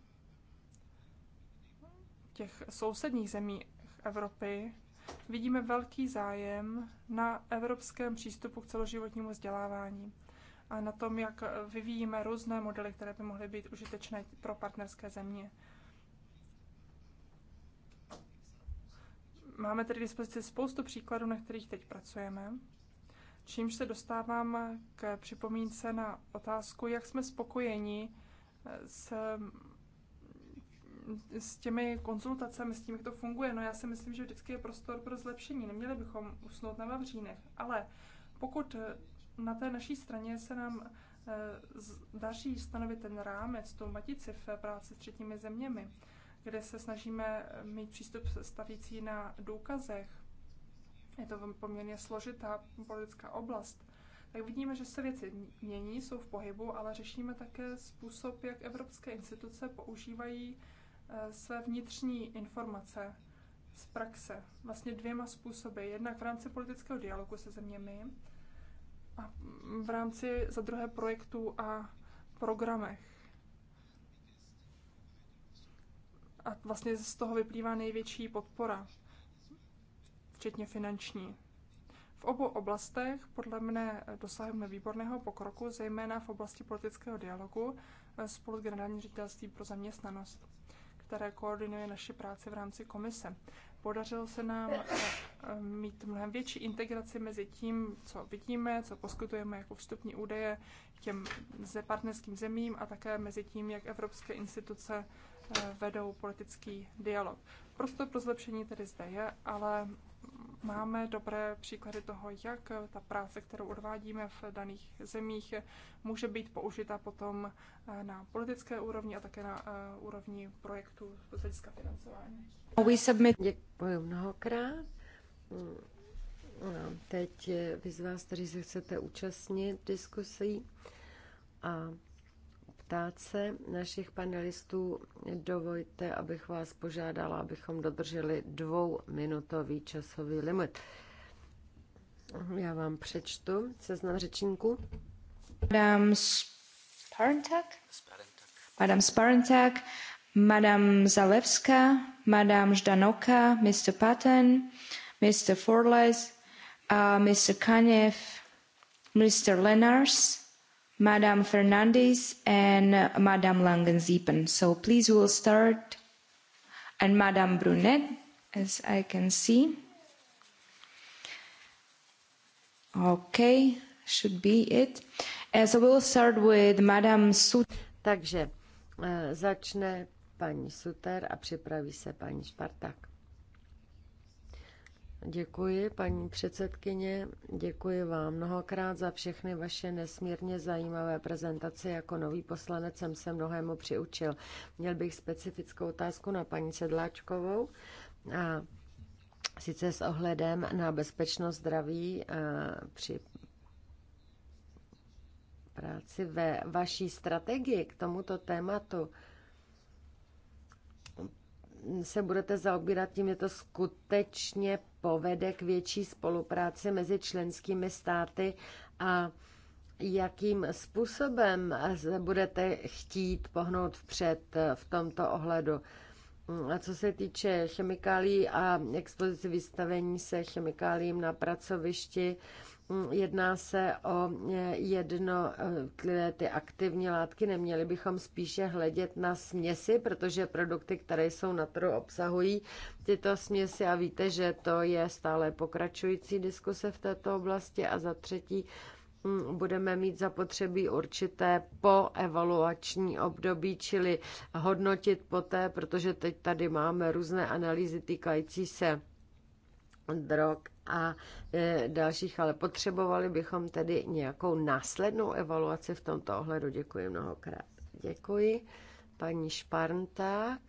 těch sousedních zemí Evropy, vidíme velký zájem na evropském přístupu k celoživotnímu vzdělávání a na tom, jak vyvíjíme různé modely, které by mohly být užitečné pro partnerské země. Máme tedy dispozici spoustu příkladů, na kterých teď pracujeme. Čímž se dostávám k připomínce na otázku, jak jsme spokojeni eh, s, s těmi konzultacemi, s tím, jak to funguje. No já si myslím, že vždycky je prostor pro zlepšení. Neměli bychom usnout na vavřínech. Ale pokud eh, na té naší straně se nám eh, daří stanovit ten rámec, tu matici v práci s třetími zeměmi, kde se snažíme mít přístup stavící na důkazech, je to poměrně složitá politická oblast, tak vidíme, že se věci mění, jsou v pohybu, ale řešíme také způsob, jak evropské instituce používají eh, své vnitřní informace z praxe. Vlastně dvěma způsoby. Jednak v rámci politického dialogu se zeměmi a v rámci za druhé projektů a programech. A vlastně z toho vyplývá největší podpora včetně finanční. V obou oblastech podle mne dosáhneme výborného pokroku, zejména v oblasti politického dialogu eh, spolu s Generálním ředitelstvím pro zaměstnanost, které koordinuje naši práci v rámci komise. Podařilo se nám eh, eh, mít mnohem větší integraci mezi tím, co vidíme, co poskytujeme jako vstupní údaje těm ze partnerským zemím a také mezi tím, jak evropské instituce vedou politický dialog. Prostor pro zlepšení tedy zde je, ale máme dobré příklady toho, jak ta práce, kterou odvádíme v daných zemích, může být použita potom eh, na politické úrovni a také na eh, úrovni projektu z hlediska financování. Děkuji mnohokrát. No, teď vy z vás, kteří se chcete účastnit diskusí a ptát se našich panelistů. Dovolte, abych vás požádala, abychom dodrželi dvouminutový časový limit. Já vám přečtu seznam řečníků. Madame Sparentak, Madame Sparentak, Madame Zalewska, Madame Ždanoka, Mr. Patton, Mr. Forles, uh, Mr. Kanev, Mr. Lenars, Madam Fernandez and Madam Langenziepen. So please we'll start. And Madam Brunet, as I can see. Okay, should be it. Uh, so we'll start with Madam Sut. Takže uh, začne paní Suter a připraví se paní Spartak. Děkuji, paní předsedkyně. Děkuji vám mnohokrát za všechny vaše nesmírně zajímavé prezentace. Jako nový poslanec jsem se mnohému přiučil. Měl bych specifickou otázku na paní Sedláčkovou. A sice s ohledem na bezpečnost zdraví při práci ve vaší strategii k tomuto tématu se budete zaobírat tím, je to skutečně povede k větší spolupráci mezi členskými státy a jakým způsobem budete chtít pohnout vpřed v tomto ohledu. A co se týče chemikálí a expozice vystavení se chemikáliím na pracovišti, Mm, jedná se o eh, jedno, eh, ty aktivní látky, neměli bychom spíše hledět na směsi, protože produkty, které jsou na trhu, obsahují tyto směsi a víte, že to je stále pokračující diskuse v této oblasti a za třetí mm, budeme mít zapotřebí určité evaluační období, čili hodnotit poté, protože teď tady máme různé analýzy týkající se drog a e, dalších, ale potřebovali bychom tedy nějakou následnou evaluaci v tomto ohledu. Děkuji mnohokrát. Děkuji paní Šparnták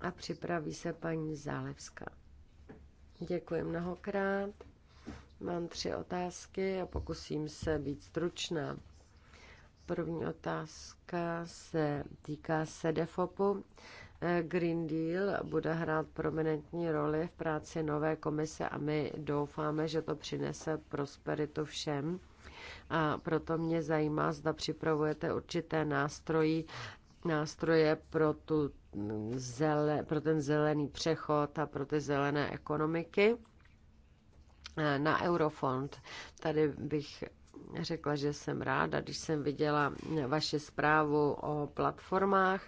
a připraví se paní Zálevská. Děkuji mnohokrát. Mám tři otázky a pokusím se být stručná. První otázka se týká SEDEFOPu. Green Deal bude hrát prominentní roli v práci nové komise a my doufáme, že to přinese prosperitu všem. A proto mě zajímá, zda připravujete určité nástroje, nástroje pro, tu zele, pro ten zelený přechod a pro ty zelené ekonomiky na Eurofond. Tady bych řekla, že jsem ráda, když jsem viděla vaši zprávu o platformách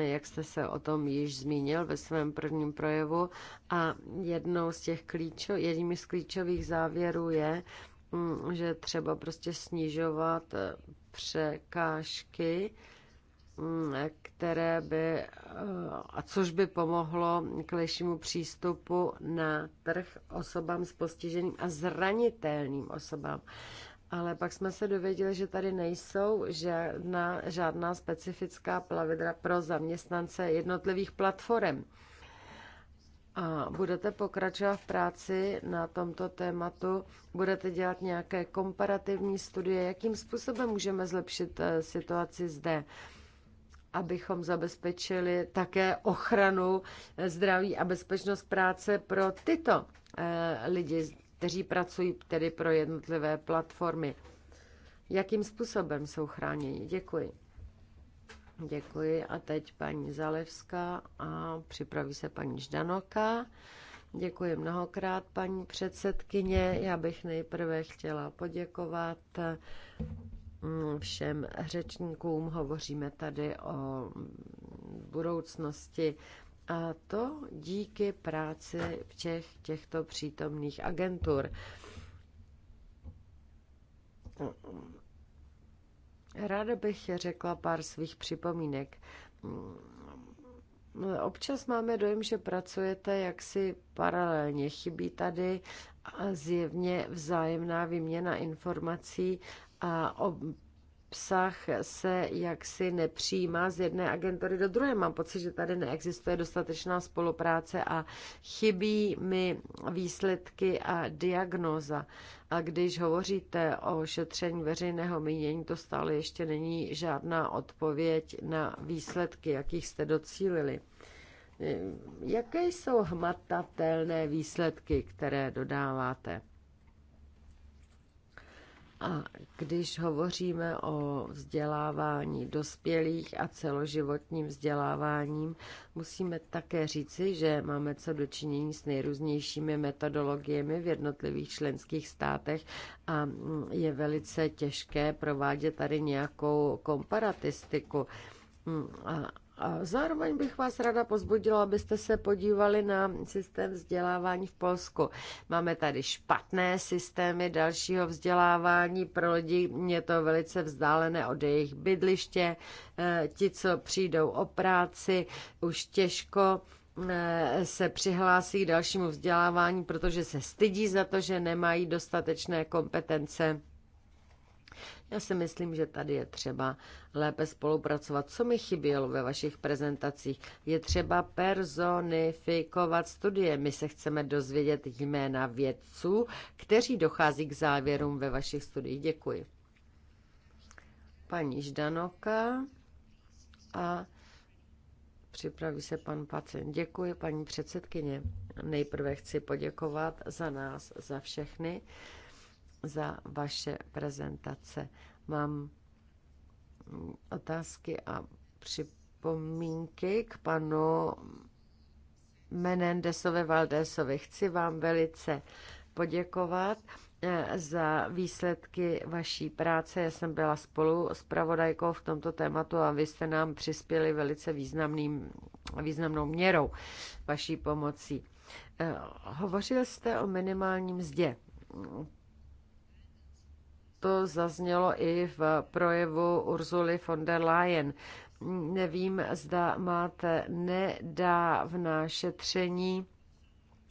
jak jste se o tom již zmínil ve svém prvním projevu. A jednou z těch klíčo, jedním z klíčových závěrů je, mm, že třeba prostě snižovat eh, překážky, mm, které by, eh, a což by pomohlo k lepšímu přístupu na trh osobám s postižením a zranitelným osobám. Ale pak jsme se dověděli, že tady nejsou žádná, žádná specifická plavidla pro zaměstnance jednotlivých platform. A budete pokračovat v práci na tomto tématu? Budete dělat nějaké komparativní studie? Jakým způsobem můžeme zlepšit eh, situaci zde? abychom zabezpečili také ochranu eh, zdraví a bezpečnost práce pro tyto eh, lidi kteří pracují tedy pro jednotlivé platformy. Jakým způsobem jsou chráněni? Děkuji. Děkuji. A teď paní Zalevská a připraví se paní Ždanoka. Děkuji mnohokrát, paní předsedkyně. Já bych nejprve chtěla poděkovat mm, všem řečníkům. Hovoříme tady o budoucnosti a to díky práci všech těchto přítomných agentur. Ráda bych řekla pár svých připomínek. Občas máme dojem, že pracujete jaksi paralelně. Chybí tady zjevně vzájemná výměna informací a obsah se jaksi nepřijímá z jedné agentury do druhé. Mám pocit, že tady neexistuje dostatečná spolupráce a chybí mi výsledky a diagnoza. A když hovoříte o šetření veřejného mínění, to stále ještě není žádná odpověď na výsledky, jakých jste docílili. Jaké jsou hmatatelné výsledky, které dodáváte? A když hovoříme o vzdělávání dospělých a celoživotním vzděláváním, musíme také říci, že máme co dočinění s nejrůznějšími metodologiemi v jednotlivých členských státech a je velice těžké provádět tady nějakou komparatistiku. A a zároveň bych vás ráda pozbudila, abyste se podívali na systém vzdělávání v Polsku. Máme tady špatné systémy dalšího vzdělávání pro lidi, je to velice vzdálené od jejich bydliště. E, ti, co přijdou o práci, už těžko e, se přihlásí k dalšímu vzdělávání, protože se stydí za to, že nemají dostatečné kompetence já si myslím, že tady je třeba lépe spolupracovat. Co mi chybělo ve vašich prezentacích? Je třeba personifikovat studie. My se chceme dozvědět jména vědců, kteří dochází k závěrům ve vašich studiích. Děkuji. Paní Ždanoka a připraví se pan Pacen. Děkuji, paní předsedkyně. Nejprve chci poděkovat za nás, za všechny za vaše prezentace. Mám otázky a připomínky k panu Menendesovi Valdésovi. Chci vám velice poděkovat eh, za výsledky vaší práce. Já jsem byla spolu s pravodajkou v tomto tématu a vy jste nám přispěli velice významným, významnou měrou vaší pomocí. Eh, hovořil jste o minimálním mzdě to zaznělo i v projevu Urzuly von der Leyen. Nevím, zda máte nedávná šetření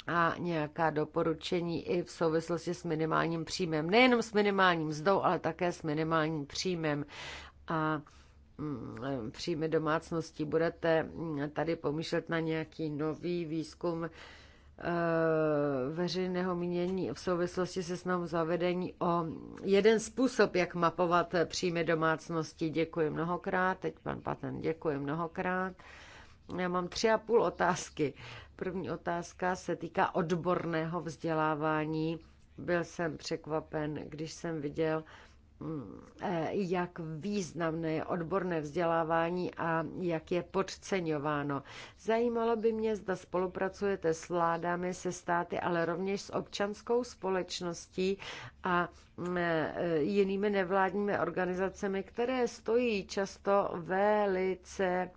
a nějaká doporučení i v souvislosti s minimálním příjmem. Nejenom s minimálním mzdou, ale také s minimálním příjmem. A mm, příjmy domácností. Budete tady pomýšlet na nějaký nový výzkum Eh, veřejného mínění v souvislosti se snou zavedení o jeden způsob, jak mapovat příjmy domácnosti. Děkuji mnohokrát. Teď pan Paten, děkuji mnohokrát. Já mám tři a půl otázky. První otázka se týká odborného vzdělávání. Byl jsem překvapen, když jsem viděl, Eh, jak významné je odborné vzdělávání a jak je podceňováno. Zajímalo by mě, zda spolupracujete s vládami, se státy, ale rovněž s občanskou společností a mm, eh, jinými nevládními organizacemi, které stojí často velice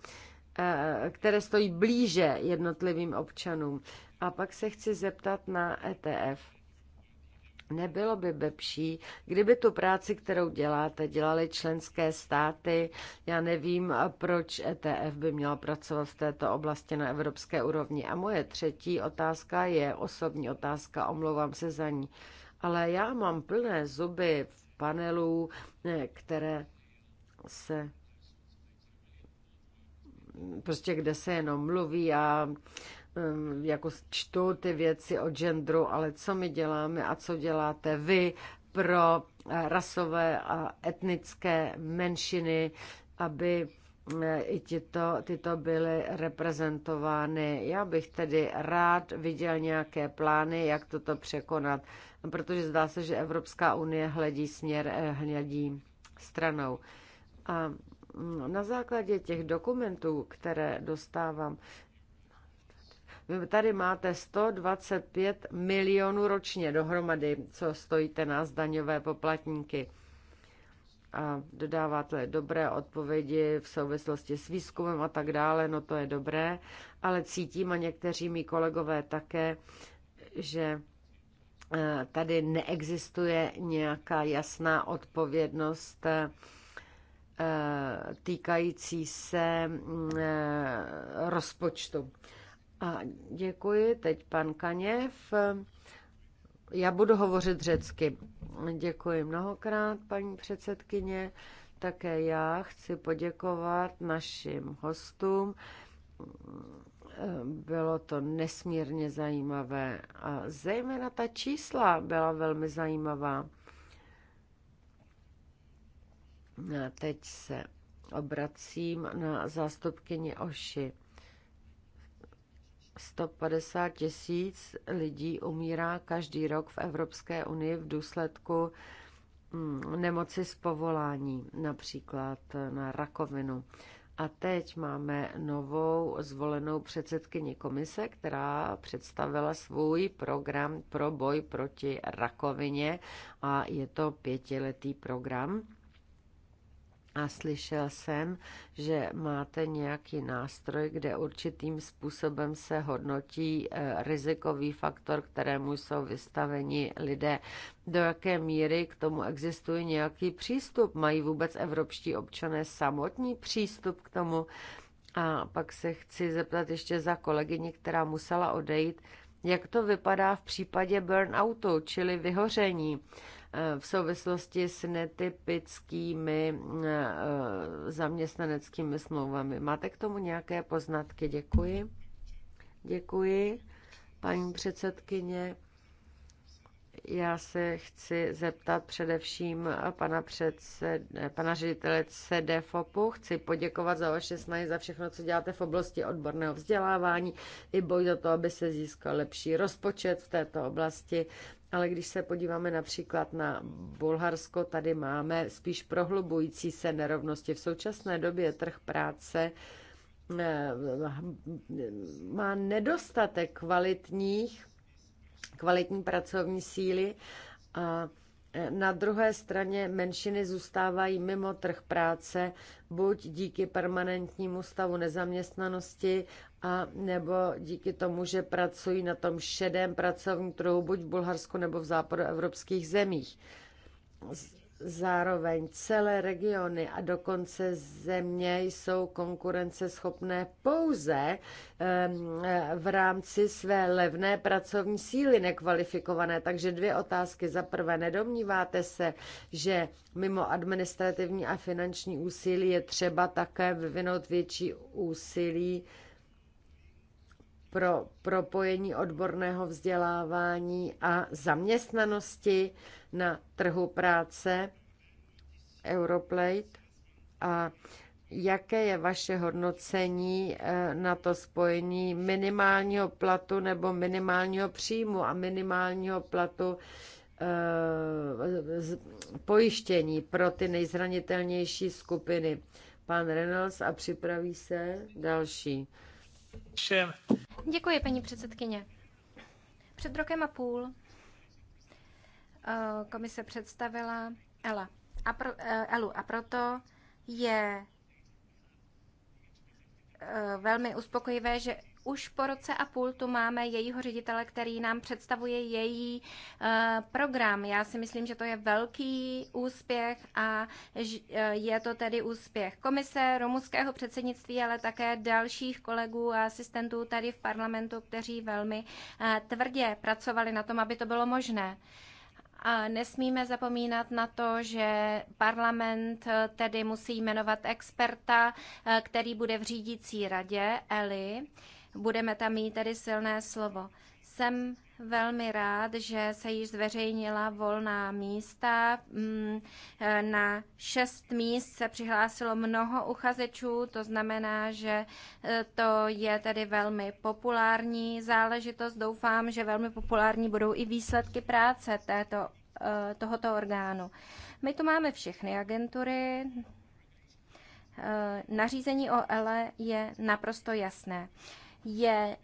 eh, které stojí blíže jednotlivým občanům. A pak se chci zeptat na ETF. Nebylo by lepší, kdyby tu práci, kterou děláte, dělaly členské státy. Já nevím, proč ETF by měla pracovat v této oblasti na evropské úrovni. A moje třetí otázka je osobní otázka, omlouvám se za ní. Ale já mám plné zuby v panelů, eh, které se prostě kde se jenom mluví a Ehm, jako čtu ty věci o genderu, ale co my děláme a co děláte vy pro eh, rasové a etnické menšiny, aby eh, i tyto, tyto byly reprezentovány. Já bych tedy rád viděl nějaké plány, jak toto překonat, protože zdá se, že Evropská unie hledí směr, eh, hledí stranou. A mm, na základě těch dokumentů, které dostávám, Tady máte 125 milionů ročně dohromady, co stojíte nás daňové poplatníky. A dodáváte dobré odpovědi v souvislosti s výzkumem a tak dále, no to je dobré, ale cítím a někteří mý kolegové také, že eh, tady neexistuje nějaká jasná odpovědnost eh, týkající se mm, eh, rozpočtu. A děkuji. Teď pan Kaněv. Já budu hovořit řecky. Děkuji mnohokrát, paní předsedkyně. Také já chci poděkovat našim hostům. Bylo to nesmírně zajímavé a zejména ta čísla byla velmi zajímavá. A teď se obracím na zástupkyni Oši. 150 tisíc lidí umírá každý rok v Evropské unii v důsledku mm, nemoci z povolání, například na rakovinu. A teď máme novou zvolenou předsedkyni komise, která představila svůj program pro boj proti rakovině a je to pětiletý program a slyšel jsem, že máte nějaký nástroj, kde určitým způsobem se hodnotí eh, rizikový faktor, kterému jsou vystaveni lidé. Do jaké míry k tomu existuje nějaký přístup? Mají vůbec evropští občané samotný přístup k tomu? A pak se chci zeptat ještě za kolegyni, která musela odejít, jak to vypadá v případě burnoutu, čili vyhoření v souvislosti s netypickými eh, zaměstnaneckými smlouvami. Máte k tomu nějaké poznatky? Děkuji. Děkuji, paní předsedkyně. Já se chci zeptat především pana, předsed, pana ředitele CDFOPu. Chci poděkovat za vaše snahy, za všechno, co děláte v oblasti odborného vzdělávání i boj za to, aby se získal lepší rozpočet v této oblasti. Ale když se podíváme například na Bulharsko, tady máme spíš prohlubující se nerovnosti. V současné době trh práce eh, má nedostatek kvalitních, kvalitní pracovní síly a na druhé straně menšiny zůstávají mimo trh práce, buď díky permanentnímu stavu nezaměstnanosti, a nebo díky tomu, že pracují na tom šedém pracovním trhu, buď v Bulharsku nebo v západoevropských zemích. Zároveň celé regiony a dokonce země jsou konkurenceschopné pouze v rámci své levné pracovní síly nekvalifikované. Takže dvě otázky. Za prvé, nedomníváte se, že mimo administrativní a finanční úsilí je třeba také vyvinout větší úsilí pro propojení odborného vzdělávání a zaměstnanosti na trhu práce Europlate a Jaké je vaše hodnocení eh, na to spojení minimálního platu nebo minimálního příjmu a minimálního platu eh, pojištění pro ty nejzranitelnější skupiny? Pan Reynolds a připraví se další. Všem. Děkuji, paní předsedkyně. Před rokem a půl eh, komise představila Ela. A pro, eh, Elu a proto je eh, velmi uspokojivé, že už po roce a půl tu máme jejího ředitele, který nám představuje její eh, program. Já si myslím, že to je velký úspěch a eh, je to tedy úspěch komise, romuského předsednictví, ale také dalších kolegů a asistentů tady v parlamentu, kteří velmi eh, tvrdě pracovali na tom, aby to bylo možné. A nesmíme zapomínat na to, že parlament tedy musí jmenovat experta, který bude v řídící radě ELI budeme tam mít tedy silné slovo. Jsem velmi rád, že se již zveřejnila volná místa. Mm, na šest míst se přihlásilo mnoho uchazečů, to znamená, že e, to je tedy velmi populární záležitost. Doufám, že velmi populární budou i výsledky práce této, e, tohoto orgánu. My tu máme všechny agentury, e, nařízení o ELE je naprosto jasné je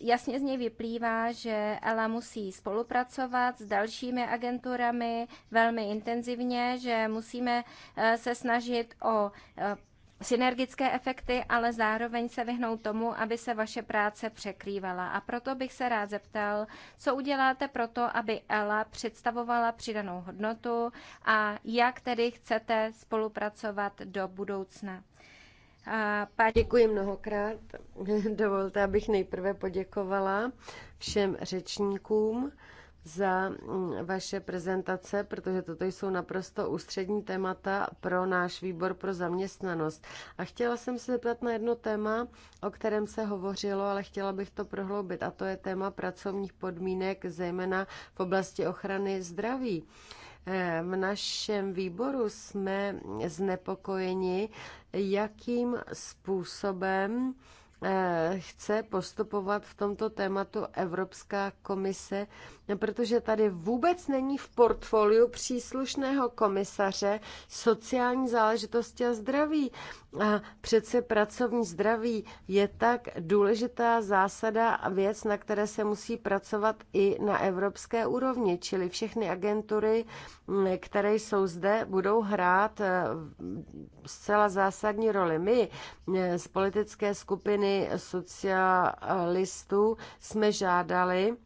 jasně z něj vyplývá, že ELA musí spolupracovat s dalšími agenturami velmi intenzivně, že musíme eh, se snažit o eh, synergické efekty, ale zároveň se vyhnout tomu, aby se vaše práce překrývala. A proto bych se rád zeptal, co uděláte pro to, aby ELA představovala přidanou hodnotu a jak tedy chcete spolupracovat do budoucna. A pán... Děkuji mnohokrát. Dovolte, abych nejprve poděkovala všem řečníkům za mm, vaše prezentace, protože toto jsou naprosto ústřední témata pro náš výbor pro zaměstnanost. A chtěla jsem se zeptat na jedno téma, o kterém se hovořilo, ale chtěla bych to prohloubit, a to je téma pracovních podmínek, zejména v oblasti ochrany zdraví. Eh, v našem výboru jsme znepokojeni, jakým způsobem Eh, chce postupovat v tomto tématu Evropská komise, protože tady vůbec není v portfoliu příslušného komisaře sociální záležitosti a zdraví. A přece pracovní zdraví je tak důležitá zásada a věc, na které se musí pracovat i na evropské úrovni, čili všechny agentury které jsou zde, budou hrát eh, zcela zásadní roli. My eh, z politické skupiny socialistů jsme žádali,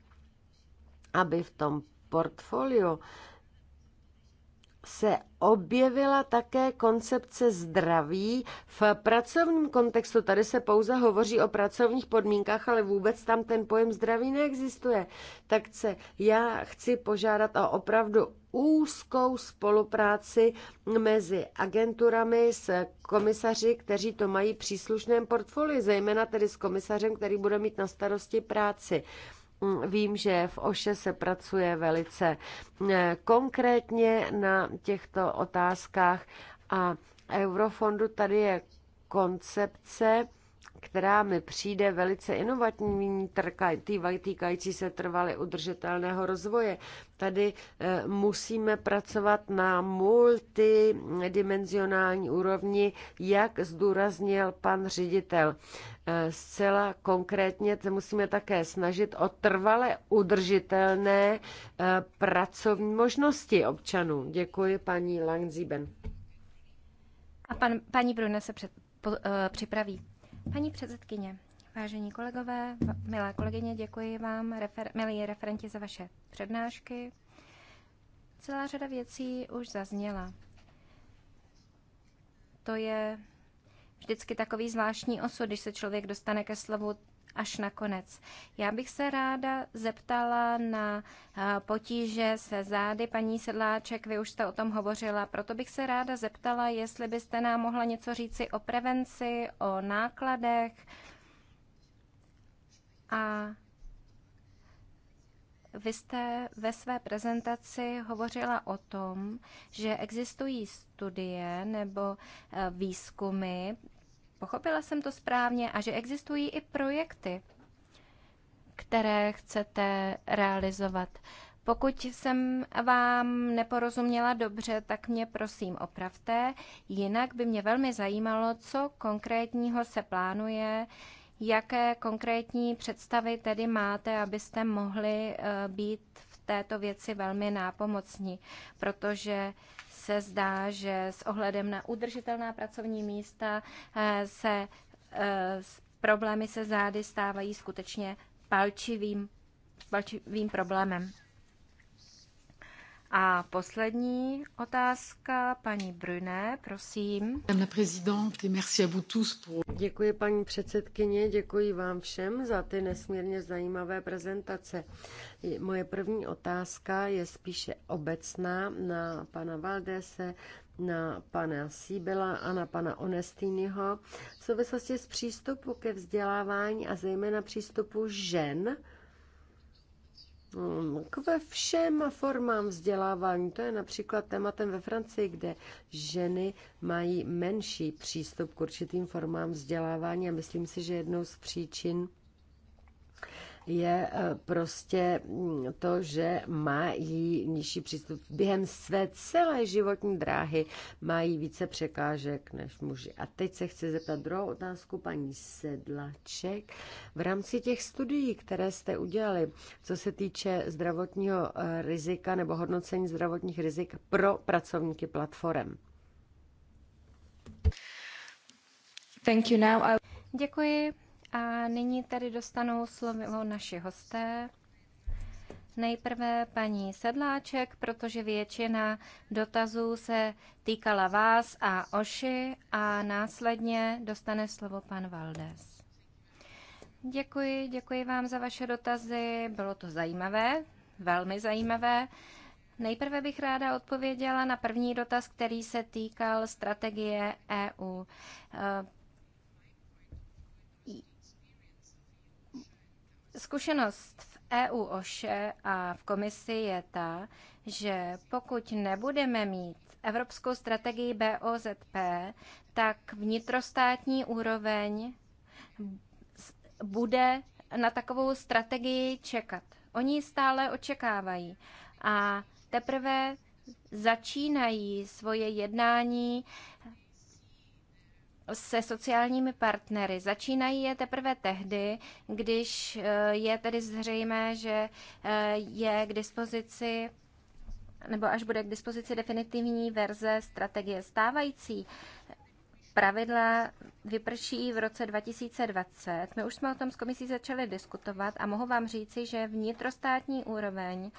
aby v tom portfoliu se objevila také koncepce zdraví v pracovním kontextu. Tady se pouze hovoří o pracovních podmínkách, ale vůbec tam ten pojem zdraví neexistuje. Tak se já chci požádat o opravdu úzkou spolupráci mezi agenturami s komisaři, kteří to mají příslušném portfoliu, zejména tedy s komisařem, který bude mít na starosti práci. Vím, že v OŠE se pracuje velice eh, konkrétně na těchto otázkách a Eurofondu tady je koncepce, která mi přijde velice inovativní, týkající se trvaly udržitelného rozvoje. Tady eh, musíme pracovat na multidimenzionální úrovni, jak zdůraznil pan ředitel. Zcela konkrétně se musíme také snažit o trvale udržitelné eh, pracovní možnosti občanů. Děkuji paní Langziben. A pan, paní Brune se před, po, uh, připraví. Paní předsedkyně, vážení kolegové, milé kolegyně, děkuji vám, refer, milí referenti, za vaše přednášky. Celá řada věcí už zazněla. To je vždycky takový zvláštní osud, když se člověk dostane ke slovu až nakonec. Já bych se ráda zeptala na eh, potíže se zády. Paní Sedláček, vy už jste o tom hovořila, proto bych se ráda zeptala, jestli byste nám mohla něco říci o prevenci, o nákladech a vy jste ve své prezentaci hovořila o tom, že existují studie nebo eh, výzkumy, pochopila jsem to správně a že existují i projekty, které chcete realizovat. Pokud jsem vám neporozuměla dobře, tak mě prosím opravte. Jinak by mě velmi zajímalo, co konkrétního se plánuje, jaké konkrétní představy tedy máte, abyste mohli eh, být v této věci velmi nápomocní, protože se zdá, že s ohledem na udržitelná pracovní místa eh, se eh, problémy se zády stávají skutečně palčivým, palčivým problémem. A poslední otázka, paní Brune, prosím. Děkuji, paní předsedkyně, děkuji vám všem za ty nesmírně zajímavé prezentace. Moje první otázka je spíše obecná na pana Valdese, na pana Síbela a na pana Onestýnyho v souvislosti s přístupu ke vzdělávání a zejména přístupu žen Mm, k ve všem formám vzdělávání. To je například tématem ve Francii, kde ženy mají menší přístup k určitým formám vzdělávání a myslím si, že jednou z příčin je eh, prostě mm, to, že mají nižší přístup. Během své celé životní dráhy mají více překážek než muži. A teď se chci zeptat druhou otázku paní Sedlaček. V rámci těch studií, které jste udělali, co se týče zdravotního eh, rizika nebo hodnocení zdravotních rizik pro pracovníky platform. Thank you now. I... Děkuji. A nyní tady dostanou slovo naši hosté. Nejprve paní Sedláček, protože většina dotazů se týkala vás a Oši a následně dostane slovo pan Valdes. Děkuji, děkuji vám za vaše dotazy. Bylo to zajímavé, velmi zajímavé. Nejprve bych ráda odpověděla na první dotaz, který se týkal strategie EU. Zkušenost v EU OŠE a v komisi je ta, že pokud nebudeme mít evropskou strategii BOZP, tak vnitrostátní úroveň bude na takovou strategii čekat. Oni stále očekávají a teprve začínají svoje jednání se sociálními partnery. Začínají je teprve tehdy, když eh, je tedy zřejmé, že eh, je k dispozici nebo až bude k dispozici definitivní verze strategie stávající pravidla vyprší v roce 2020. My už jsme o tom s komisí začali diskutovat a mohu vám říci, že vnitrostátní úroveň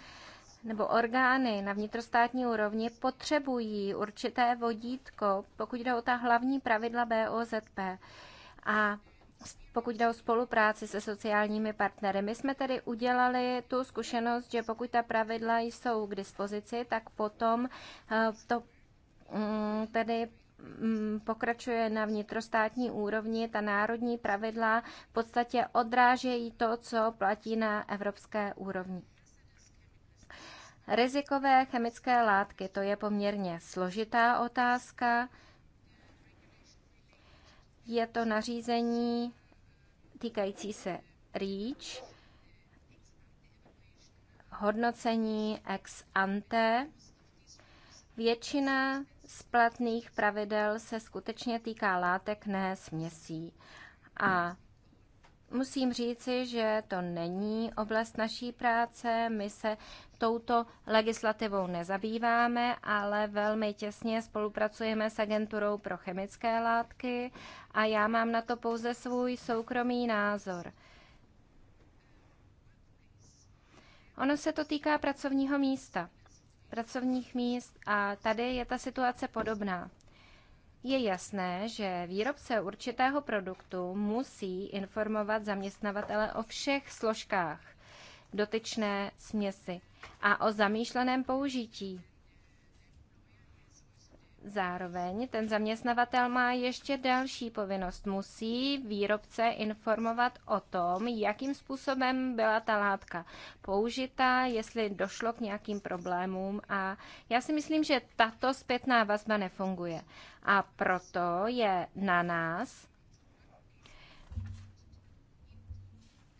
nebo orgány na vnitrostátní úrovni potřebují určité vodítko, pokud jde o ta hlavní pravidla BOZP. A pokud jde o spolupráci se sociálními partnery. My jsme tedy udělali tu zkušenost, že pokud ta pravidla jsou k dispozici, tak potom eh, to mm, tedy mm, pokračuje na vnitrostátní úrovni. Ta národní pravidla v podstatě odrážejí to, co platí na evropské úrovni. Rizikové chemické látky, to je poměrně složitá otázka. Je to nařízení týkající se REACH, hodnocení ex ante. Většina z platných pravidel se skutečně týká látek, ne směsí. A Musím říci, že to není oblast naší práce. My se touto legislativou nezabýváme, ale velmi těsně spolupracujeme s agenturou pro chemické látky a já mám na to pouze svůj soukromý názor. Ono se to týká pracovního místa, pracovních míst a tady je ta situace podobná je jasné, že výrobce určitého produktu musí informovat zaměstnavatele o všech složkách dotyčné směsi a o zamýšleném použití Zároveň ten zaměstnavatel má ještě další povinnost. Musí výrobce informovat o tom, jakým způsobem byla ta látka použita, jestli došlo k nějakým problémům a já si myslím, že tato zpětná vazba nefunguje. A proto je na nás,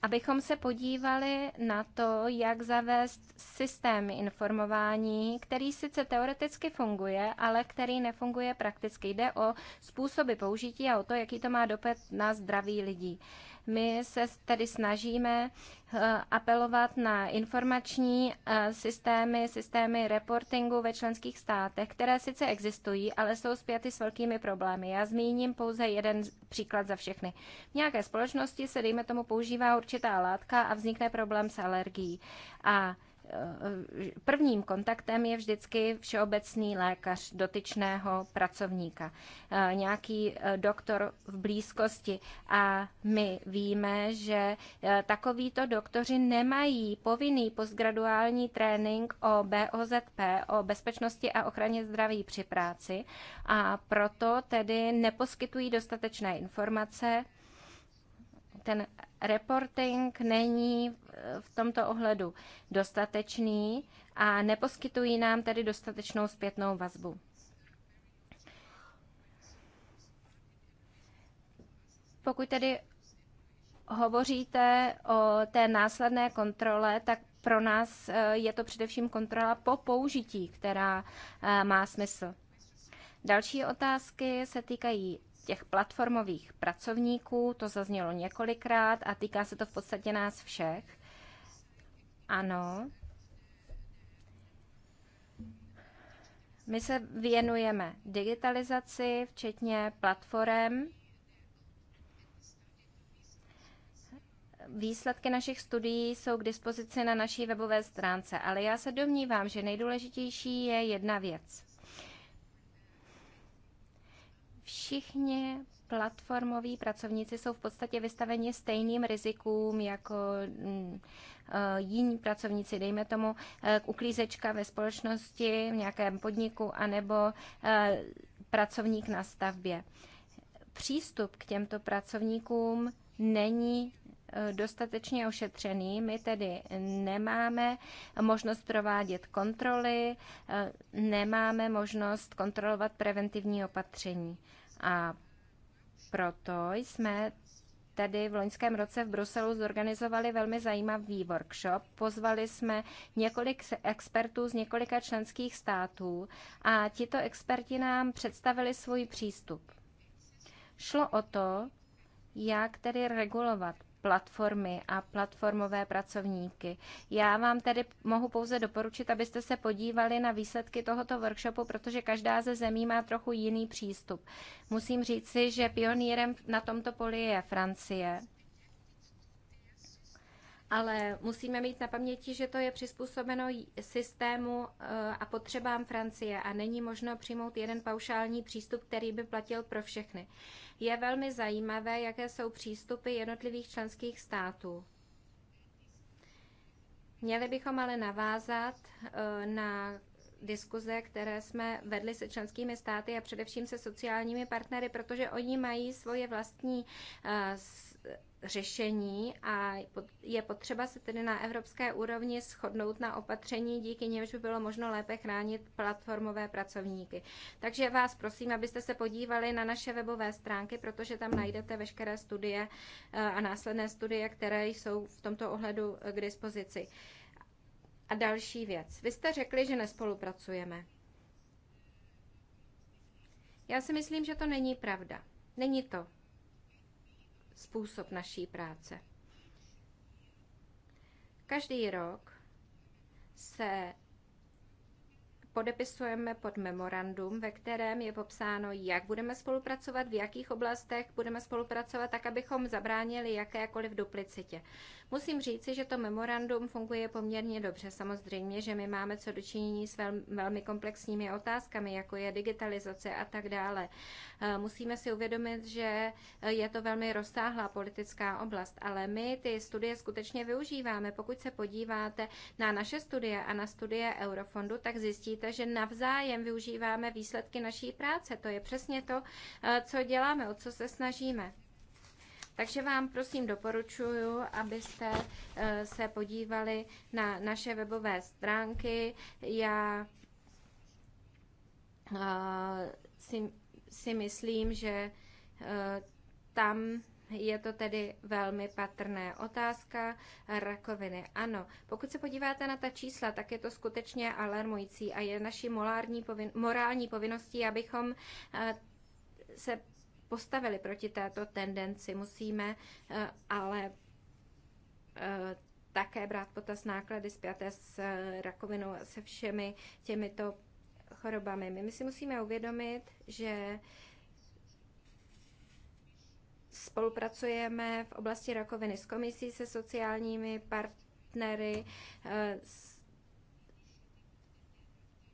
abychom se podívali na to, jak zavést systém informování, který sice teoreticky funguje, ale který nefunguje prakticky. Jde o způsoby použití a o to, jaký to má dopad na zdraví lidí. My se tedy snažíme eh, apelovat na informační eh, systémy, systémy reportingu ve členských státech, které sice existují, ale jsou zpěty s velkými problémy. Já zmíním pouze jeden příklad za všechny. V nějaké společnosti se, dejme tomu, používá určitá látka a vznikne problém s alergií. A prvním kontaktem je vždycky všeobecný lékař dotyčného pracovníka, eh, nějaký eh, doktor v blízkosti. A my víme, že eh, takovýto doktoři nemají povinný postgraduální trénink o BOZP, o bezpečnosti a ochraně zdraví při práci a proto tedy neposkytují dostatečné informace ten reporting není eh, v tomto ohledu dostatečný a neposkytují nám tedy dostatečnou zpětnou vazbu. Pokud tedy hovoříte o té následné kontrole, tak pro nás eh, je to především kontrola po použití, která eh, má smysl. Další otázky se týkají těch platformových pracovníků, to zaznělo několikrát a týká se to v podstatě nás všech. Ano. My se věnujeme digitalizaci, včetně platform. Výsledky našich studií jsou k dispozici na naší webové stránce, ale já se domnívám, že nejdůležitější je jedna věc. Všichni platformoví pracovníci jsou v podstatě vystaveni stejným rizikům jako mm, eh, jiní pracovníci, dejme tomu eh, uklízečka ve společnosti, v nějakém podniku, anebo eh, pracovník na stavbě. Přístup k těmto pracovníkům není dostatečně ošetřený. My tedy nemáme možnost provádět kontroly, eh, nemáme možnost kontrolovat preventivní opatření. A proto jsme tedy v loňském roce v Bruselu zorganizovali velmi zajímavý workshop. Pozvali jsme několik expertů z několika členských států a tito experti nám představili svůj přístup. Šlo o to, jak tedy regulovat platformy a platformové pracovníky. Já vám tedy mohu pouze doporučit, abyste se podívali na výsledky tohoto workshopu, protože každá ze zemí má trochu jiný přístup. Musím říci, že pionýrem na tomto poli je Francie ale musíme mít na paměti, že to je přizpůsobeno systému eh, a potřebám Francie a není možno přijmout jeden paušální přístup, který by platil pro všechny. Je velmi zajímavé, jaké jsou přístupy jednotlivých členských států. Měli bychom ale navázat eh, na diskuze, které jsme vedli se členskými státy a především se sociálními partnery, protože oni mají svoje vlastní eh, řešení a je potřeba se tedy na evropské úrovni shodnout na opatření, díky němž by bylo možno lépe chránit platformové pracovníky. Takže vás prosím, abyste se podívali na naše webové stránky, protože tam najdete veškeré studie eh, a následné studie, které jsou v tomto ohledu eh, k dispozici. A další věc. Vy jste řekli, že nespolupracujeme. Já si myslím, že to není pravda. Není to způsob naší práce. Každý rok se podepisujeme pod memorandum, ve kterém je popsáno, jak budeme spolupracovat, v jakých oblastech budeme spolupracovat, tak abychom zabránili jakékoliv duplicitě. Musím říci, že to memorandum funguje poměrně dobře. Samozřejmě, že my máme co dočinění s velmi komplexními otázkami, jako je digitalizace a tak dále. Eh, musíme si uvědomit, že eh, je to velmi rozsáhlá politická oblast, ale my ty studie skutečně využíváme. Pokud se podíváte na naše studie a na studie Eurofondu, tak zjistíte, vidíte, že navzájem využíváme výsledky naší práce. To je přesně to, eh, co děláme, o co se snažíme. Takže vám prosím doporučuji, abyste eh, se podívali na naše webové stránky. Já eh, si, si myslím, že tam je to tedy velmi patrné. Otázka rakoviny. Ano, pokud se podíváte na ta čísla, tak je to skutečně alarmující a je naší povin- morální povinností, abychom eh, se postavili proti této tendenci. Musíme eh, ale eh, také brát potaz náklady zpěté s rakovinou a se všemi těmito chorobami. My si musíme uvědomit, že Spolupracujeme v oblasti rakoviny s komisí, se sociálními partnery eh,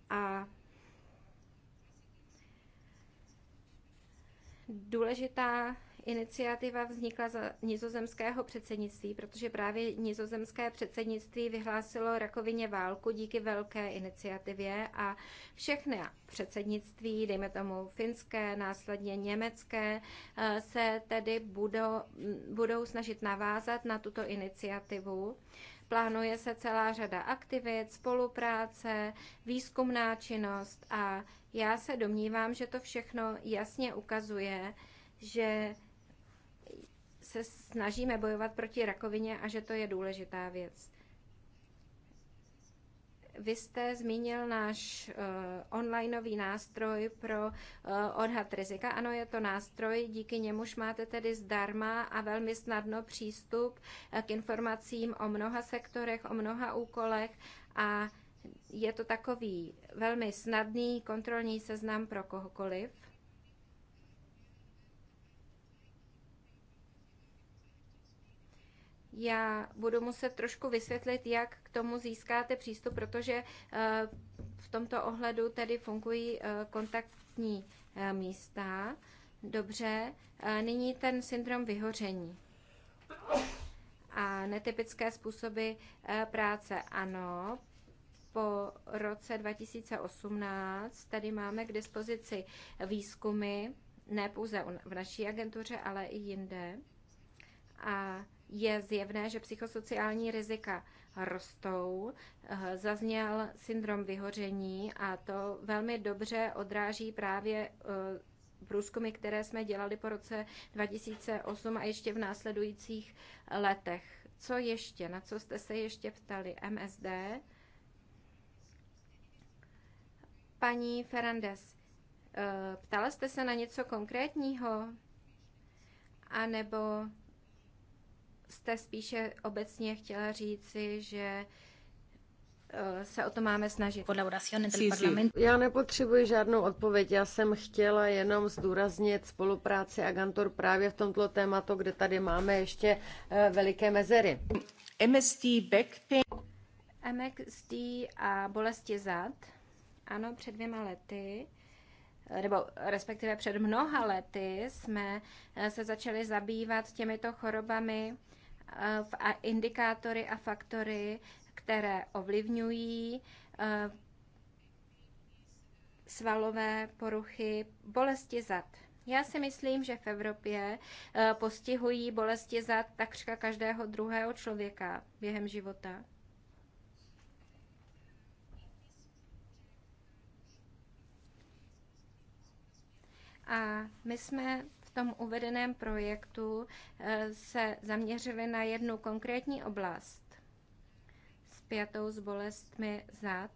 a důležitá iniciativa vznikla za nizozemského předsednictví, protože právě nizozemské předsednictví vyhlásilo rakovině válku díky velké iniciativě a všechny předsednictví, dejme tomu finské, následně německé, eh, se tedy budou, mm, budou snažit navázat na tuto iniciativu. Plánuje se celá řada aktivit, spolupráce, výzkumná činnost a já se domnívám, že to všechno jasně ukazuje, že se snažíme bojovat proti rakovině a že to je důležitá věc. Vy jste zmínil náš uh, onlineový nástroj pro uh, odhad rizika. Ano, je to nástroj, díky němuž máte tedy zdarma a velmi snadno přístup eh, k informacím o mnoha sektorech, o mnoha úkolech a je to takový velmi snadný kontrolní seznam pro kohokoliv. já budu muset trošku vysvětlit, jak k tomu získáte přístup, protože eh, v tomto ohledu tedy fungují eh, kontaktní eh, místa. Dobře, nyní ten syndrom vyhoření a netypické způsoby práce. Ano, po roce 2018 tady máme k dispozici výzkumy, ne pouze v naší agentuře, ale i jinde. A je zjevné, že psychosociální rizika rostou. Eh, zazněl syndrom vyhoření a to velmi dobře odráží právě eh, průzkumy, které jsme dělali po roce 2008 a ještě v následujících letech. Co ještě? Na co jste se ještě ptali? MSD? Paní Ferrandes, eh, ptala jste se na něco konkrétního? A nebo jste spíše obecně chtěla říci, že eh, se o to máme snažit. Podle entre sí, Já nepotřebuji žádnou odpověď, já jsem chtěla jenom zdůraznit spolupráci Agantur právě v tomto tématu, kde tady máme ještě eh, veliké mezery. MSD back pain. MSD a bolesti zad. Ano, před dvěma lety nebo respektive před mnoha lety jsme eh, se začali zabývat těmito chorobami a indikátory a faktory, které ovlivňují eh, svalové poruchy, bolesti zad. Já si myslím, že v Evropě eh, postihují bolesti zad takřka každého druhého člověka během života. A my jsme tom uvedeném projektu eh, se zaměřili na jednu konkrétní oblast spjatou s bolestmi zad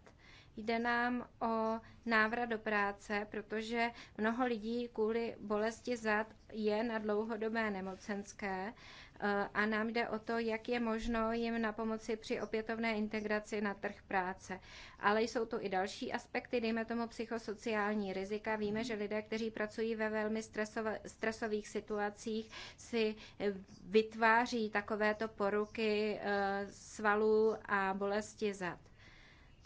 Jde nám o návrat do práce, protože mnoho lidí kvůli bolesti zad je na dlouhodobé nemocenské eh, a nám jde o to, jak je možno jim na pomoci při opětovné integraci na trh práce. Ale jsou tu i další aspekty, dejme tomu psychosociální rizika. Víme, že lidé, kteří pracují ve velmi stresových situacích, si eh, vytváří takovéto poruky eh, svalů a bolesti zad.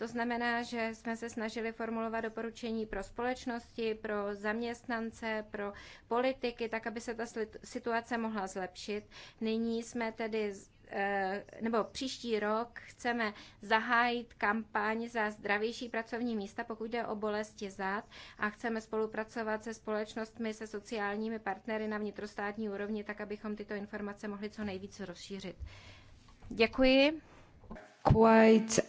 To znamená, že jsme se snažili formulovat doporučení pro společnosti, pro zaměstnance, pro politiky, tak aby se ta situace mohla zlepšit. Nyní jsme tedy eh, nebo příští rok chceme zahájit kampaň za zdravější pracovní místa, pokud jde o bolesti zad a chceme spolupracovat se společnostmi, se sociálními partnery na vnitrostátní úrovni, tak abychom tyto informace mohli co nejvíce rozšířit. Děkuji. Quite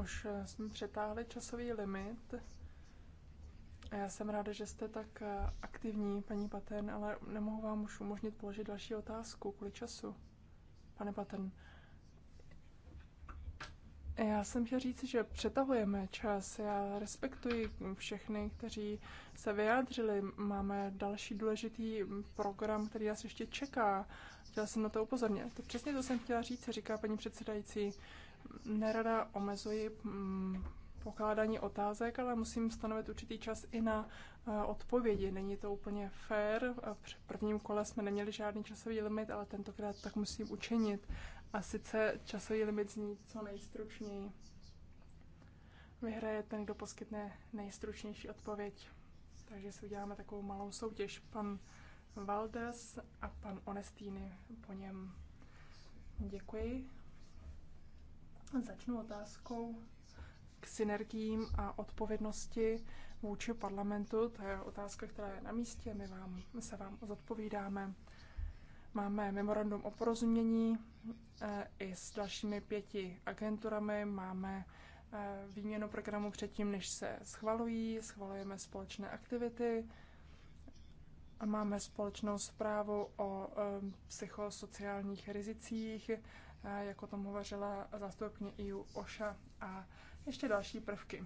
už eh, jsme přetáhli časový limit. A já jsem ráda, že jste tak eh, aktivní, paní Paten, ale nemohu vám už umožnit položit další otázku kvůli času. Pane Paten, já jsem chtěl říct, že přetahujeme čas. Já respektuji všechny, kteří se vyjádřili. Máme další důležitý program, který nás ještě čeká. Chtěla jsem na to upozornit. To přesně to jsem chtěla říct, říká paní předsedající nerada omezuji mm, pokládání otázek, ale musím stanovit určitý čas i na eh, odpovědi. Není to úplně fair. V eh, prvním kole jsme neměli žádný časový limit, ale tentokrát tak musím učinit. A sice časový limit zní co nejstručněji. Vyhraje ten, kdo poskytne nejstručnější odpověď. Takže si uděláme takovou malou soutěž. Pan Valdes a pan Onestýny po něm. Děkuji. Začnu otázkou k synergiím a odpovědnosti vůči parlamentu. To je otázka, která je na místě. My, vám, my se vám zodpovídáme. Máme memorandum o porozumění e, i s dalšími pěti agenturami. Máme e, výměnu programu předtím, než se schvalují. Schvalujeme společné aktivity. A máme společnou zprávu o e, psychosociálních rizicích jak e o tom hovořila zástupně EU OŠA a ještě další prvky.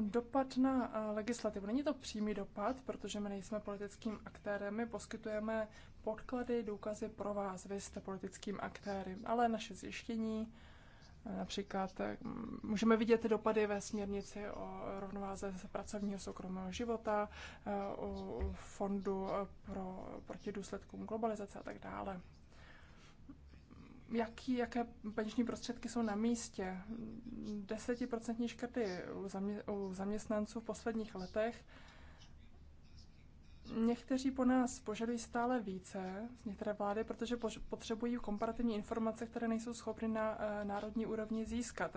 Dopad na legislativu. Není to přímý dopad, protože my nejsme politickým aktérem, my poskytujeme podklady, důkazy pro vás. Vy jste politickým aktérem, ale naše zjištění, například e, můžeme vidět dopady ve směrnici o rovnováze pracovního soukromého života, o e, fondu pro, proti důsledkům globalizace a tak dále jaký, jaké peněžní prostředky jsou na místě. Desetiprocentní škrty u, zamě, u zaměstnanců v posledních letech. Někteří po nás požadují stále více, některé vlády, protože potřebují komparativní informace, které nejsou schopny na eh, národní úrovni získat.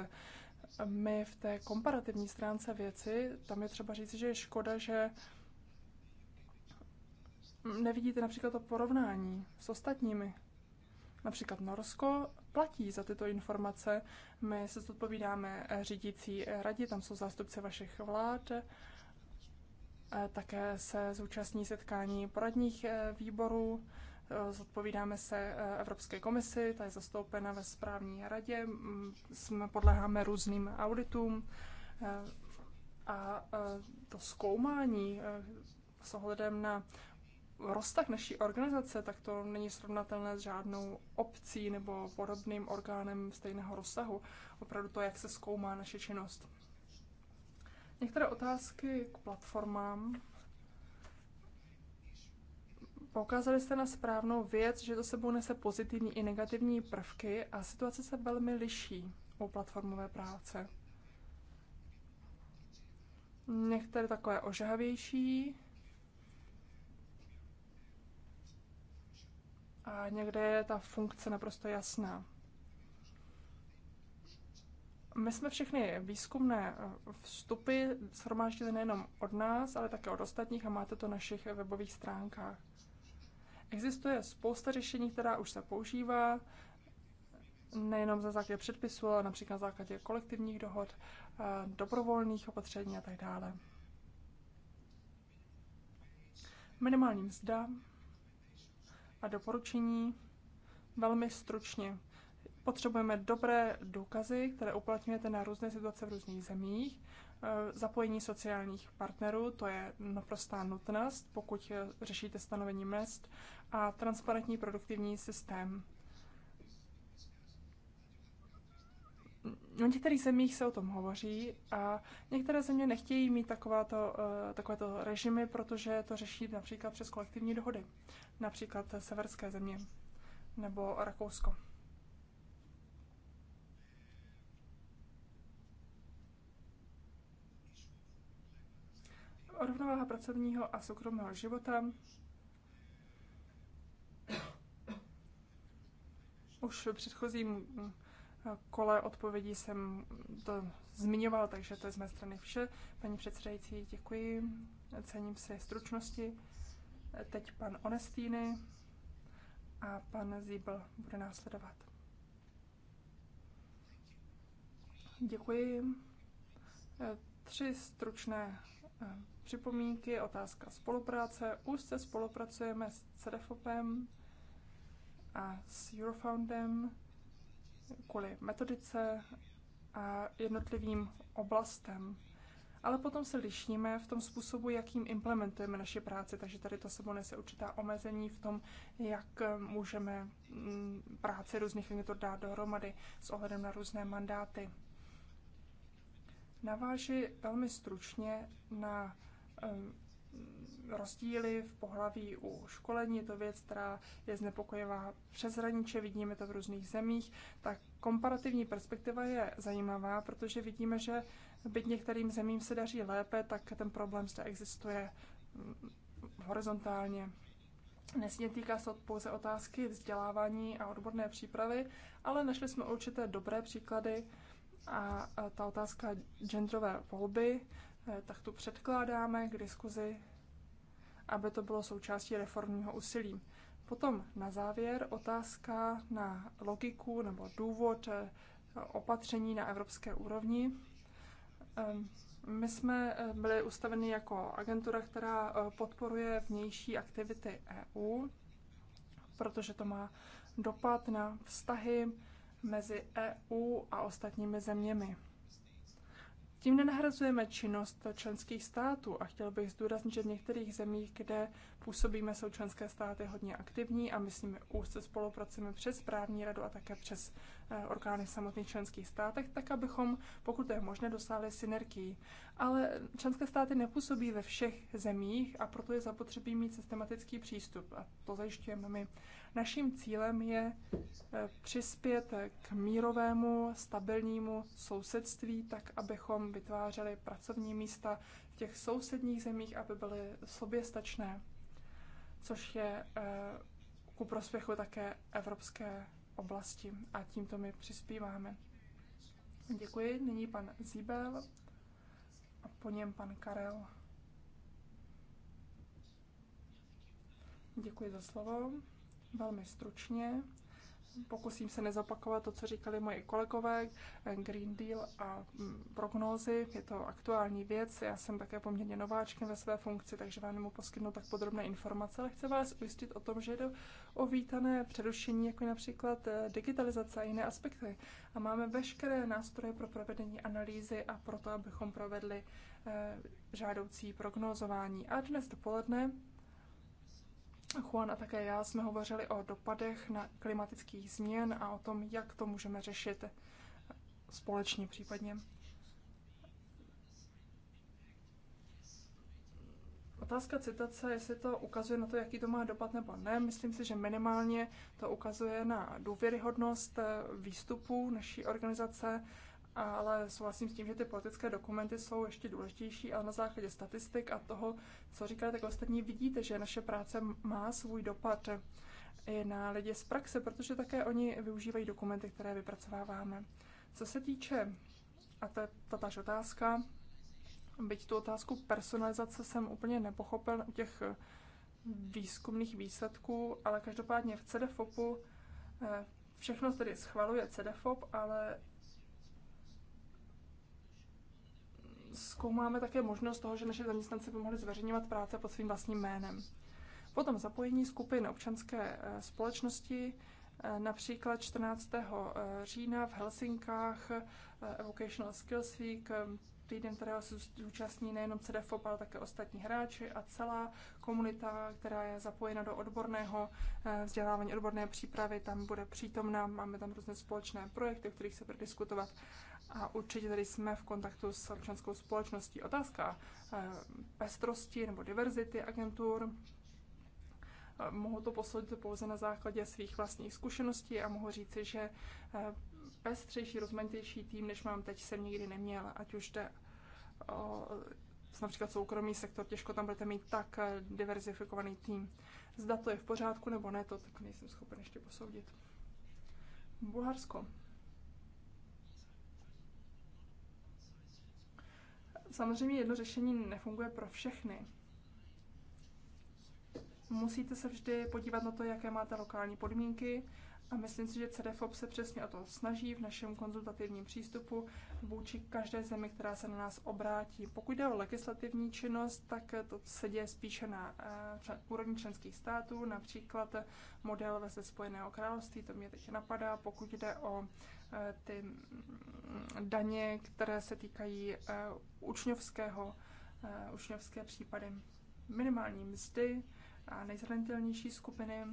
My v té komparativní stránce věci, tam je třeba říct, že je škoda, že nevidíte například to porovnání s ostatními například Norsko, platí za tyto informace. My se zodpovídáme řídící radě, tam jsou zástupci vašich vlád. E, také se zúčastní setkání poradních e, výborů, e, zodpovídáme se Evropské komisi, ta je zastoupena ve správní radě, jsme podléháme různým auditům a to zkoumání s ohledem na rozsah naší organizace, tak to není srovnatelné s žádnou obcí nebo podobným orgánem stejného rozsahu. Opravdu to, jak se zkoumá naše činnost. Některé otázky k platformám. Poukázali jste na správnou věc, že to sebou nese pozitivní i negativní prvky a situace se velmi liší u platformové práce. Některé takové ožahavější, A někde je ta funkce naprosto jasná. My jsme všechny výzkumné eh, vstupy shromáždili nejenom od nás, ale také od ostatních a máte to na našich webových stránkách. Existuje spousta řešení, která už se používá, nejenom za základě předpisů, ale například na základě kolektivních dohod, eh, dobrovolných opatření a tak dále. Minimální mzda, a doporučení velmi stručně. Potřebujeme dobré důkazy, které uplatňujete na různé situace v různých zemích. Eh, zapojení sociálních partnerů, to je naprostá nutnost, pokud eh, řešíte stanovení mest a transparentní produktivní systém. V některých zemích se o tom hovoří a některé země nechtějí mít takovéto, eh, takovéto režimy, protože to řeší například přes kolektivní dohody například severské země nebo Rakousko. Rovnováha pracovního a soukromého života. Už v předchozím kole odpovědí jsem to zmiňoval, takže to je z mé strany vše. Paní předsedající, děkuji. Cením si stručnosti teď pan Onestýny a pan Zíbl bude následovat. Děkuji. Tři stručné eh, připomínky, otázka spolupráce. Už se spolupracujeme s CEDEFOPem a s Eurofoundem kvůli metodice a jednotlivým oblastem ale potom se lišíme v tom způsobu, jakým implementujeme naše práce, takže tady to sebou nese určitá omezení v tom, jak eh, můžeme mm, práci různých agentur dát dohromady s ohledem na různé mandáty. Naváži velmi stručně na eh, rozdíly v pohlaví u školení, je to věc, která je znepokojivá přes hraniče, vidíme to v různých zemích. tak komparativní perspektiva je zajímavá, protože vidíme, že Byť některým zemím se daří lépe, tak ten problém zde existuje mm, horizontálně. Nesmí týká se pouze otázky vzdělávání a odborné přípravy, ale našli jsme určité dobré příklady a ta otázka genderové volby, eh, tak tu předkládáme k diskuzi, aby to bylo součástí reformního úsilí. Potom na závěr otázka na logiku nebo důvod eh, opatření na evropské úrovni. My jsme eh, byli ustaveni jako agentura, která eh, podporuje vnější aktivity EU, protože to má dopad na vztahy mezi EU a ostatními zeměmi. Tím nenahrazujeme činnost členských států a chtěl bych zdůraznit, že v některých zemích, kde působíme, jsou členské státy hodně aktivní a my s nimi úzce spolupracujeme přes správní radu a také přes eh, orgány v samotných členských státech, tak abychom, pokud to je možné, dosáhli synergii. Ale členské státy nepůsobí ve všech zemích a proto je zapotřebí mít systematický přístup a to zajišťujeme my. Naším cílem je eh, přispět eh, k mírovému, stabilnímu sousedství, tak abychom vytvářeli pracovní místa v těch sousedních zemích, aby byly soběstačné, což je eh, ku prospěchu také evropské oblasti a tímto my přispíváme. Děkuji. Nyní pan Zíbel a po něm pan Karel. Děkuji za slovo velmi stručně. Pokusím se nezapakovat to, co říkali moji kolegové, eh, Green Deal a mm, prognózy. Je to aktuální věc. Já jsem také poměrně nováčkem ve své funkci, takže vám nemu poskytnu tak podrobné informace, ale chci vás ujistit o tom, že jde o vítané přerušení, jako například eh, digitalizace a jiné aspekty. A máme veškeré nástroje pro provedení analýzy a pro to, abychom provedli eh, žádoucí prognózování. A dnes dopoledne Juan a také já jsme hovořili o dopadech na klimatických změn a o tom, jak to můžeme řešit společně případně. Otázka citace, jestli to ukazuje na to, jaký to má dopad nebo ne, myslím si, že minimálně to ukazuje na důvěryhodnost výstupu naší organizace ale souhlasím s tím, že ty politické dokumenty jsou ještě důležitější, ale na základě statistik a toho, co říkáte tak ostatní, vlastně vidíte, že naše práce má svůj dopad i na lidi z praxe, protože také oni využívají dokumenty, které vypracováváme. Co se týče, a to je tatáž otázka, byť tu otázku personalizace jsem úplně nepochopil u těch eh, výzkumných výsledků, ale každopádně v CDFOPu eh, všechno tedy schvaluje CDFOP, ale zkoumáme také možnost toho, že naše zaměstnanci by mohli zveřejňovat práce pod svým vlastním jménem. Potom zapojení skupin občanské eh, společnosti, eh, například 14. Eh, října v Helsinkách Evocational Skills Week, týden, kterého se zúčastní nejenom CDFOP, ale také ostatní hráči a celá komunita, která je zapojena do odborného vzdělávání, odborné přípravy, tam bude přítomna, máme tam různé společné projekty, o kterých se bude diskutovat. A určitě tady jsme v kontaktu s občanskou společností. Otázka eh, pestrosti nebo diverzity agentur. Eh, mohu to posoudit pouze na základě svých vlastních zkušeností a mohu říci, že eh, pestřejší, rozmanitější tým, než mám teď, jsem nikdy neměl. Ať už jde o například soukromý sektor, těžko tam budete mít tak diverzifikovaný tým. Zda to je v pořádku nebo ne, to tak nejsem schopen ještě posoudit. Bulharsko. Samozřejmě jedno řešení nefunguje pro všechny. Musíte se vždy podívat na to, jaké máte lokální podmínky, a myslím si, že CDFOP se přesně o to snaží v našem konzultativním přístupu vůči každé zemi, která se na nás obrátí. Pokud jde o legislativní činnost, tak to se děje spíše na eh, úrovni členských států, například model ve Spojeného království, to mě teď napadá. Pokud jde o eh, ty mm, daně, které se týkají eh, učňovského, učňovské případy minimální mzdy a nejzranitelnější skupiny,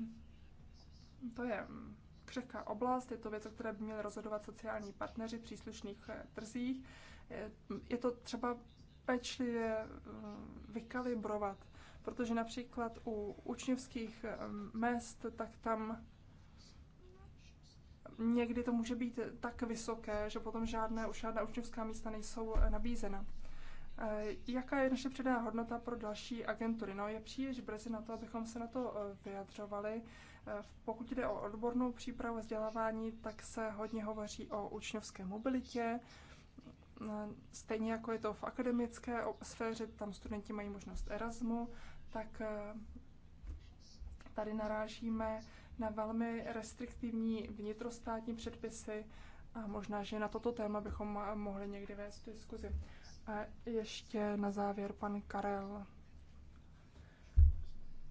to je mm, křehká oblast, je to věc, o které by měli rozhodovat sociální partneři v příslušných eh, trzích. Je to třeba pečlivě eh, vykalibrovat, protože například u učňovských eh, mest, tak tam někdy to může být tak vysoké, že potom žádné, už žádná učňovská místa nejsou nabízena. Jaká je naše předá hodnota pro další agentury? No, je příliš brzy na to, abychom se na to vyjadřovali. Eh, pokud jde o odbornou přípravu vzdělávání, tak se hodně hovoří o učňovské mobilitě. Eh, stejně jako je to v akademické sféře, tam studenti mají možnost Erasmu, tak eh, tady narážíme na velmi restriktivní vnitrostátní předpisy a možná, že na toto téma bychom mohli někdy vést diskuzi. A ještě na závěr pan Karel.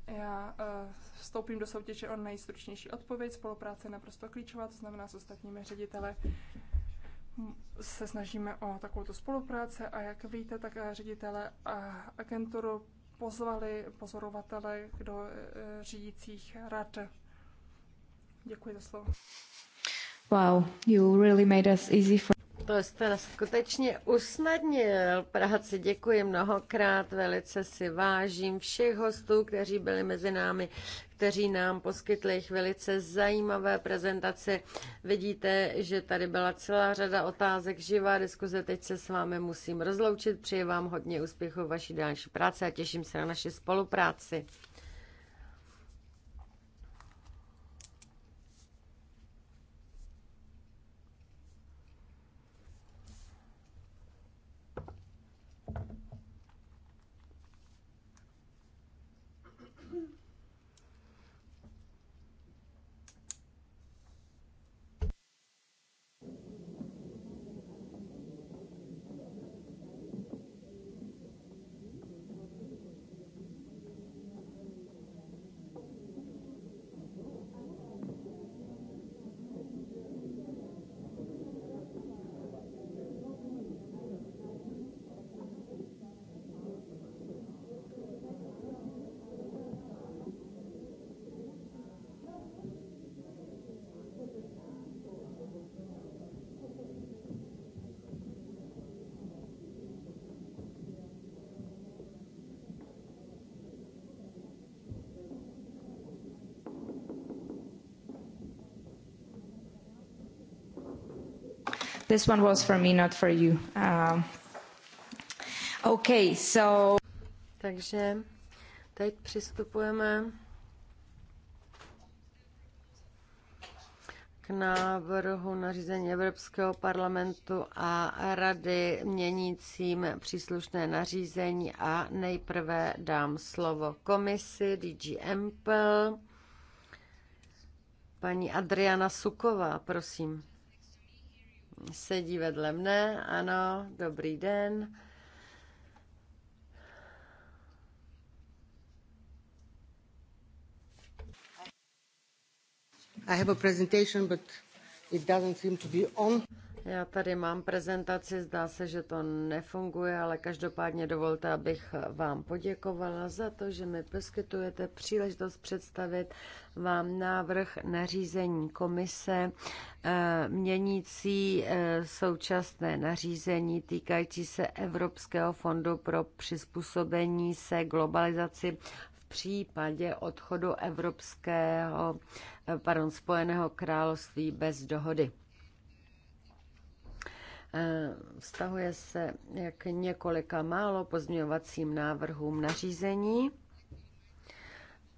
Já uh, vstoupím do soutěže o nejstručnější odpověď. Spolupráce je naprosto klíčová, to znamená s ostatními řediteli se snažíme o takovouto spolupráci a jak víte, tak eh, ředitele a eh, agenturu pozvali pozorovatele do řídících rad. Děkuji za slovo. Wow, you really made us easy for... To jste skutečně usnadnil práci. Děkuji mnohokrát, velice si vážím všech hostů, kteří byli mezi námi, kteří nám poskytli jich velice zajímavé prezentace. Vidíte, že tady byla celá řada otázek, živá diskuze. Teď se s vámi musím rozloučit. Přeji vám hodně úspěchu v vaší další práci a těším se na naši spolupráci. This one was for me, not for you. Uh, okay, so... Takže teď přistupujeme k návrhu nařízení Evropského parlamentu a rady měnícím příslušné nařízení a nejprve dám slovo komisi DG Empel. Paní Adriana Suková, prosím sedí vedle mne. Ano, dobrý den. I have a presentation, but it doesn't seem to be on. Já tady mám prezentaci, zdá se, že to nefunguje, ale každopádně dovolte, abych vám poděkovala za to, že mi poskytujete příležitost představit vám návrh nařízení komise eh, měnící eh, současné nařízení týkající se Evropského fondu pro přizpůsobení se globalizaci v případě odchodu Evropského, eh, pardon, Spojeného království bez dohody. Eh, vztahuje se k několika málo pozměňovacím návrhům nařízení.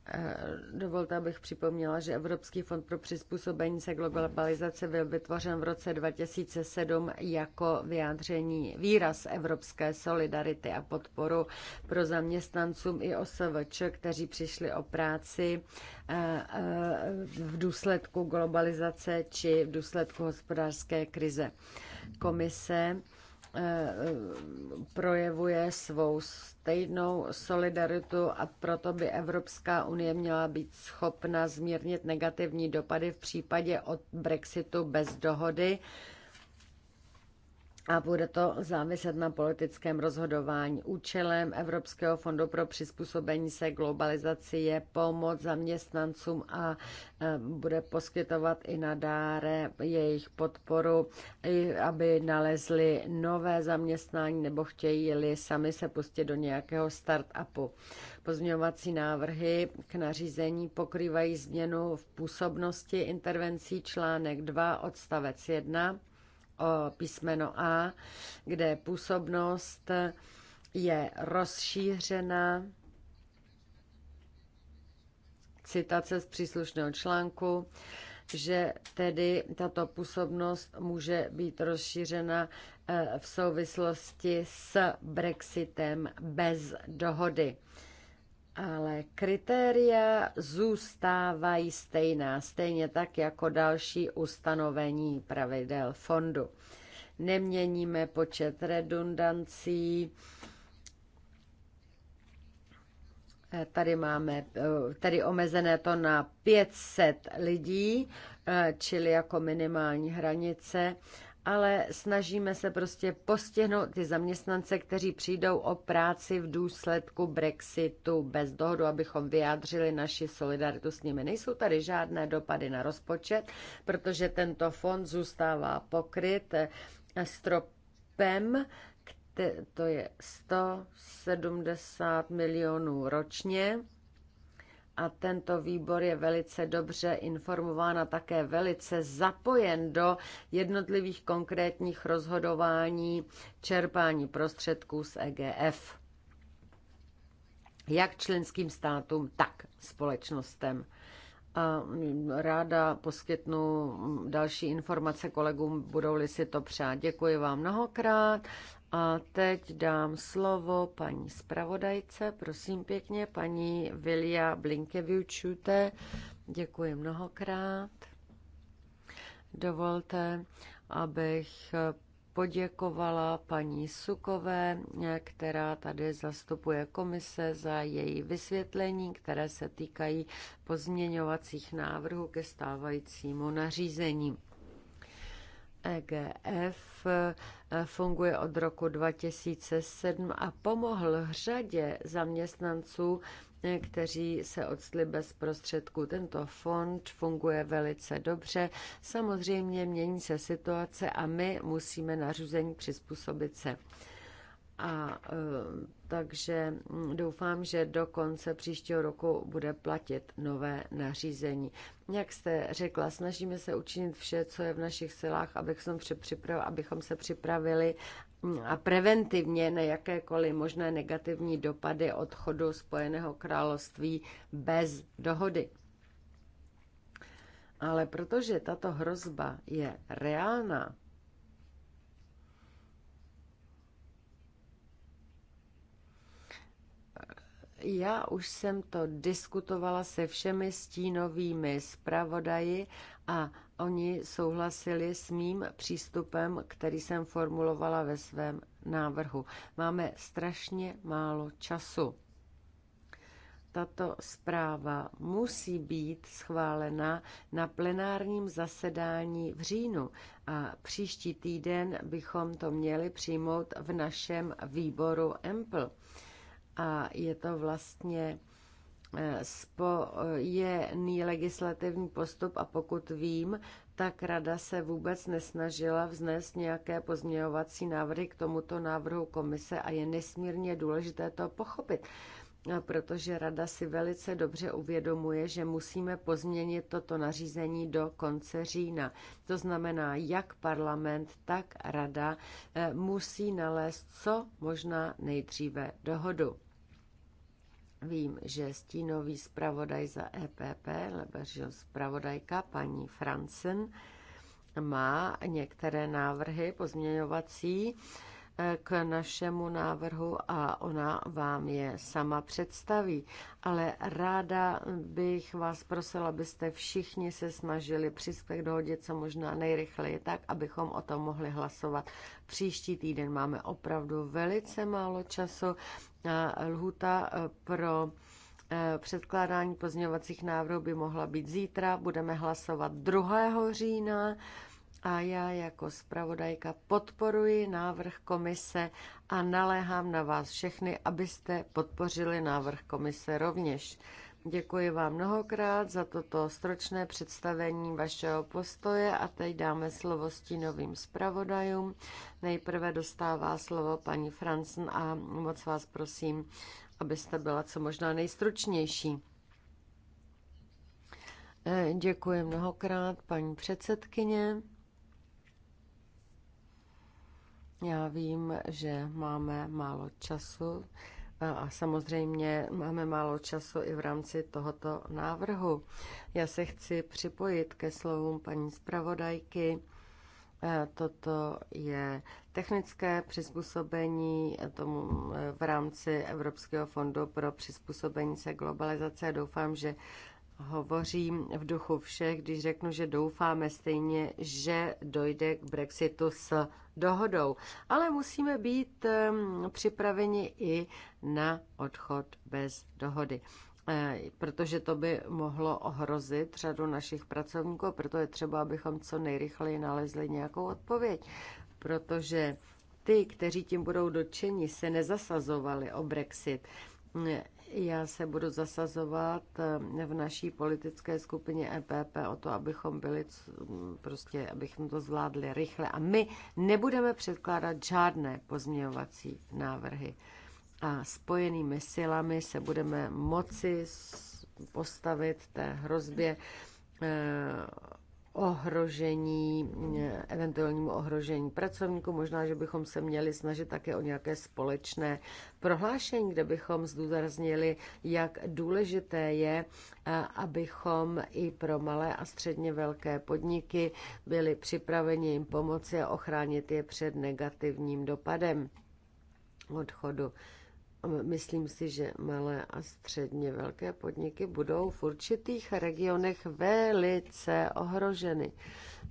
Eh, dovolte, abych připomněla, že Evropský fond pro přizpůsobení se globalizace byl vytvořen v roce 2007 jako vyjádření výraz evropské solidarity a podporu pro zaměstnancům i OSVČ, kteří přišli o práci eh, v důsledku globalizace či v důsledku hospodářské krize. Komise eh, eh, projevuje svou stejnou solidaritu a proto by Evropská unie měla být schopna zmírnit negativní dopady v případě od Brexitu bez dohody a bude to záviset na politickém rozhodování. Účelem Evropského fondu pro přizpůsobení se globalizaci je pomoc zaměstnancům a e, bude poskytovat i nadále jejich podporu, aby nalezli nové zaměstnání nebo chtějí-li sami se pustit do nějakého start-upu. Pozměňovací návrhy k nařízení pokrývají změnu v působnosti intervencí článek 2 odstavec 1 písmeno A, kde působnost je rozšířena citace z příslušného článku, že tedy tato působnost může být rozšířena eh, v souvislosti s Brexitem bez dohody ale kritéria zůstávají stejná, stejně tak jako další ustanovení pravidel fondu. Neměníme počet redundancí, eh, Tady máme eh, tady omezené to na 500 lidí, eh, čili jako minimální hranice ale snažíme se prostě postihnout ty zaměstnance, kteří přijdou o práci v důsledku Brexitu bez dohodu, abychom vyjádřili naši solidaritu s nimi. Nejsou tady žádné dopady na rozpočet, protože tento fond zůstává pokryt stropem, to je 170 milionů ročně a tento výbor je velice dobře informován a také velice zapojen do jednotlivých konkrétních rozhodování čerpání prostředků z EGF. Jak členským státům, tak společnostem. A ráda poskytnu další informace kolegům, budou-li si to přát. Děkuji vám mnohokrát a teď dám slovo paní zpravodajce, prosím pěkně, paní Vilja Blinkevičute. Děkuji mnohokrát. Dovolte, abych poděkovala paní Sukové, která tady zastupuje komise za její vysvětlení, které se týkají pozměňovacích návrhů ke stávajícímu nařízení. EGF e, funguje od roku 2007 a pomohl řadě zaměstnanců, e, kteří se odstli bez prostředků. Tento fond funguje velice dobře. Samozřejmě mění se situace a my musíme nařízení přizpůsobit se. A eh, takže hm, doufám, že do konce příštího roku bude platit nové nařízení. Jak jste řekla, snažíme se učinit vše, co je v našich silách, abychom, připrav, abychom se připravili hm, a preventivně na jakékoliv možné negativní dopady odchodu Spojeného království bez dohody. Ale protože tato hrozba je reálná, Já už jsem to diskutovala se všemi stínovými zpravodaji a oni souhlasili s mým přístupem, který jsem formulovala ve svém návrhu. Máme strašně málo času. Tato zpráva musí být schválena na plenárním zasedání v říjnu a příští týden bychom to měli přijmout v našem výboru EMPL a je to vlastně eh, ný legislativní postup a pokud vím, tak rada se vůbec nesnažila vznést nějaké pozměňovací návrhy k tomuto návrhu komise a je nesmírně důležité to pochopit, eh, protože rada si velice dobře uvědomuje, že musíme pozměnit toto nařízení do konce října. To znamená, jak parlament, tak rada eh, musí nalézt co možná nejdříve dohodu. Vím, že stínový zpravodaj za EPP, lebežil zpravodajka paní Francen, má některé návrhy pozměňovací k našemu návrhu a ona vám je sama představí. Ale ráda bych vás prosila, abyste všichni se snažili přispět k dohodě co možná nejrychleji, tak abychom o tom mohli hlasovat. Příští týden máme opravdu velice málo času. Lhuta eh, pro eh, Předkládání pozměňovacích návrhů by mohla být zítra. Budeme hlasovat 2. října a já jako zpravodajka podporuji návrh komise a naléhám na vás všechny, abyste podpořili návrh komise rovněž. Děkuji vám mnohokrát za toto stročné představení vašeho postoje a teď dáme slovo stínovým zpravodajům. Nejprve dostává slovo paní Francen a moc vás prosím, abyste byla co možná nejstručnější. Eh, děkuji mnohokrát, paní předsedkyně. Já vím, že máme málo času a samozřejmě máme málo času i v rámci tohoto návrhu. Já se chci připojit ke slovům paní zpravodajky. E, toto je technické přizpůsobení tomu e, v rámci Evropského fondu pro přizpůsobení se globalizace. Doufám, že hovořím v duchu všech, když řeknu, že doufáme stejně, že dojde k Brexitu s dohodou. Ale musíme být připraveni i na odchod bez dohody e, protože to by mohlo ohrozit řadu našich pracovníků, proto je třeba, abychom co nejrychleji nalezli nějakou odpověď, protože ty, kteří tím budou dotčeni, se nezasazovali o Brexit. E, já se budu zasazovat eh, v naší politické skupině EPP o to, abychom byli, mm, prostě, abychom to zvládli rychle. A my nebudeme předkládat žádné pozměňovací návrhy. A spojenými silami se budeme moci postavit té hrozbě eh, ohrožení, eh, eventuálnímu ohrožení pracovníků. Možná, že bychom se měli snažit také o nějaké společné prohlášení, kde bychom zdůraznili, jak důležité je, eh, abychom i pro malé a středně velké podniky byli připraveni jim pomoci a ochránit je před negativním dopadem odchodu. Myslím si, že malé a středně velké podniky budou v určitých regionech velice ohroženy.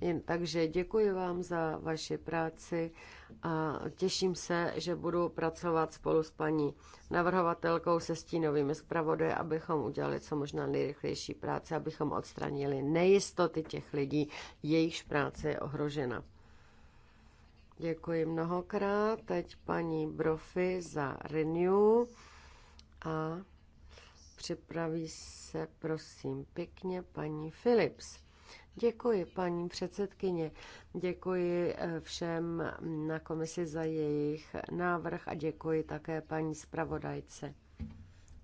Jen, takže děkuji vám za vaši práci a těším se, že budu pracovat spolu s paní navrhovatelkou se stínovými zpravodaji, abychom udělali co možná nejrychlejší práci, abychom odstranili nejistoty těch lidí, jejichž práce je ohrožena. Děkuji mnohokrát. Teď paní Brofy za Renew a připraví se, prosím, pěkně paní Philips. Děkuji, paní předsedkyně. Děkuji eh, všem na komisi za jejich návrh a děkuji také paní zpravodajce.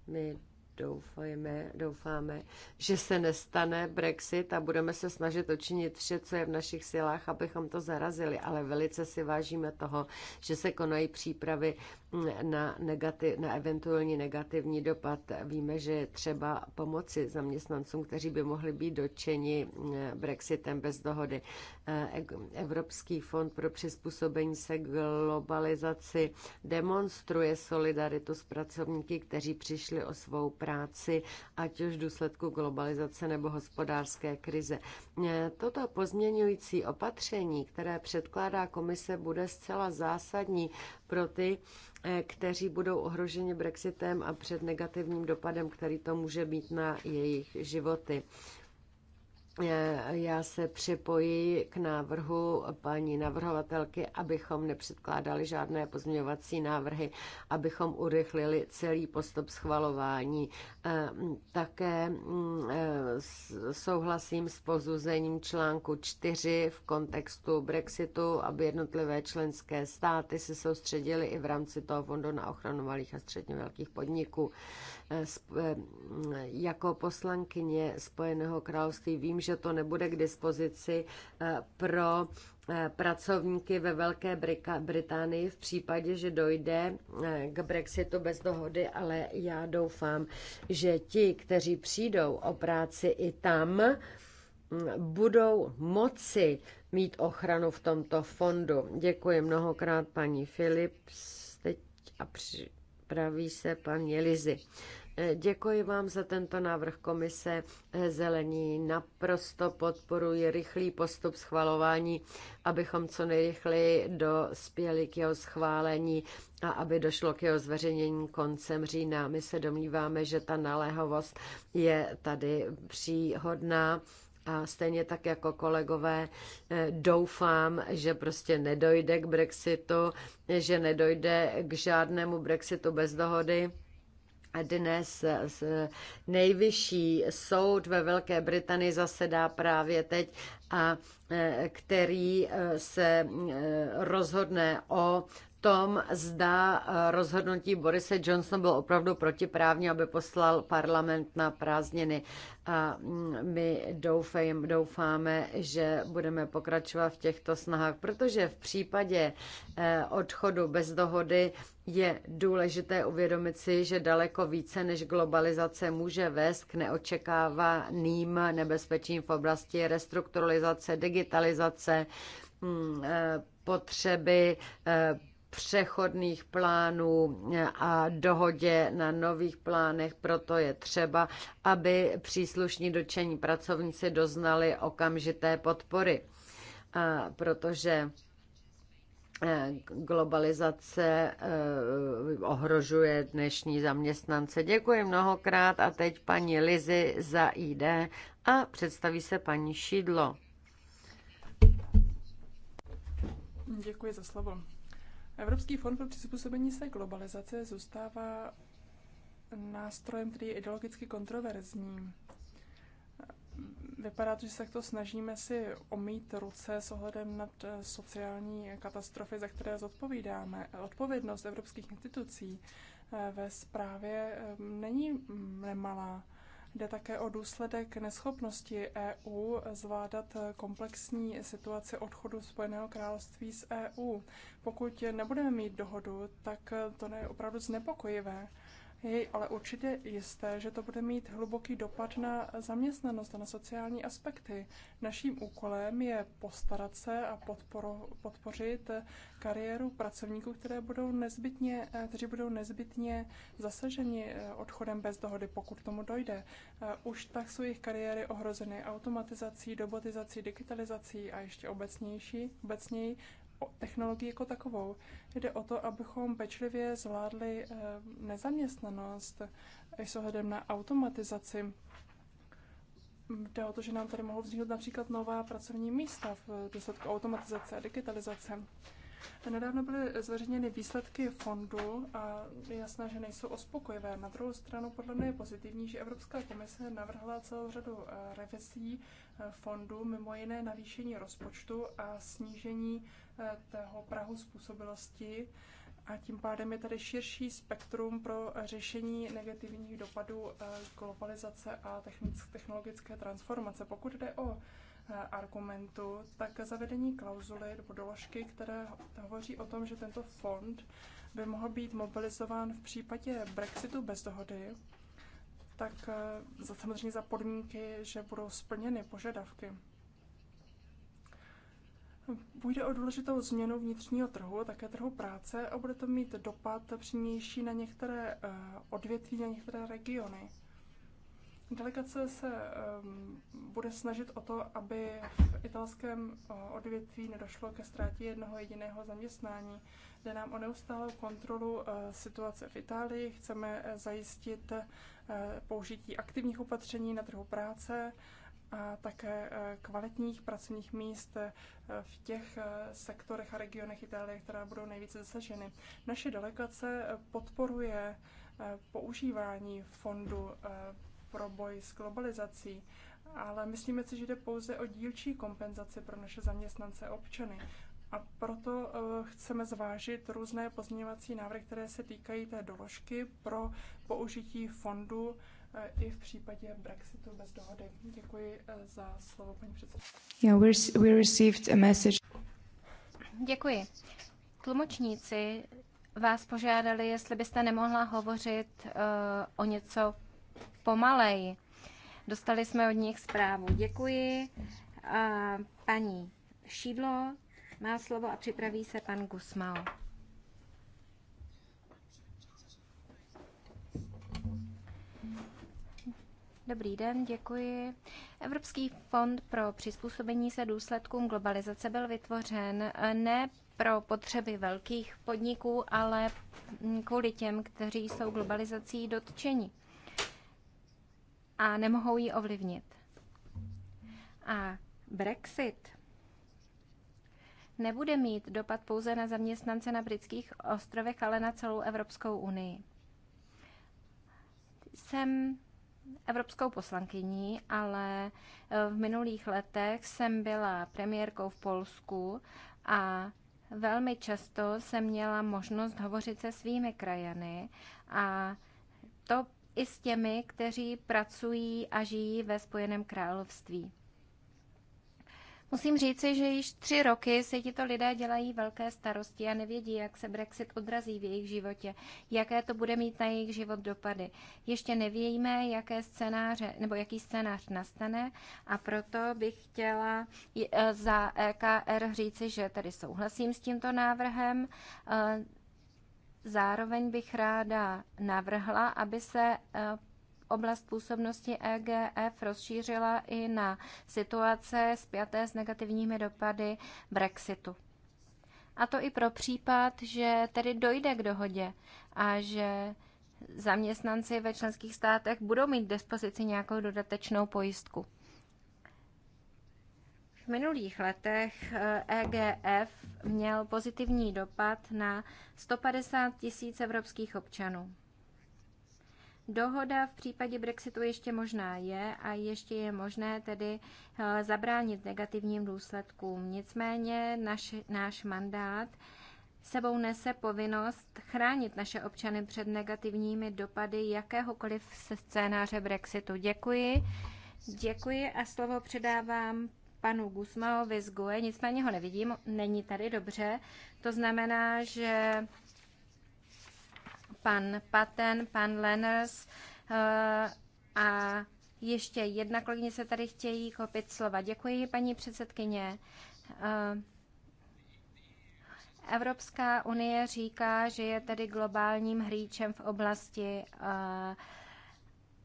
My Doufajme, doufáme, že se nestane Brexit a budeme se snažit učinit vše, co je v našich silách, abychom to zarazili, ale velice si vážíme toho, že se konají přípravy na, negativ, na eventuální negativní dopad. Víme, že je třeba pomoci zaměstnancům, kteří by mohli být dotčeni eh, Brexitem bez dohody. Eh, Evropský fond pro přizpůsobení se globalizaci demonstruje solidaritu s pracovníky, kteří přišli o svou práci, ať už v důsledku globalizace nebo hospodářské krize. Eh, toto pozměňující opatření, které předkládá komise, bude zcela zásadní pro ty, eh, kteří budou ohroženi Brexitem a před negativním dopadem, který to může mít na jejich životy. Eh, já se připoji k návrhu paní navrhovatelky, abychom nepředkládali žádné pozměňovací návrhy, abychom urychlili celý postup schvalování. Eh, také mm, eh, souhlasím s pozuzením článku 4 v kontextu Brexitu, aby jednotlivé členské státy se soustředily i v rámci toho fondu na ochranu malých a středně velkých podniků. Jako poslankyně Spojeného království vím, že to nebude k dispozici eh, pro eh, pracovníky ve Velké Británii v případě, že dojde eh, k Brexitu bez dohody, ale já doufám, že ti, kteří přijdou o práci i tam, mm, budou moci mít ochranu v tomto fondu. Děkuji mnohokrát paní Philips teď a připraví se paní Lizy. Eh, děkuji vám za tento návrh komise eh, Zelení. Naprosto podporuji rychlý postup schvalování, abychom co nejrychleji dospěli k jeho schválení a aby došlo k jeho zveřejnění koncem října. My se domníváme, že ta naléhovost je tady příhodná. A stejně tak jako kolegové eh, doufám, že prostě nedojde k Brexitu, že nedojde k žádnému Brexitu bez dohody dnes eh, nejvyšší soud ve Velké Británii zasedá právě teď a eh, který eh, se rozhodne o tom, zda eh, rozhodnutí Borise Johnson bylo opravdu protiprávně, aby poslal parlament na prázdniny. A mm, my doufám, doufáme, že budeme pokračovat v těchto snahách, protože v případě eh, odchodu bez dohody je důležité uvědomit si, že daleko více než globalizace může vést k neočekávaným nebezpečím v oblasti restrukturalizace, digitalizace, mm, eh, potřeby přechodných plánů a dohodě na nových plánech, proto je třeba, aby příslušní dočení pracovníci doznali okamžité podpory, protože eh, globalizace eh, ohrožuje dnešní zaměstnance. Děkuji mnohokrát a teď paní Lizy za ID a představí se paní Šídlo. Děkuji za slovo. Evropský fond pro přizpůsobení se globalizace zůstává nástrojem, který je ideologicky kontroverzní. Vypadá to, že se to snažíme si omít ruce s ohledem na eh, sociální katastrofy, za které zodpovídáme. Odpovědnost evropských institucí eh, ve zprávě eh, není mm, nemalá. Jde také o důsledek neschopnosti EU zvládat komplexní situaci odchodu Spojeného království z EU. Pokud nebudeme mít dohodu, tak to je opravdu znepokojivé. Je ale určitě jisté, že to bude mít hluboký dopad na zaměstnanost a na sociální aspekty. Naším úkolem je postarat se a podporo, podpořit kariéru pracovníků, které budou nezbytně, eh, kteří budou nezbytně zasaženi eh, odchodem bez dohody, pokud tomu dojde. Eh, už tak jsou jejich kariéry ohrozeny automatizací, robotizací, digitalizací a ještě obecnější, obecněji technologii jako takovou. Jde o to, abychom pečlivě zvládli eh, nezaměstnanost i s ohledem na automatizaci. Jde o to, že nám tady mohou vzniknout například nová pracovní místa v důsledku automatizace a digitalizace. Nedávno byly zveřejněny výsledky fondu a je jasné, že nejsou ospokojivé. Na druhou stranu podle mě je pozitivní, že Evropská komise navrhla celou řadu eh, revizí eh, fondu, mimo jiné navýšení rozpočtu a snížení eh, tého prahu způsobilosti. A tím pádem je tady širší spektrum pro řešení negativních dopadů globalizace a technologické transformace. Pokud jde o Eh, argumentu, tak zavedení klauzuly nebo doložky, které hovoří o tom, že tento fond by mohl být mobilizován v případě Brexitu bez dohody, tak eh, za, samozřejmě za podmínky, že budou splněny požadavky. Půjde o důležitou změnu vnitřního trhu, také trhu práce a bude to mít dopad přímější na některé eh, odvětví, na některé regiony. Delegace se um, bude snažit o to, aby v italském odvětví nedošlo ke ztrátě jednoho jediného zaměstnání. Jde nám o neustálou kontrolu uh, situace v Itálii, chceme e, zajistit uh, použití aktivních opatření na trhu práce a také kvalitních pracovních míst v těch sektorech a regionech Itálie, která budou nejvíce zasaženy. Naše delegace podporuje používání fondu pro boj s globalizací, ale myslíme si, že jde pouze o dílčí kompenzaci pro naše zaměstnance a občany. A proto eh, chceme zvážit různé pozměňovací návrhy, které se týkají té doložky pro použití fondu eh, i v případě Brexitu bez dohody. Děkuji eh, za slovo, paní předsedkyně. Yeah, we received a message. Děkuji. Tlumočníci vás požádali, jestli byste nemohla hovořit uh, o něco pomalej. Dostali jsme od nich zprávu. Děkuji. A paní Šídlo má slovo a připraví se pan Gusmao. Dobrý den, děkuji. Evropský fond pro přizpůsobení se důsledkům globalizace byl vytvořen ne pro potřeby velkých podniků, ale kvůli těm, kteří jsou globalizací dotčeni a nemohou ji ovlivnit. A Brexit nebude mít dopad pouze na zaměstnance na britských ostrovech, ale na celou Evropskou unii. Jsem evropskou poslankyní, ale eh, v minulých letech jsem byla premiérkou v Polsku a velmi často jsem měla možnost hovořit se svými krajany a to i s těmi, kteří pracují a žijí ve Spojeném království. Musím říci, že již tři roky se tito lidé dělají velké starosti a nevědí, jak se Brexit odrazí v jejich životě, jaké to bude mít na jejich život dopady. Ještě nevíme, jaké scénáře, nebo jaký scénář nastane a proto bych chtěla eh, za EKR říci, že tady souhlasím s tímto návrhem. Eh, Zároveň bych ráda navrhla, aby se e, oblast působnosti EGF rozšířila i na situace spjaté s negativními dopady Brexitu. A to i pro případ, že tedy dojde k dohodě a že zaměstnanci ve členských státech budou mít k dispozici nějakou dodatečnou pojistku. V minulých letech EGF eh, e měl pozitivní dopad na 150 tisíc evropských občanů. Dohoda v případě Brexitu ještě možná je a ještě je možné tedy eh, zabránit negativním důsledkům. Nicméně naš, náš mandát sebou nese povinnost chránit naše občany před negativními dopady jakéhokoliv scénáře Brexitu. Děkuji. Děkuji a slovo předávám panu Gusmaovi z GUE, nicméně ho nevidím, není tady dobře. To znamená, že pan Paten, pan Lenners eh, a ještě jedna kolegyně se tady chtějí chopit slova. Děkuji, paní předsedkyně. Eh, Evropská unie říká, že je tedy globálním hříčem v oblasti eh,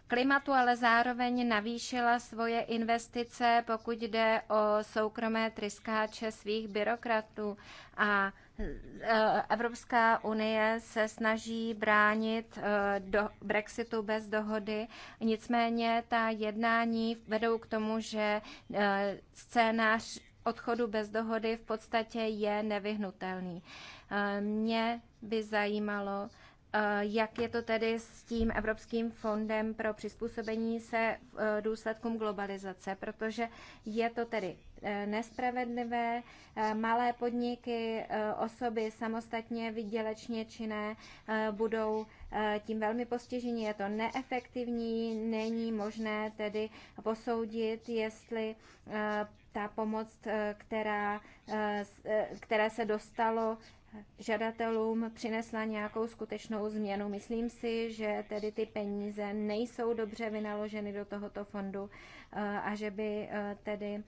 klimatu, ale zároveň navýšila svoje investice, pokud jde o soukromé tryskáče svých byrokratů. A e, Evropská unie se snaží bránit e, do Brexitu bez dohody, nicméně ta jednání vedou k tomu, že e, scénář odchodu bez dohody v podstatě je nevyhnutelný. Mě by zajímalo, Eh, jak je to tedy s tím Evropským fondem pro přizpůsobení se eh, důsledkům globalizace? Protože je to tedy eh, nespravedlivé, malé podniky, osoby samostatně vydělečně činné budou tím velmi postiženi, je to neefektivní, není možné tedy posoudit, jestli ta pomoc, která, které se dostalo žadatelům přinesla nějakou skutečnou změnu. Myslím si, že tedy ty peníze nejsou dobře vynaloženy do tohoto fondu eh, a že by eh, tedy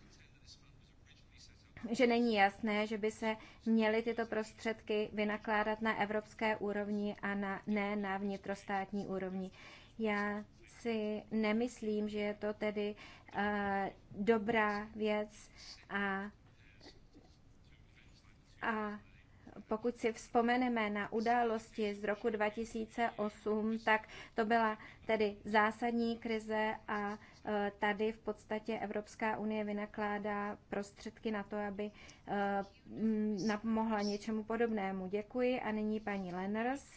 že není jasné, že by se měly tyto prostředky vynakládat na evropské úrovni a na, ne na vnitrostátní úrovni. Já si nemyslím, že je to tedy uh, dobrá věc a, a pokud si vzpomeneme na události z roku 2008, tak to byla tedy zásadní krize a e, tady v podstatě Evropská unie vynakládá prostředky na to, aby e, napomohla něčemu podobnému. Děkuji a nyní paní Lenners.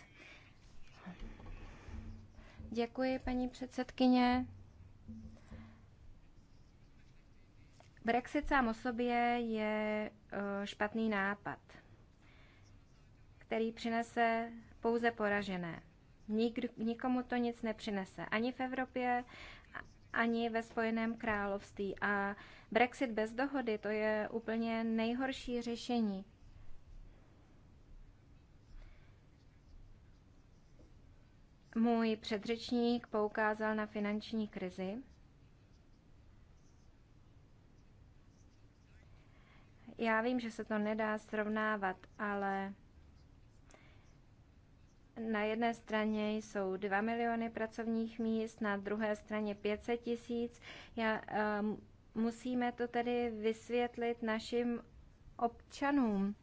Děkuji, paní předsedkyně. Brexit sám o sobě je e, špatný nápad který přinese pouze poražené. Nik, nikomu to nic nepřinese. Ani v Evropě, ani ve Spojeném království. A Brexit bez dohody, to je úplně nejhorší řešení. Můj předřečník poukázal na finanční krizi. Já vím, že se to nedá srovnávat, ale na jedné straně jsou 2 miliony pracovních míst, na druhé straně 500 tisíc. Já, um, musíme to tedy vysvětlit našim občanům.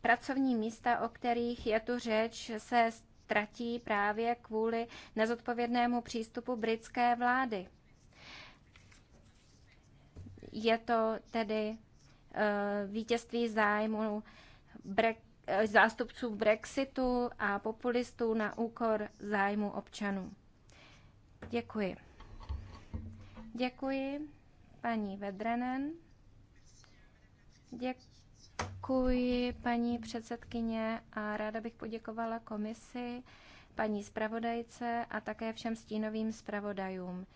Pracovní místa, o kterých je tu řeč, se ztratí právě kvůli nezodpovědnému přístupu britské vlády. Je to tedy Eh, vítězství zájmu bre- eh, zástupců Brexitu a populistů na úkor zájmu občanů. Děkuji. Děkuji paní Vedrenen. Děkuji paní předsedkyně a ráda bych poděkovala komisi, paní zpravodajce a také všem stínovým zpravodajům.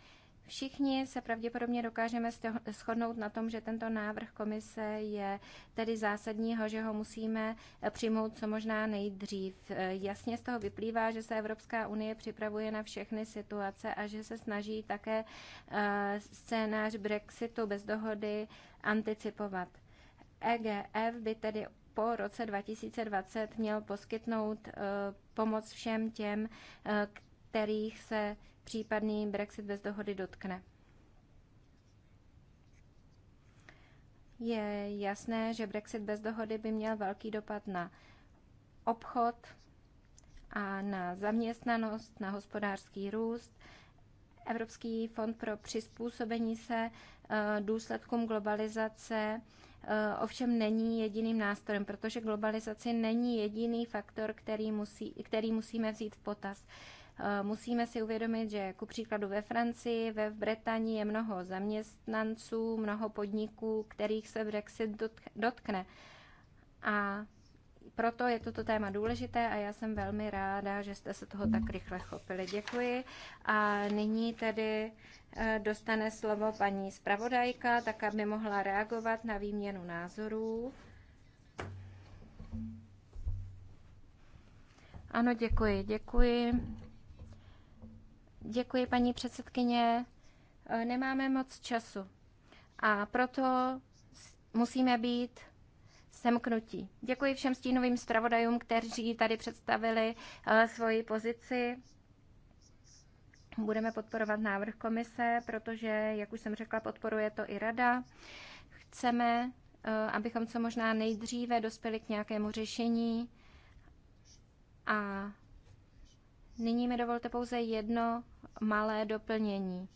Všichni se pravděpodobně dokážeme shodnout na tom, že tento návrh komise je tedy zásadního, že ho musíme eh, přijmout co možná nejdřív. Eh, jasně z toho vyplývá, že se Evropská unie připravuje na všechny situace a že se snaží také eh, scénář Brexitu bez dohody anticipovat. EGF by tedy po roce 2020 měl poskytnout pomoc všem těm, kterých se případný Brexit bez dohody dotkne. Je jasné, že Brexit bez dohody by měl velký dopad na obchod a na zaměstnanost, na hospodářský růst. Evropský fond pro přizpůsobení se eh, důsledkům globalizace eh, ovšem není jediným nástrojem, protože globalizace není jediný faktor, který, musí, který musíme vzít v potaz. Eh, musíme si uvědomit, že ku příkladu ve Francii, ve Británii je mnoho zaměstnanců, mnoho podniků, kterých se Brexit dotkne. A proto je toto téma důležité a já jsem velmi ráda, že jste se toho tak rychle chopili. Děkuji. A nyní tedy eh, dostane slovo paní zpravodajka, tak aby mohla reagovat na výměnu názorů. Ano, děkuji, děkuji. Děkuji, paní předsedkyně. E, nemáme moc času a proto musíme být semknutí. Děkuji všem stínovým zpravodajům, kteří tady představili e, svoji pozici. Budeme podporovat návrh komise, protože, jak už jsem řekla, podporuje to i rada. Chceme, e, abychom co možná nejdříve dospěli k nějakému řešení. A nyní mi dovolte pouze jedno malé doplnění.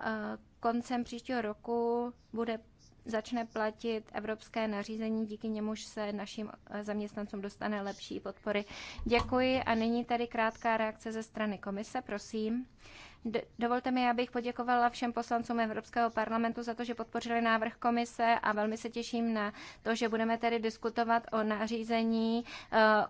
Eh, koncem příštího roku bude začne platit evropské nařízení, díky němuž se našim eh, zaměstnancům dostane lepší podpory. Děkuji a nyní tady krátká reakce ze strany komise, prosím. Dovolte mi, abych poděkovala všem poslancům Evropského parlamentu za to, že podpořili návrh komise a velmi se těším na to, že budeme tedy diskutovat o nařízení, eh,